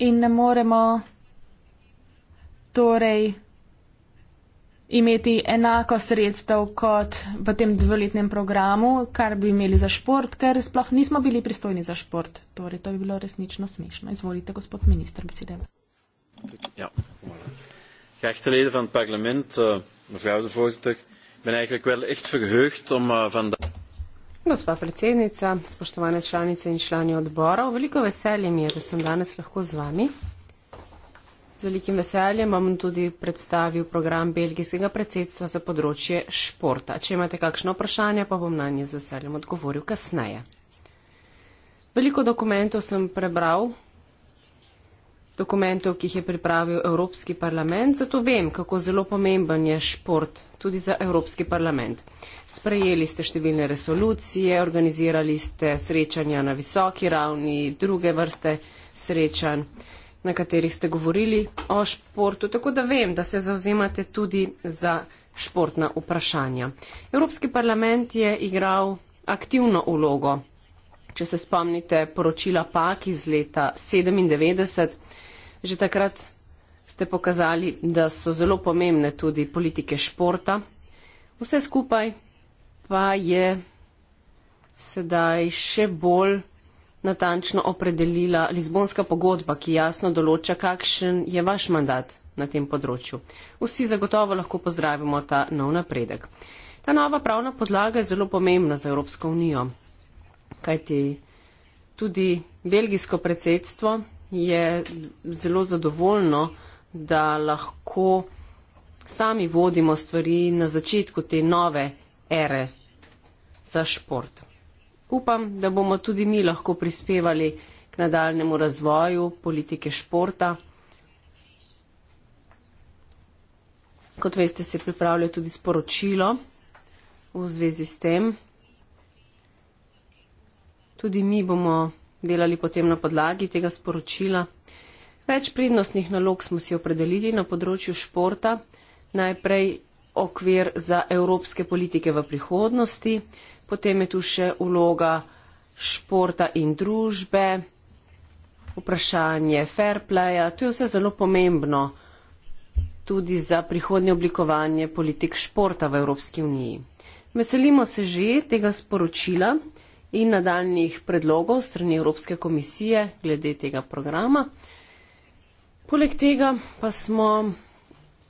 In ne moremo torej imeti enako sredstev kot v tem dvoletnem programu, kar bi imeli za šport, ker sploh nismo bili pristojni za šport. Torej, to bi bilo resnično smešno. Izvolite, gospod minister, besede. Ja, Geachte leden van het parlement, uh, mevrouw de voorzitter, ik ben eigenlijk wel echt verheugd om uh, vandaag. Gospa predsednica, spoštovane članice in člani odborov, veliko veselje mi je, da sem danes lahko z vami. Z velikim veseljem vam tudi predstavil program belgijskega predsedstva za področje športa. Če imate kakšno vprašanje, pa bom na nje z veseljem odgovoril kasneje. Veliko dokumentov sem prebral, dokumentov, ki jih je pripravil Evropski parlament, zato vem, kako zelo pomemben je šport tudi za Evropski parlament. Sprejeli ste številne resolucije, organizirali ste srečanja na visoki ravni, druge vrste srečanj na katerih ste govorili o športu, tako da vem, da se zauzemate tudi za športna vprašanja. Evropski parlament je igral aktivno ulogo, če se spomnite poročila PAK iz leta 1997. Že takrat ste pokazali, da so zelo pomembne tudi politike športa. Vse skupaj pa je sedaj še bolj natančno opredelila Lizbonska pogodba, ki jasno določa, kakšen je vaš mandat na tem področju. Vsi zagotovo lahko pozdravimo ta nov napredek. Ta nova pravna podlaga je zelo pomembna za Evropsko unijo, kajti tudi belgijsko predsedstvo je zelo zadovoljno, da lahko sami vodimo stvari na začetku te nove ere za šport upam, da bomo tudi mi lahko prispevali k nadaljnemu razvoju politike športa. Kot veste, se pripravlja tudi sporočilo v zvezi s tem. Tudi mi bomo delali potem na podlagi tega sporočila. Več prednostnih nalog smo si opredelili na področju športa. Najprej okvir za evropske politike v prihodnosti potem je tu še uloga športa in družbe, vprašanje fair playa, to je vse zelo pomembno tudi za prihodnje oblikovanje politik športa v Evropski uniji. Veselimo se že tega sporočila in nadaljnih predlogov strani Evropske komisije glede tega programa. Poleg tega pa smo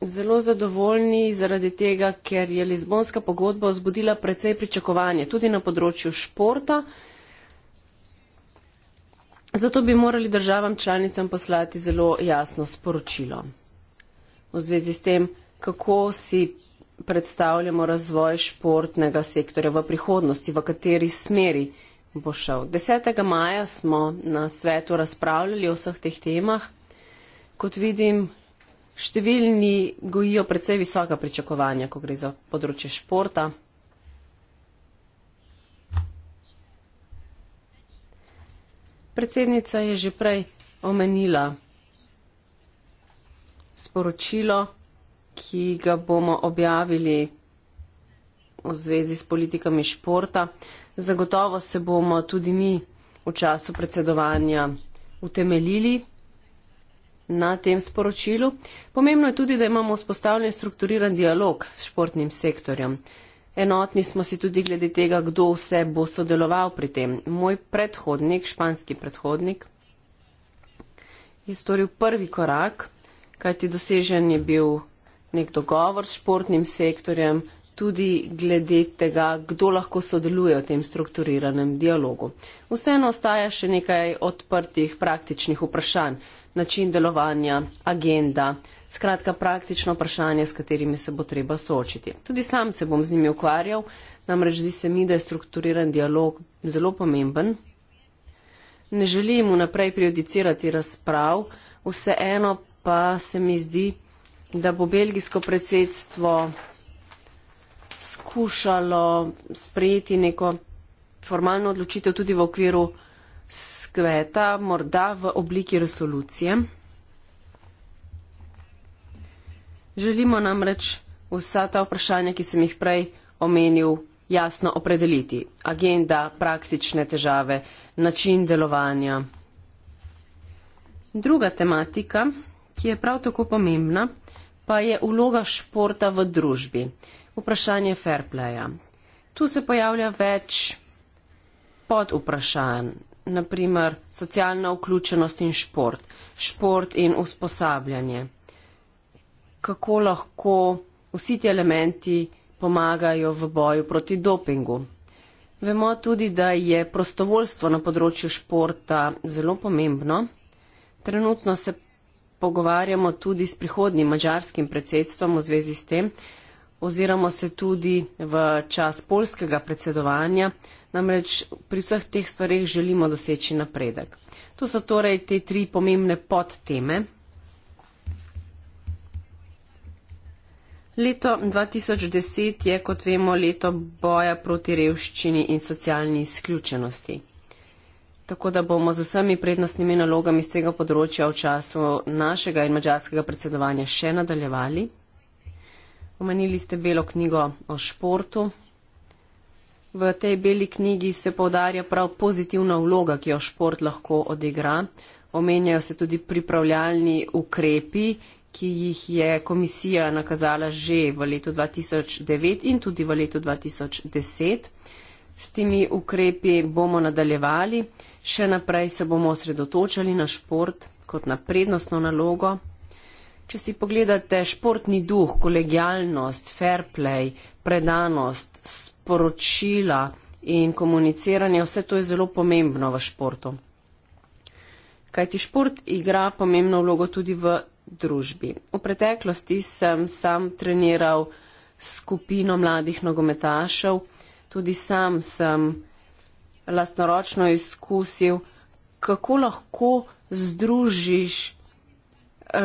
zelo zadovoljni zaradi tega, ker je Lizbonska pogodba vzbudila precej pričakovanje tudi na področju športa. Zato bi morali državam članicam poslati zelo jasno sporočilo v zvezi s tem, kako si predstavljamo razvoj športnega sektorja v prihodnosti, v kateri smeri bo šel. 10. maja smo na svetu razpravljali o vseh teh temah. Kot vidim, številni gojijo predvsej visoka pričakovanja, ko gre za področje športa. Predsednica je že prej omenila sporočilo, ki ga bomo objavili v zvezi s politikami športa. Zagotovo se bomo tudi mi v času predsedovanja utemeljili na tem sporočilu. Pomembno je tudi, da imamo vzpostavljen strukturiran dialog s športnim sektorjem. Enotni smo si tudi glede tega, kdo vse bo sodeloval pri tem. Moj predhodnik, španski predhodnik, je storil prvi korak, kajti dosežen je bil nek dogovor s športnim sektorjem, tudi glede tega, kdo lahko sodeluje v tem strukturiranem dialogu. Vseeno ostaja še nekaj odprtih praktičnih vprašanj, način delovanja, agenda, skratka praktično vprašanje, s katerimi se bo treba soočiti. Tudi sam se bom z njimi ukvarjal, namreč zdi se mi, da je strukturiran dialog zelo pomemben. Ne želim vnaprej prejudicirati razprav, vseeno pa se mi zdi, da bo belgijsko predsedstvo skušalo sprejeti neko formalno odločitev tudi v okviru skveta, morda v obliki resolucije. Želimo namreč vsa ta vprašanja, ki sem jih prej omenil, jasno opredeliti. Agenda, praktične težave, način delovanja. Druga tematika, ki je prav tako pomembna, pa je vloga športa v družbi vprašanje fair playa. Tu se pojavlja več pod vprašanj, naprimer socialna vključenost in šport, šport in usposabljanje. Kako lahko vsi ti elementi pomagajo v boju proti dopingu? Vemo tudi, da je prostovoljstvo na področju športa zelo pomembno. Trenutno se pogovarjamo tudi s prihodnim mađarskim predsedstvom v zvezi s tem, oziroma se tudi v čas polskega predsedovanja, namreč pri vseh teh stvarih želimo doseči napredek. To so torej te tri pomembne podteme. Leto 2010 je, kot vemo, leto boja proti revščini in socialni izključenosti. Tako da bomo z vsemi prednostnimi nalogami z tega področja v času našega in mađarskega predsedovanja še nadaljevali. Omenili ste belo knjigo o športu. V tej beli knjigi se povdarja prav pozitivna vloga, ki jo šport lahko odigra. Omenjajo se tudi pripravljalni ukrepi, ki jih je komisija nakazala že v letu 2009 in tudi v letu 2010. S temi ukrepi bomo nadaljevali, še naprej se bomo osredotočali na šport kot na prednostno nalogo če si pogledate športni duh, kolegijalnost, fair play, predanost, sporočila in komuniciranje, vse to je zelo pomembno v športu. Kaj ti šport igra pomembno vlogo tudi v družbi. V preteklosti sem sam treniral skupino mladih nogometašev, tudi sam sem lastnoročno izkusil, kako lahko združiš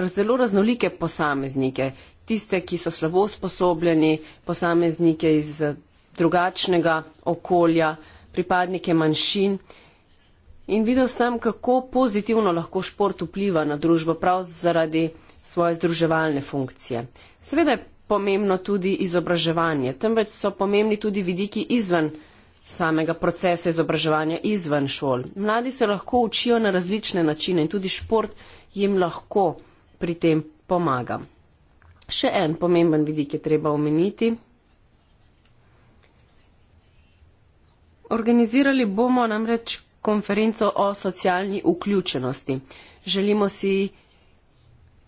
zelo raznolike posameznike, tiste, ki so slabo sposobljeni, posameznike iz eh, drugačnega okolja, pripadnike manjšin. In videl sem, kako pozitivno lahko šport vpliva na družbo prav zaradi svoje združevalne funkcije. Seveda je pomembno tudi izobraževanje, temveč so pomembni tudi vidiki izven samega procesa izobraževanja, izven šol. Mladi se lahko učijo na različne načine in tudi šport jim lahko pri tem pomaga. Še en pomemben vidik je treba omeniti. Organizirali bomo namreč konferenco o socialni vključenosti. Želimo si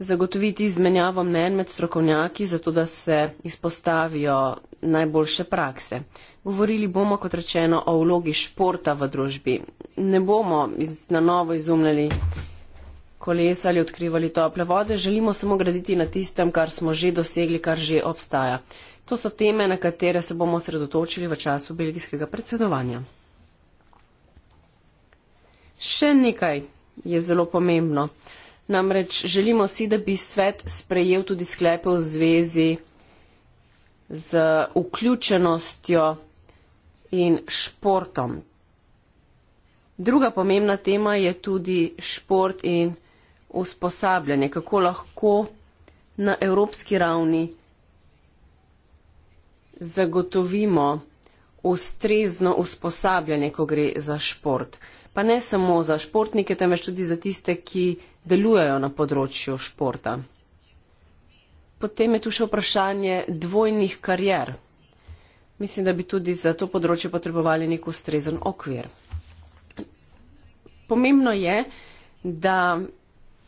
zagotoviti izmenjavo mnen med strokovnjaki, zato da se izpostavijo najboljše prakse. Govorili bomo, kot rečeno, o vlogi športa v družbi. Ne bomo na novo izumljali kolesa ali odkrivali tople vode, želimo samo graditi na tistem, kar smo že dosegli, kar že obstaja. To so teme, na katere se bomo sredotočili v času belgijskega predsedovanja. Še nekaj je zelo pomembno. Namreč želimo si, da bi svet sprejel tudi sklepe v zvezi z vključenostjo in športom. Druga pomembna tema je tudi šport in šport usposabljanje, kako lahko na evropski ravni zagotovimo ustrezno usposabljanje, ko gre za šport. Pa ne samo za športnike, temveč tudi za tiste, ki delujejo na področju športa. Potem je tu še vprašanje dvojnih karier. Mislim, da bi tudi za to področje potrebovali nek ustrezen okvir. Pomembno je, da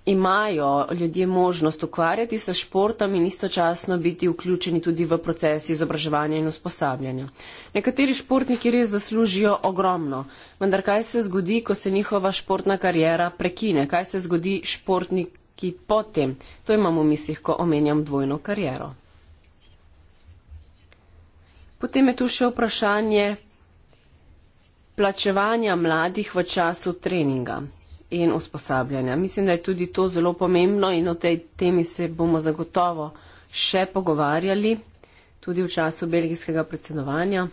imajo ljudje možnost ukvarjati se s športom in istočasno biti vključeni tudi v proces izobraževanja in usposabljanja. Nekateri športniki res zaslužijo ogromno, vendar kaj se zgodi, ko se njihova športna karijera prekine, kaj se zgodi športniki potem? To imam v mislih, ko omenjam dvojno kariero. Potem je tu še vprašanje plačevanja mladih v času treninga in usposabljanja. Mislim, da je tudi to zelo pomembno in o tej temi se bomo zagotovo še pogovarjali, tudi v času belgijskega predsedovanja.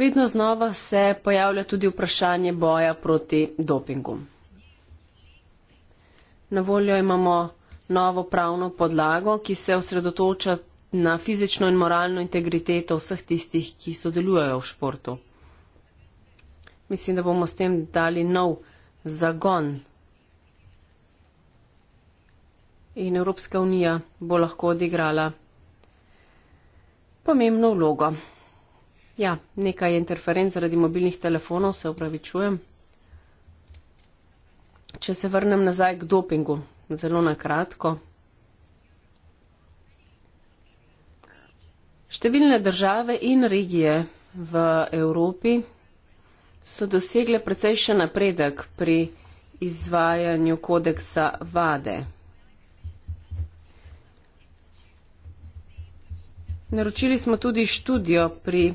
Vedno znova se pojavlja tudi vprašanje boja proti dopingu. Na voljo imamo novo pravno podlago, ki se osredotoča na fizično in moralno integriteto vseh tistih, ki sodelujejo v športu mislim, da bomo s tem dali nov zagon. In Evropska unija bo lahko odigrala pomembno vlogo. Ja, nekaj interferenc zaradi mobilnih telefonov, se upravičujem. Če se vrnem nazaj k dopingu, zelo na kratko. Številne države in regije v Evropi so dosegle precejšen napredek pri izvajanju kodeksa vade. Naročili smo tudi študijo pri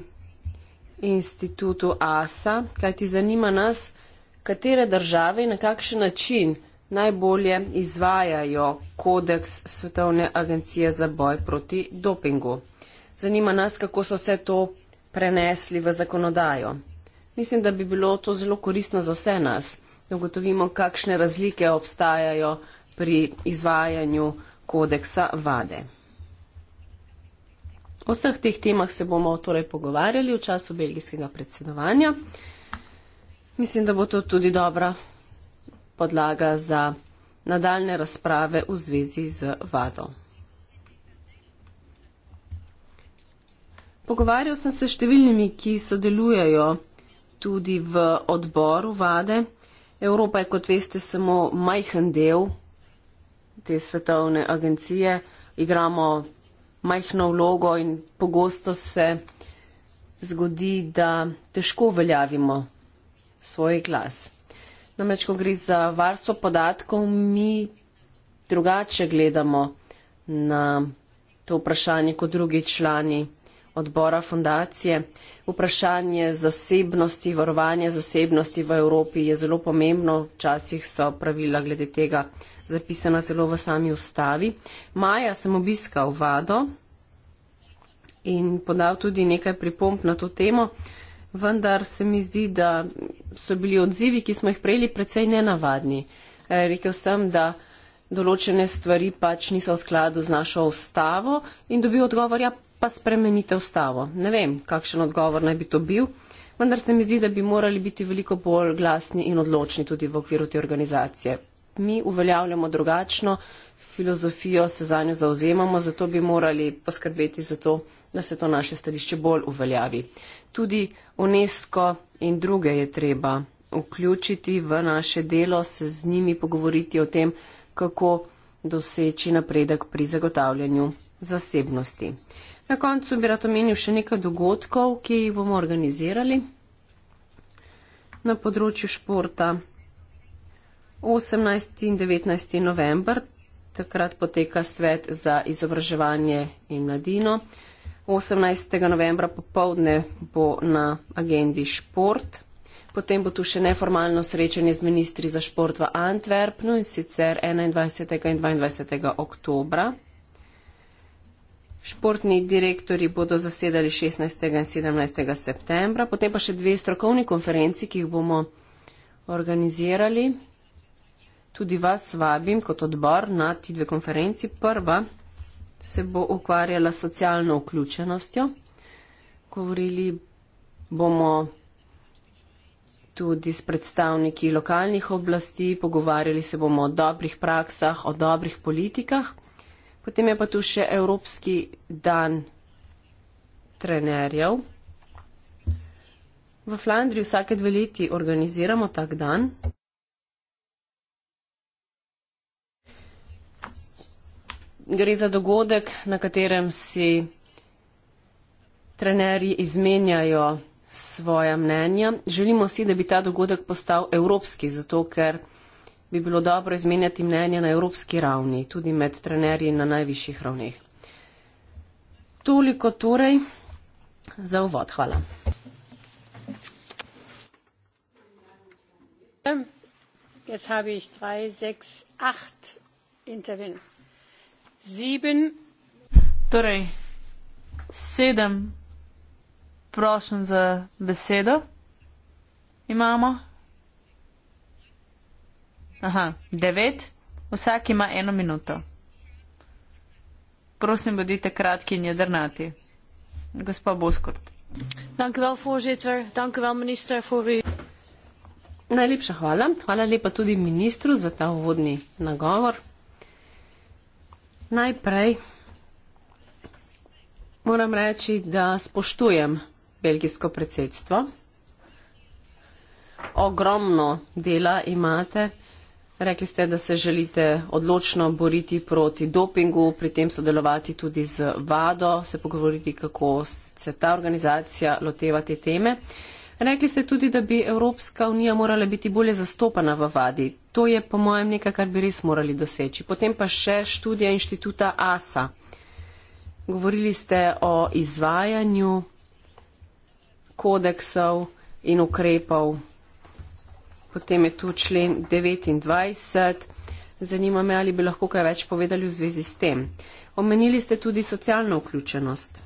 inštitutu ASA, kajti zanima nas, katere države in na kakšen način najbolje izvajajo kodeks Svetovne agencije za boj proti dopingu. Zanima nas, kako so vse to prenesli v zakonodajo mislim, da bi bilo to zelo koristno za vse nas, da ugotovimo, kakšne razlike obstajajo pri izvajanju kodeksa vade. O vseh teh temah se bomo torej pogovarjali v času belgijskega predsedovanja. Mislim, da bo to tudi dobra podlaga za nadaljne razprave v zvezi z vado. Pogovarjal sem se s številnimi, ki sodelujejo tudi v odboru vade. Evropa je, kot veste, samo majhen del te svetovne agencije. Igramo majhno vlogo in pogosto se zgodi, da težko veljavimo svoj glas. Namreč, ko gre za varstvo podatkov, mi drugače gledamo na to vprašanje kot drugi člani odbora fundacije. Vprašanje zasebnosti, varovanje zasebnosti v Evropi je zelo pomembno. Včasih so pravila glede tega zapisana celo v sami ustavi. Maja sem obiskal vado in podal tudi nekaj pripomp na to temo, vendar se mi zdi, da so bili odzivi, ki smo jih prejeli, precej nenavadni. E, rekel sem, da določene stvari pač niso v skladu z našo ustavo in dobijo odgovor, ja, pa spremenite ustavo. Ne vem, kakšen odgovor naj bi to bil, vendar se mi zdi, da bi morali biti veliko bolj glasni in odločni tudi v okviru te organizacije. Mi uveljavljamo drugačno filozofijo, se za njo zauzemamo, zato bi morali poskrbeti za to, da se to naše stališče bolj uveljavi. Tudi UNESCO in druge je treba vključiti v naše delo, se z njimi pogovoriti o tem, kako doseči napredek pri zagotavljanju zasebnosti. Na koncu bi rad omenil še nekaj dogodkov, ki jih bomo organizirali na področju športa. 18. in 19. november, takrat poteka svet za izobraževanje in mladino. 18. novembra popovdne bo na agendi šport. Potem bo tu še neformalno srečanje z ministri za šport v Antwerpnu in sicer 21. in 22. oktobra. Športni direktori bodo zasedali 16. in 17. septembra, potem pa še dve strokovni konferenci, ki jih bomo organizirali. Tudi vas vabim kot odbor na ti dve konferenci. Prva se bo ukvarjala s socialno vključenostjo. Govorili bomo tudi s predstavniki lokalnih oblasti, pogovarjali se bomo o dobrih praksah, o dobrih politikah. Potem je pa tu še Evropski dan trenerjev. V Flandriji vsake dve leti organiziramo tak dan. Gre za dogodek, na katerem si trenerji izmenjajo svoja mnenja. Želimo si, da bi ta dogodek postal evropski, zato ker bi bilo dobro izmenjati mnenja na evropski ravni, tudi med trenerji na najvišjih ravneh. Toliko torej za uvod. Hvala. Jetzt habe ich drei, sechs, acht Intervene. Sieben. Torej, sedem prošen za besedo? Imamo? Aha, devet. Vsak ima eno minuto. Prosim, bodite kratki in jedrnati. Gospa Boskort. Dankuvel, voorzitter. Dankuvel, minister, voor u. Najlepša hvala. Hvala lepa tudi ministru za ta uvodni nagovor. Najprej moram reči, da spoštujem belgijsko predsedstvo. Ogromno dela imate. Rekli ste, da se želite odločno boriti proti dopingu, pri tem sodelovati tudi z vado, se pogovoriti, kako se ta organizacija loteva te teme. Rekli ste tudi, da bi Evropska unija morala biti bolje zastopana v vadi. To je po mojem nekaj, kar bi res morali doseči. Potem pa še študija inštituta ASA. Govorili ste o izvajanju kodeksov in ukrepov. Potem je tu člen 29. Zanima me, ali bi lahko kaj več povedali v zvezi s tem. Omenili ste tudi socialno vključenost.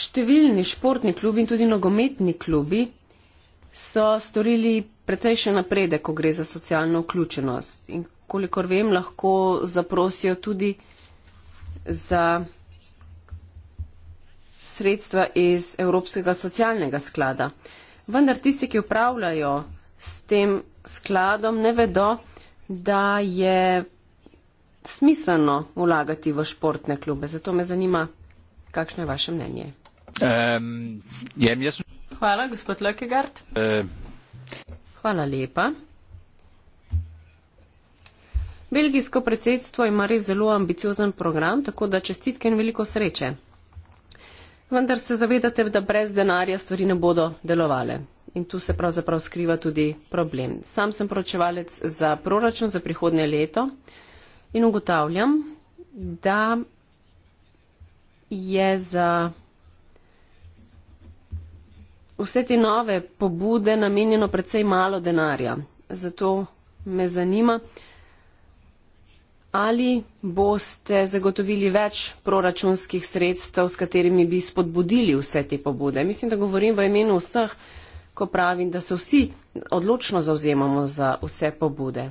Številni športni klubi in tudi nogometni klubi so storili precejšen napredek, ko gre za socialno vključenost. In kolikor vem, lahko zaprosijo tudi za sredstva iz Evropskega socialnega sklada. Vendar tisti, ki upravljajo s tem skladom, ne vedo, da je smiselno vlagati v športne klube. Zato me zanima, kakšno je vaše mnenje. Um, Hvala, gospod Lekegard. Uh. Eh. Hvala lepa. Belgijsko predsedstvo ima res zelo ambiciozen program, tako da čestitke in veliko sreče. Vendar se zavedate, da brez denarja stvari ne bodo delovale. In tu se pravzaprav skriva tudi problem. Sam sem poročevalec za proračun za prihodnje leto in ugotavljam, da je za vse te nove pobude namenjeno predvsej malo denarja. Zato me zanima, Ali boste zagotovili več proračunskih sredstev, s katerimi bi spodbudili vse te pobude? Mislim, da govorim v imenu vseh, ko pravim, da se vsi odločno zauzemamo za vse pobude.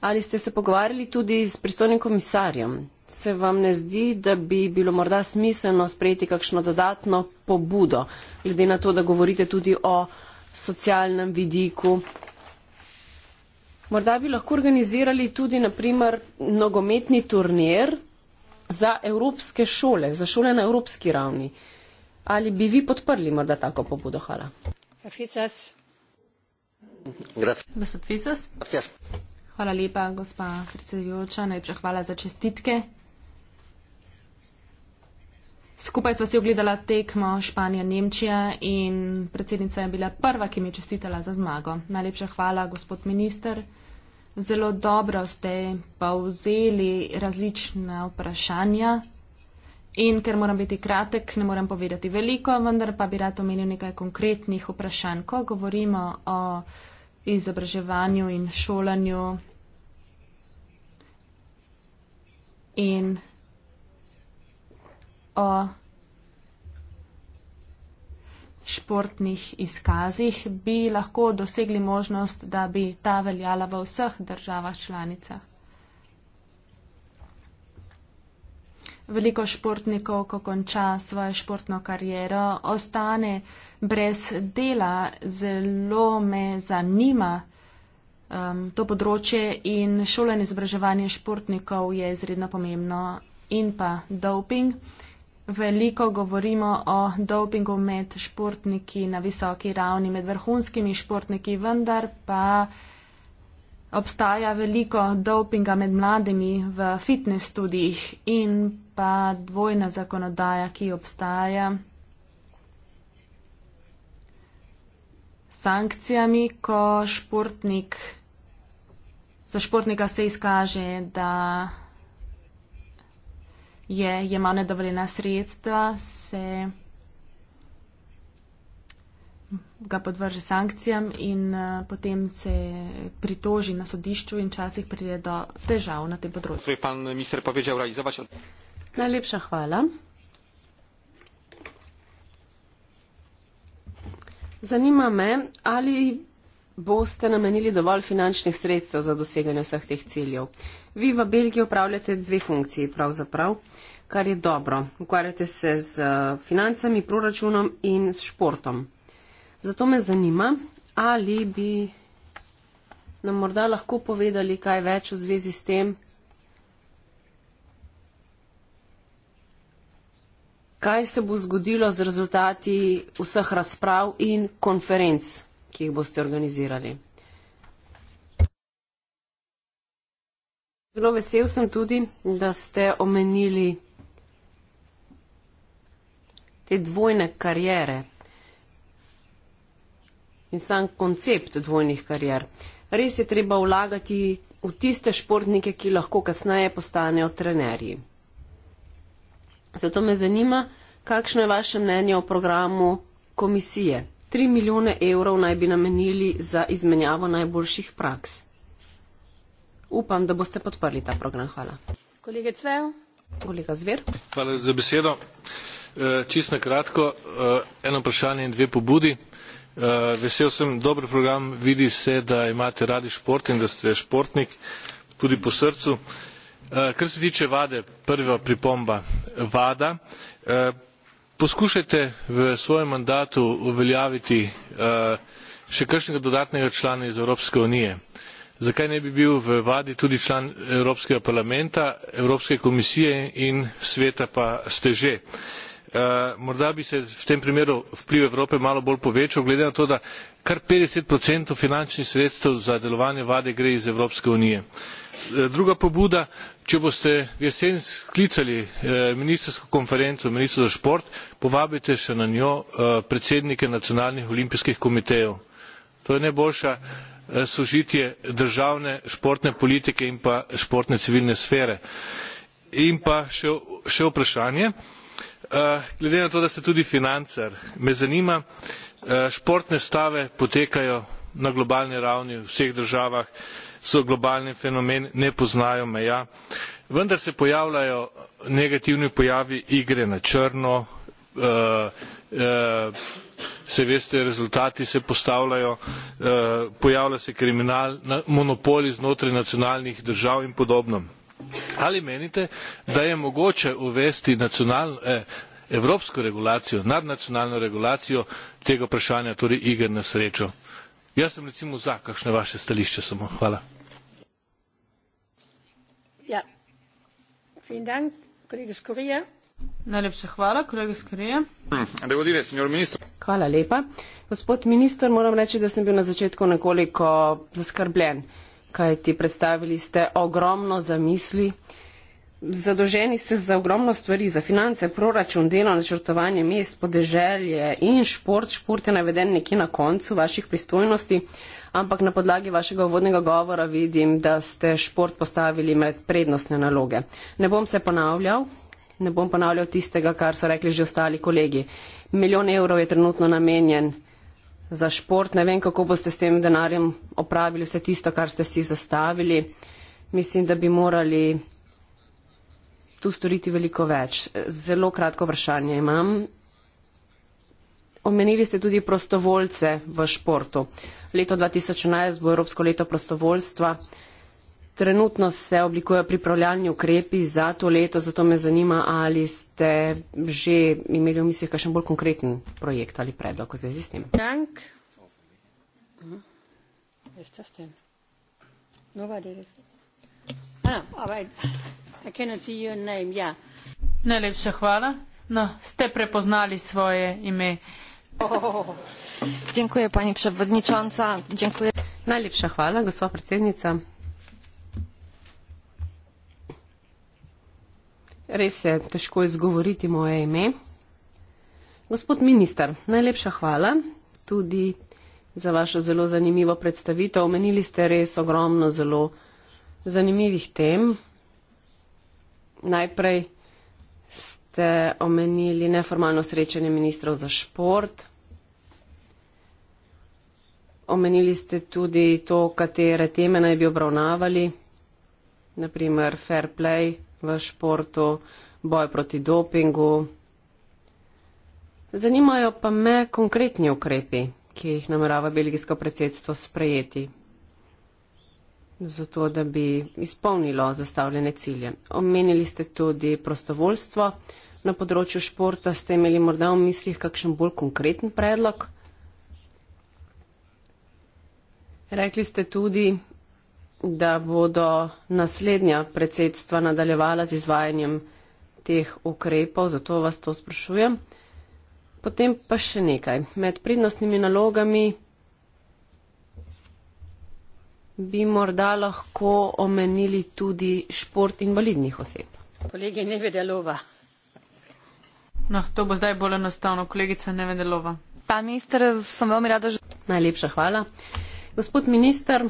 Ali ste se pogovarjali tudi s pristojnim komisarjem? Se vam ne zdi, da bi bilo morda smiselno sprejeti kakšno dodatno pobudo, glede na to, da govorite tudi o socialnem vidiku Morda bi lahko organizirali tudi naprimer nogometni turnir za evropske šole, za šole na evropski ravni. Ali bi vi podprli morda tako pobudo? Hvala. Hvala lepa, gospa predsedujoča. Najprej hvala za čestitke. Skupaj sva si ogledala tekmo Španija-Nemčija in predsednica je bila prva, ki mi je čestitala za zmago. Najlepša hvala, gospod minister. Zelo dobro ste pa vzeli različne vprašanja in ker moram biti kratek, ne moram povedati veliko, vendar pa bi rad omenil nekaj konkretnih vprašanj. Ko govorimo o izobraževanju in šolanju in o športnih izkazih, bi lahko dosegli možnost, da bi ta veljala v vseh državah članicah. Veliko športnikov, ko konča svojo športno kariero, ostane brez dela. Zelo me zanima um, to področje in šolanje izobraževanje športnikov je izredno pomembno. In pa doping veliko govorimo o dopingu med športniki na visoki ravni, med vrhunskimi športniki, vendar pa obstaja veliko dopinga med mladimi v fitness studijih in pa dvojna zakonodaja, ki obstaja. Sankcijami, ko športnik, za športnika se izkaže, da je jemane dovoljena sredstva, se ga podvrže sankcijam in uh, potem se pritoži na sodišču in včasih pride do težav na tem področju. Najlepša hvala. Zanima me, ali boste namenili dovolj finančnih sredstev za doseganje vseh teh ciljev. Vi v Belgiji upravljate dve funkciji pravzaprav, kar je dobro. Ukvarjate se z eh, financami, proračunom in s športom. Zato me zanima, ali bi nam morda lahko povedali kaj več v zvezi s tem, kaj se bo zgodilo z rezultati vseh razprav in konferenc ki jih boste organizirali. Zelo vesel sem tudi, da ste omenili te dvojne karijere in sam koncept dvojnih karijer. Res je treba vlagati v tiste športnike, ki lahko kasneje postanejo trenerji. Zato me zanima, kakšno je vaše mnenje o programu komisije, 3 milijone evrov naj bi namenili za izmenjavo najboljših praks. Upam, da boste podprli ta program. Hvala. Kolega Cvev. Kolega Zver. Hvala za besedo. Eh, čisto na kratko, eh, eno vprašanje in dve pobudi. Eh, vesel sem, dober program, vidi se, da imate radi šport in da ste športnik, tudi po srcu. Kar se tiče vade, prva pripomba, vada poskušajte v svojem mandatu uveljaviti eh, še kakšnega dodatnega člana iz Evropske unije. Zakaj ne bi bil v vadi tudi član Evropskega parlamenta, Evropske komisije in sveta pa ste že? Eh, morda bi se v tem primeru vpliv Evrope malo bolj povečal, glede na to, da kar 50 finančnih sredstev za delovanje vade gre iz Evropske unije. Eh, druga pobuda če boste v jesen sklicali eh, ministrsko konferenco ministrov za šport povabite še na njo eh, predsednike nacionalnih olimpijskih komitejev to je najboljše sožitje državne športne politike in pa športne civilne sfere in pa še, še vprašanje glede na to da ste tudi financer me zanima športne stave potekajo na globalni ravni v vseh državah so globalni fenomen ne poznajo meja vendar se pojavljajo negativni pojavi igre na črno eh, eh, saj veste rezultati se postavljajo eh, pojavlja se kriminal monopoli znotraj nacionalnih držav in podobno. ali menite da je mogoče uvesti evropsko regulacijo nadnacionalno regulacijo tega vprašanja torej iger na srečo? jaz sem recimo za kakšno je vaše stališče samo hvala ja. Najlepša hvala, kolega Skarija. Hm, hvala lepa. Gospod minister, moram reči, da sem bil na začetku nekoliko zaskrbljen, kaj ti predstavili ste ogromno zamisli, zadolženi ste za ogromno stvari, za finance, proračun, delo, načrtovanje mest, podeželje in šport. Šport je naveden nekje na koncu vaših pristojnosti, ampak na podlagi vašega vodnega govora vidim, da ste šport postavili med prednostne naloge. Ne bom se ponavljal, ne bom ponavljal tistega, kar so rekli že ostali kolegi. Milijon evrov je trenutno namenjen za šport. Ne vem, kako boste s tem denarjem opravili vse tisto, kar ste si zastavili. Mislim, da bi morali tu storiti veliko več. Zelo kratko vprašanje imam. Omenili ste tudi prostovoljce v športu. Leto 2011 bo Evropsko leto prostovoljstva. Trenutno se oblikujejo pripravljalni ukrepi za to leto, zato me zanima, ali ste že imeli v mislih kakšen bolj konkreten projekt ali predlog v zvezi s tem. Dank. Hm. Ah, najlepša hvala no ste prepoznali svoje ime dziękuję pani przewodnicząca dziękuję najlepša hvala gospa predsednica res je težko izgovoriti moje ime gospod minister najlepša hvala tudi za vašo zelo zanimivo predstavitev omenili ste res ogromno zelo zanimivih tem najprej ste omenili neformalno srečanje ministrov za šport. Omenili ste tudi to, katere teme naj bi obravnavali, naprimer fair play v športu, boj proti dopingu. Zanimajo pa me konkretni ukrepi, ki jih namerava belgijsko predsedstvo sprejeti zato, da bi izpolnilo zastavljene cilje. Omenili ste tudi prostovoljstvo na področju športa. Ste imeli morda v mislih kakšen bolj konkreten predlog? Rekli ste tudi, da bodo naslednja predsedstva nadaljevala z izvajanjem teh ukrepov, zato vas to sprašujem. Potem pa še nekaj. Med prednostnimi nalogami bi morda lahko omenili tudi šport invalidnih oseb. Kolegi Nevedelova. No, to bo zdaj bolj enostavno, kolegica Nevedelova. Pa, minister, sem veoma rada že. Najlepša hvala. Gospod minister,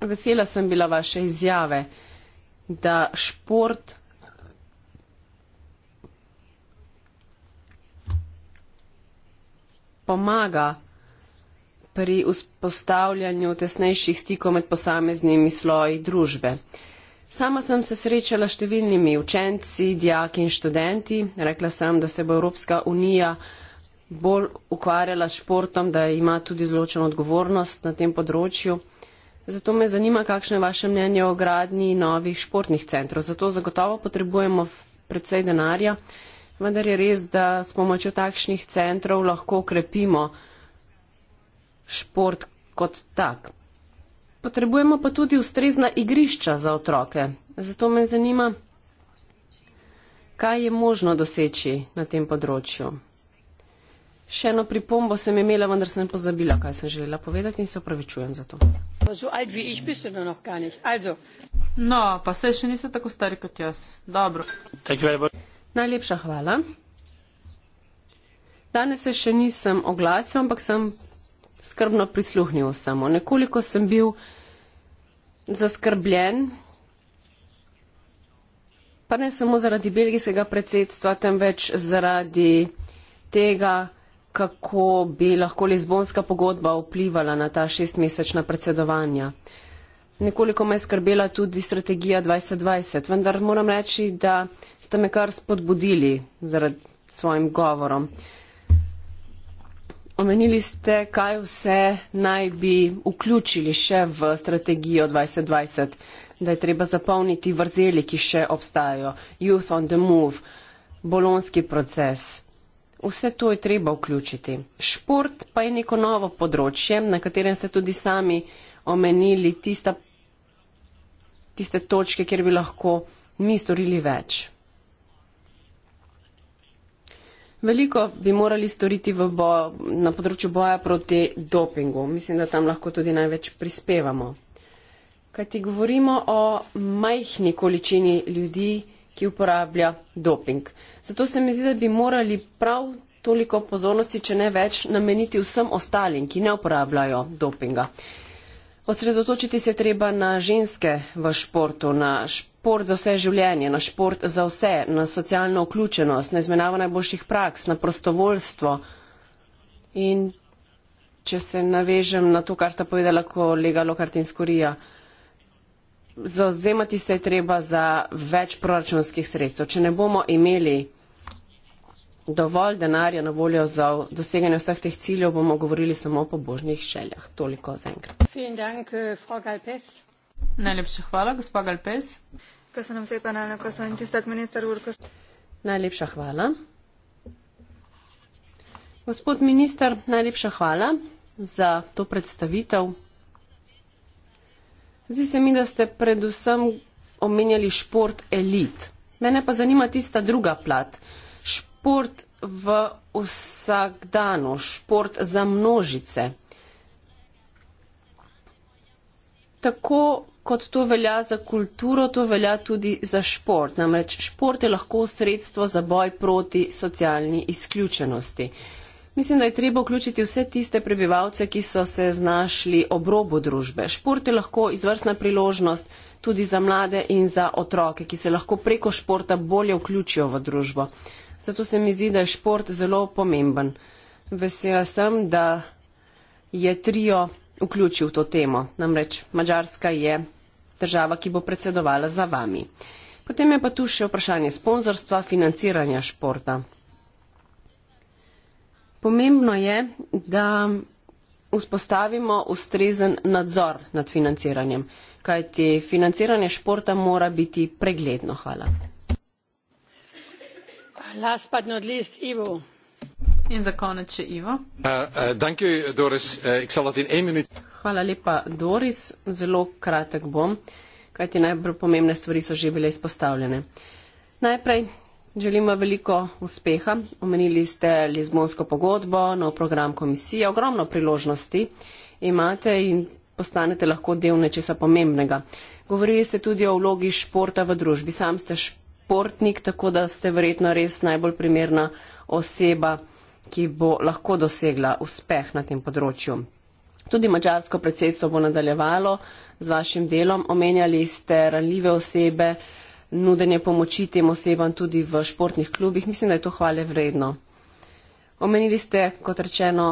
vesela sem bila vaše izjave, da šport. pomaga pri vzpostavljanju tesnejših stikov med posameznimi sloji družbe. Sama sem se srečala številnimi učenci, dijaki in študenti. Rekla sem, da se bo Evropska unija bolj ukvarjala s športom, da ima tudi določeno odgovornost na tem področju. Zato me zanima, kakšno je vaše mnenje o gradnji novih športnih centrov. Zato zagotovo potrebujemo predvsej denarja, vendar je res, da s pomočjo takšnih centrov lahko ukrepimo šport kot tak. Potrebujemo pa tudi ustrezna igrišča za otroke. Zato me zanima, kaj je možno doseči na tem področju. Še eno pripombo sem imela, vendar sem pozabila, kaj sem želela povedati in se opravičujem za to. No, pa se še niste tako stari kot jaz. Dobro. Najlepša hvala. Danes se še nisem oglasil, ampak sem skrbno prisluhnil samo. Nekoliko sem bil zaskrbljen, pa ne samo zaradi belgijskega predsedstva, temveč zaradi tega, kako bi lahko Lizbonska pogodba vplivala na ta šestmesečna predsedovanja. Nekoliko me je skrbela tudi strategija 2020, vendar moram reči, da ste me kar spodbudili zaradi svojim govorom. Uh, Omenili ste, kaj vse naj bi vključili še v strategijo 2020, da je treba zapolniti vrzeli, ki še obstajajo, Youth on the Move, bolonski proces. Vse to je treba vključiti. Šport pa je neko novo področje, na katerem ste tudi sami omenili tista, tiste točke, kjer bi lahko mi storili več. Veliko bi morali storiti bojo, na področju boja proti dopingu. Mislim, da tam lahko tudi največ prispevamo. Kaj ti govorimo o majhni količini ljudi, ki uporablja doping. Zato se mi zdi, da bi morali prav toliko pozornosti, če ne več, nameniti vsem ostalim, ki ne uporabljajo dopinga. Osredotočiti se treba na ženske v športu, na športu šport za vse življenje, na šport za vse, na socialno vključenost, na izmenjavo najboljših praks, na prostovoljstvo. In če se navežem na to, kar sta povedala kolega Lokartinskorija, zauzemati se je treba za več proračunskih sredstev. Če ne bomo imeli dovolj denarja na voljo za doseganje vseh teh ciljev, bomo govorili samo po božjih željah. Toliko za enkrat. Äh, Najlepša hvala, gospa Galpes. Köszönöm szépen, elnök asszony, tisztelt miniszter úr, köszönöm. Najlepša hvala. Gospod minister, najlepša hvala za to predstavitev. Zdi se mi, da ste predvsem omenjali šport elit. Mene pa zanima tista druga plat. Šport v vsakdanu, šport za množice. tako kot to velja za kulturo, to velja tudi za šport. Namreč šport je lahko sredstvo za boj proti socialni izključenosti. Mislim, da je treba vključiti vse tiste prebivalce, ki so se znašli ob robu družbe. Šport je lahko izvrstna priložnost tudi za mlade in za otroke, ki se lahko preko športa bolje vključijo v družbo. Zato se mi zdi, da je šport zelo pomemben. Vesela sem, da je trio vključil v to temo. Namreč Mačarska je država, ki bo predsedovala za vami. Potem je pa tu še vprašanje sponzorstva, financiranja športa. Pomembno je, da vzpostavimo ustrezen nadzor nad financiranjem, kajti financiranje športa mora biti pregledno. Hvala. Last but not least, Ivo. In za konec še Ivo. Uh, eh, uh, eh, thank you, Doris. Uh, Hvala lepa, Doris. Zelo kratek bom, kajti najbolj pomembne stvari so že bile izpostavljene. Najprej želimo veliko uspeha. Omenili ste Lizbonsko pogodbo, nov program komisije. Ogromno priložnosti imate in postanete lahko del nečesa pomembnega. Govorili ste tudi o vlogi športa v družbi. Sam ste športnik, tako da ste verjetno res najbolj primerna oseba ki bo lahko dosegla uspeh na tem področju. Tudi mačarsko predsedstvo bo nadaljevalo z vašim delom. Omenjali ste ranljive osebe, nudenje pomoči tem osebam tudi v športnih klubih. Mislim, da je to hvale vredno. Omenili ste, kot rečeno,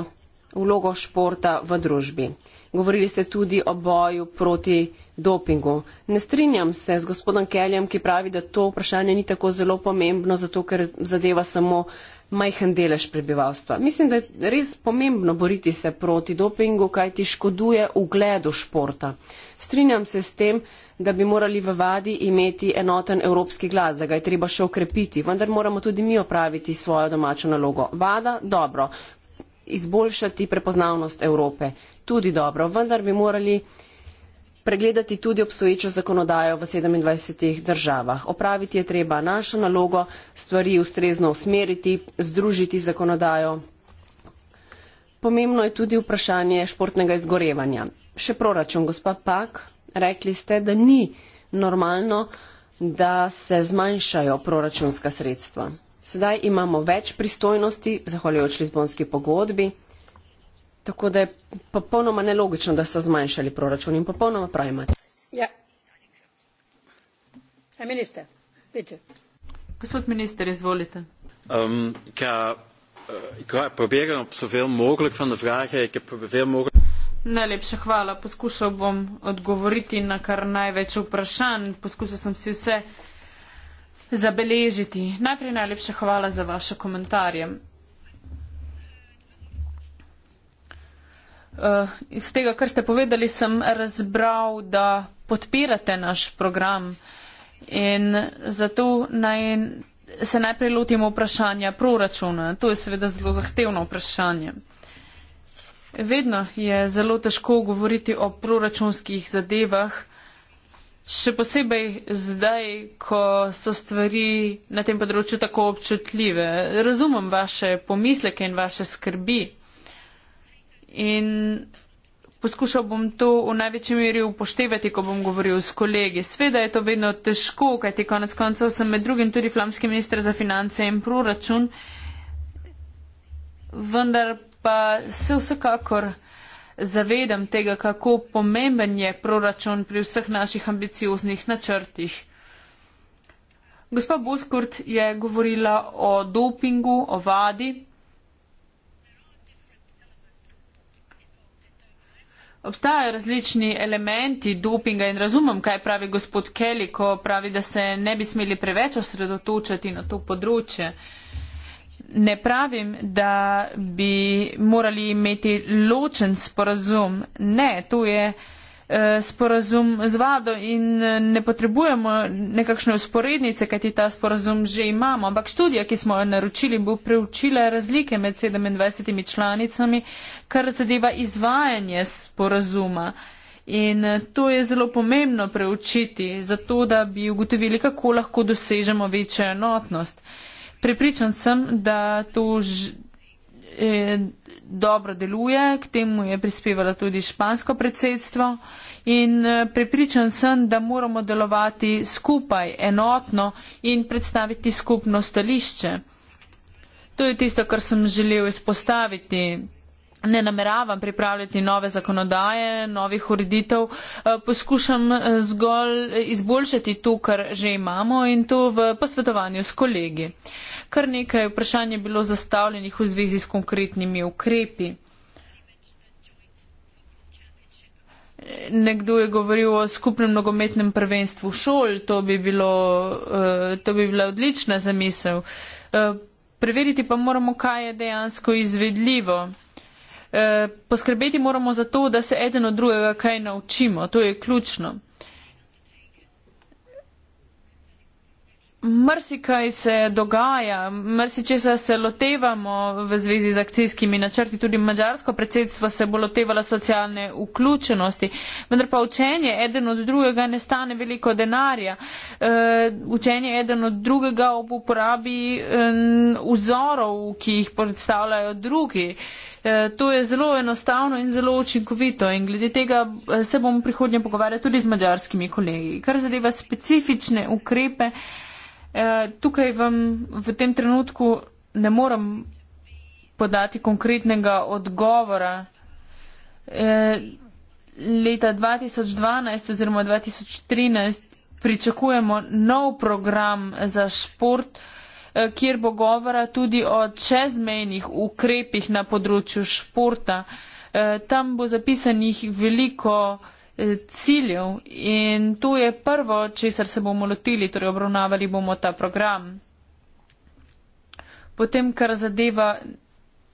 vlogo športa v družbi. Govorili ste tudi o boju proti dopingu. Ne strinjam se z gospodom Keljem, ki pravi, da to vprašanje ni tako zelo pomembno, zato ker zadeva samo majhen delež prebivalstva. Mislim, da je res pomembno boriti se proti dopingu, kaj ti škoduje ugledu športa. Strinjam se s tem, da bi morali v vadi imeti enoten evropski glas, da ga je treba še okrepiti, vendar moramo tudi mi opraviti svojo domačo nalogo. Vada, dobro, izboljšati prepoznavnost Evrope, tudi dobro, vendar bi morali pregledati tudi obstoječo zakonodajo v 27 državah. Opraviti je treba našo nalogo, stvari ustrezno usmeriti, združiti zakonodajo. Pomembno je tudi vprašanje športnega izgorevanja. Še proračun, gospa Pak, rekli ste, da ni normalno, da se zmanjšajo proračunska sredstva. Sedaj imamo več pristojnosti, zahvaljujoč Lizbonski pogodbi, Tako da je popolnoma nelogično, da so zmanjšali proračun in popolnoma prav imate. Ja. Minister, Gospod minister, izvolite. Um, ehm, ka, eh, ka, probiram soveel mogoče na vprašanje, ki je probiral mogoče. Najlepša hvala. Poskušal bom odgovoriti na kar največ vprašanj. Poskušal sem si vse zabeležiti. Najprej najlepša hvala za vaše komentarje. Eh, iz tega, kar ste povedali, sem razbral, da podpirate naš program in zato naj se najprej lotimo vprašanja proračuna. To je seveda zelo zahtevno vprašanje. Vedno je zelo težko govoriti o proračunskih zadevah, še posebej zdaj, ko so stvari na tem področju tako občutljive. Razumem vaše pomisleke in vaše skrbi in poskušal bom to v največji meri upoštevati, ko bom govoril s kolegi. Sveda je to vedno težko, kajti konec koncev sem med drugim tudi flamski minister za finance in proračun, vendar pa se vsekakor zavedam tega, kako pomemben je proračun pri vseh naših ambicioznih načrtih. Gospa Boskurt je govorila o dopingu, o vadi. Obstajajo različni elementi dopinga in razumem, kaj pravi gospod Kelly, ko pravi, da se ne bi smeli preveč osredotočati na to področje. Ne pravim, da bi morali imeti ločen sporazum. Ne, to je. Eh, sporazum z vado in eh, ne potrebujemo nekakšne usporednice, kajti ta sporazum že imamo. Ampak študija, ki smo jo naročili, bo preučila razlike med 27 članicami, kar zadeva izvajanje sporazuma. In eh, to je zelo pomembno preučiti, zato da bi ugotovili, kako lahko dosežemo večjo enotnost. Pripričan sem, da to, Eh, dobro deluje, k temu je prispevalo tudi špansko predsedstvo in eh, prepričan sem, da moramo delovati skupaj, enotno in predstaviti skupno stališče. To je tisto, kar sem želel izpostaviti. Ne nameravam pripravljati nove zakonodaje, novih ureditev, eh, poskušam zgolj izboljšati to, kar že imamo in to v posvetovanju s kolegi kar nekaj vprašanj je bilo zastavljenih v zvezi s konkretnimi ukrepi. Nekdo je govoril o skupnem nogometnem prvenstvu šol, to bi, bilo, eh, to bi bila odlična zamisel. Eh, preveriti pa moramo, kaj je dejansko izvedljivo. Eh, poskrbeti moramo za to, da se eden od drugega kaj naučimo, to je ključno. Mrsikaj se dogaja, mrsičesa se lotevamo v zvezi z akcijskimi načrti, tudi mađarsko predsedstvo se bo lotevalo socialne vključenosti, vendar pa učenje eden od drugega ne stane veliko denarja. E, učenje eden od drugega ob uporabi en, vzorov, ki jih predstavljajo drugi. E, to je zelo enostavno in zelo učinkovito in glede tega e, se bom prihodnje pogovarjati tudi z mađarskimi kolegi. Kar zadeva specifične ukrepe, Eh, tukaj vam v tem trenutku ne moram podati konkretnega odgovora. Eh, leta 2012 oziroma 2013 pričakujemo nov program za šport, eh, kjer bo govora tudi o čezmejnih ukrepih na področju športa. Tam bo zapisanih veliko Eh, ciljev in to je prvo, česar se bomo lotili, torej obravnavali bomo ta program. Potem, kar zadeva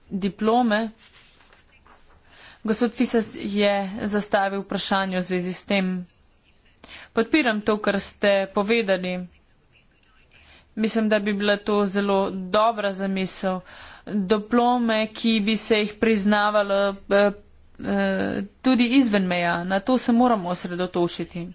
diplome, gospod Fisas je zastavil vprašanje v zvezi s tem. Podpiram to, kar ste povedali. Mislim, da bi bila to zelo dobra zamisel. Diplome, ki bi se jih priznavalo eh, Eh, tudi izven meja. Na to se moramo osredotočiti.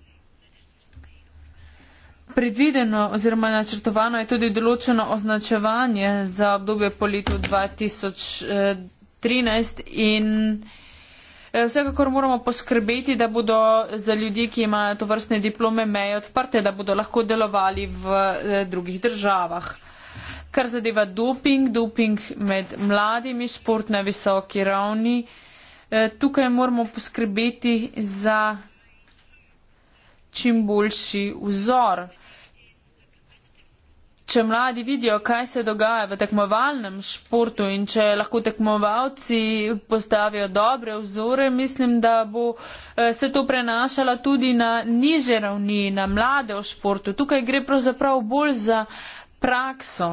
Predvideno oziroma načrtovano je tudi določeno označevanje za obdobje po letu 2013 eh, in eh, vsekakor moramo poskrbeti, da bodo za ljudi, ki imajo to vrstne diplome, meje odprte, da bodo lahko delovali v drugih državah. Kar zadeva doping, doping med mladimi, šport na visoki ravni, eh, Eh, tukaj moramo poskrbeti za čim boljši vzor. Če mladi vidijo, kaj se dogaja v tekmovalnem športu in če lahko tekmovalci postavijo dobre vzore, mislim, da bo eh, se to prenašalo tudi na niže ravni, na mlade v športu. Tukaj gre pravzaprav bolj za prakso,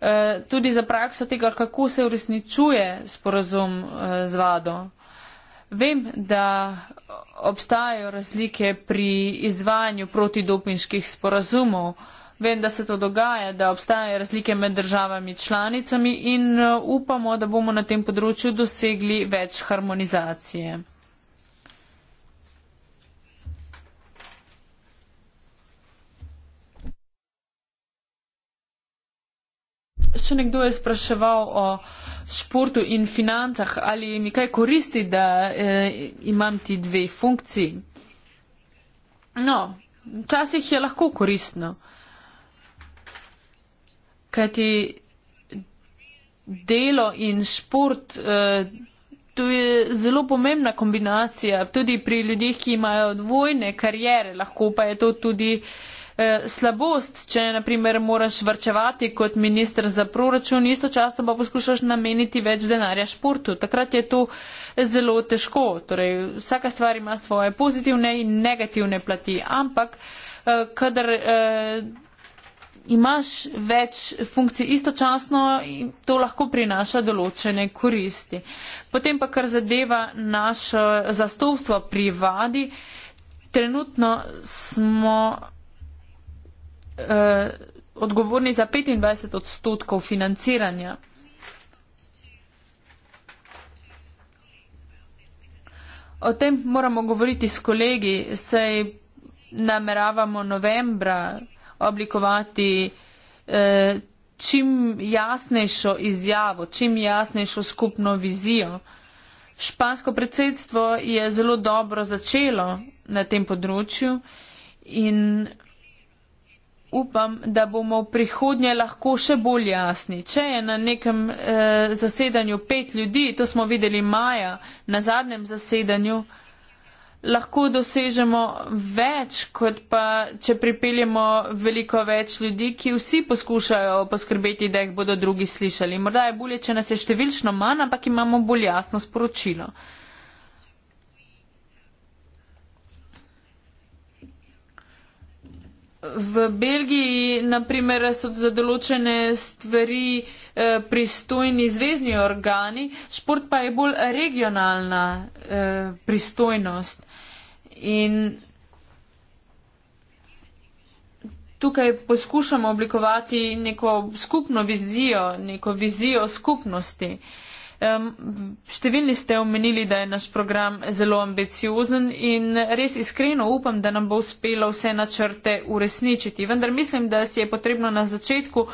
eh, tudi za prakso tega, kako se uresničuje sporozum z vado. Vem, da obstajajo razlike pri izvajanju protidopinških sporazumov. Vem, da se to dogaja, da obstajajo razlike med državami članicami in uh, upamo, da bomo na tem področju dosegli več harmonizacije. še nekdo je spraševal o športu in financah, ali mi kaj koristi, da eh, imam ti dve funkciji. No, včasih je lahko koristno, kaj ti delo in šport. Eh, To je zelo pomembna kombinacija, tudi pri ljudeh, ki imajo dvojne karijere, lahko pa je to tudi eh, Eh, slabost, če naprimer moraš vrčevati kot minister za proračun, istočasno pa poskušaš nameniti več denarja športu. Takrat je to zelo težko. Torej, vsaka stvar ima svoje pozitivne in negativne plati, ampak eh, kadar eh, imaš več funkcij istočasno, to lahko prinaša določene koristi. Potem pa kar zadeva naše zastopstvo pri vadi, trenutno smo uh, odgovorni za 25 odstotkov financiranja. O tem moramo govoriti s kolegi, saj nameravamo novembra oblikovati eh, čim jasnejšo izjavo, čim jasnejšo skupno vizijo. Špansko predsedstvo je zelo dobro začelo na tem področju in upam, da bomo v prihodnje lahko še bolj jasni. Če je na nekem eh, zasedanju pet ljudi, to smo videli maja na zadnjem zasedanju, lahko dosežemo več, kot pa če pripeljemo veliko več ljudi, ki vsi poskušajo poskrbeti, da jih bodo drugi slišali. Morda je bolje, če nas je številčno manj, ampak imamo bolj jasno sporočilo. V Belgiji, na primer, so za določene stvari eh, pristojni zvezdni organi, šport pa je bolj regionalna eh, pristojnost. In tukaj poskušamo oblikovati neko skupno vizijo, neko vizijo skupnosti. Eh, Um, številni ste omenili, da je naš program zelo ambiciozen in res iskreno upam, da nam bo uspelo vse načrte uresničiti. Vendar mislim, da si je potrebno na začetku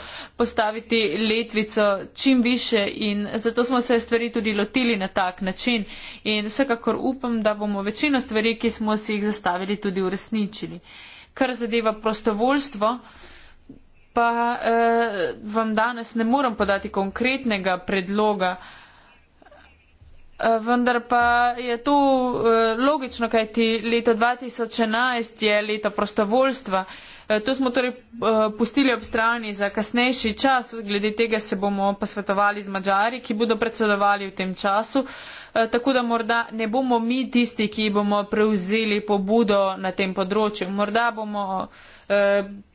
postaviti letvico čim više in zato smo se stvari tudi lotili na tak način. In vsekakor upam, da bomo večino stvari, ki smo si jih zastavili, tudi uresničili. Kar zadeva prostovoljstvo. Pa eh, vam danes ne morem podati konkretnega predloga, eh, Eh, vendar pa je to eh, logično, kajti leto 2011 je leto prostovoljstva. Eh, to smo torej pustili ob strani za kasnejši čas, glede tega se bomo posvetovali z Mačari, ki bodo predsedovali v tem času, tako da morda ne bomo mi tisti, ki bomo prevzeli pobudo na tem področju. Morda bomo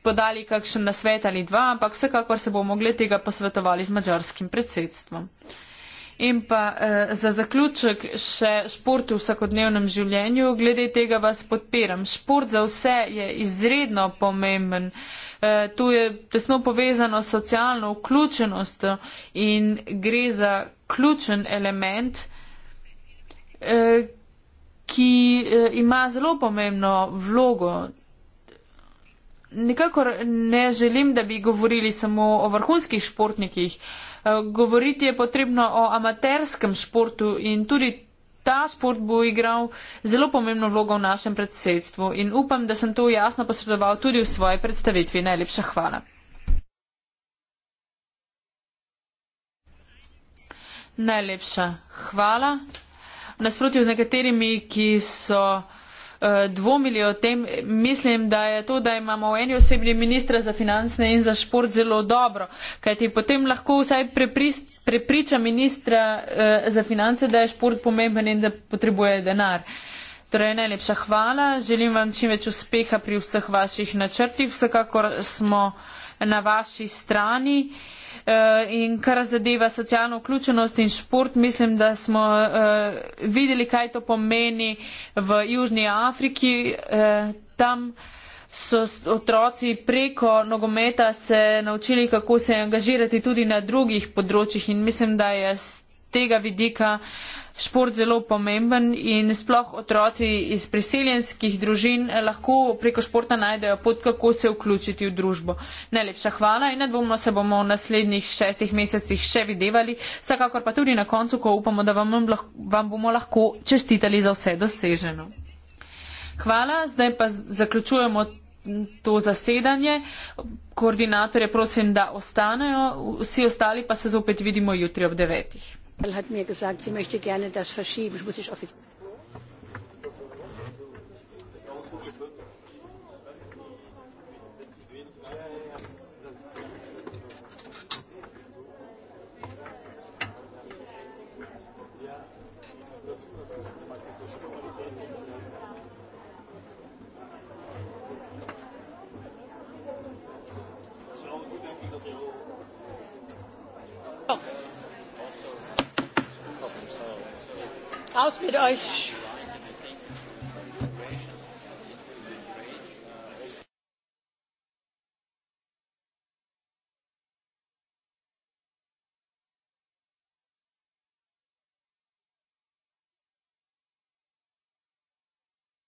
podali kakšen nasvet ali dva, ampak vsekakor se bomo glede tega posvetovali z mačarskim predsedstvom. In pa eh, za zaključek še šport v vsakodnevnem življenju. Glede tega vas podpiram. Šport za vse je izredno pomemben. Eh, tu je tesno povezano s socialno vključenost in gre za ključen element, eh, ki ima zelo pomembno vlogo. Nekakor ne želim, da bi govorili samo o vrhunskih športnikih, Eh, govoriti je potrebno o amaterskem športu in tudi ta šport bo igral zelo pomembno vlogo v našem predsedstvu in upam, da sem to jasno posredoval tudi v svoji predstavitvi. Najlepša hvala. Najlepša hvala. V nasprotju z nekaterimi, ki so Eh, dvomili o tem. Mislim, da je to, da imamo v eni osebni ministra za finance in za šport zelo dobro, kajti potem lahko vsaj preprist prepriča ministra eh, za finance, da je šport pomemben in da potrebuje denar. Torej, najlepša hvala, želim vam čim več uspeha pri vseh vaših načrtih, vsekakor smo na vaši strani. Eh, Eh, in kar zadeva socialno vključenost in šport, mislim, da smo uh, videli, kaj to pomeni v Južni Afriki. Uh, tam so otroci preko nogometa se naučili, kako se angažirati tudi na drugih področjih in mislim, da je s tega vidika šport zelo pomemben in sploh otroci iz priseljenskih družin eh, lahko preko športa najdejo pot, kako se vključiti v družbo. Najlepša hvala in nedvomno se bomo v naslednjih šestih mesecih še videvali, vsakakor pa tudi na koncu, ko upamo, da vam, vam bomo lahko čestitali za vse doseženo. Hvala, zdaj pa zaključujemo to zasedanje. Koordinatorje prosim, da ostanejo, vsi ostali pa se zopet vidimo jutri ob devetih hat mir gesagt sie möchte gerne das verschieben das muss ich offiziell. mit euch.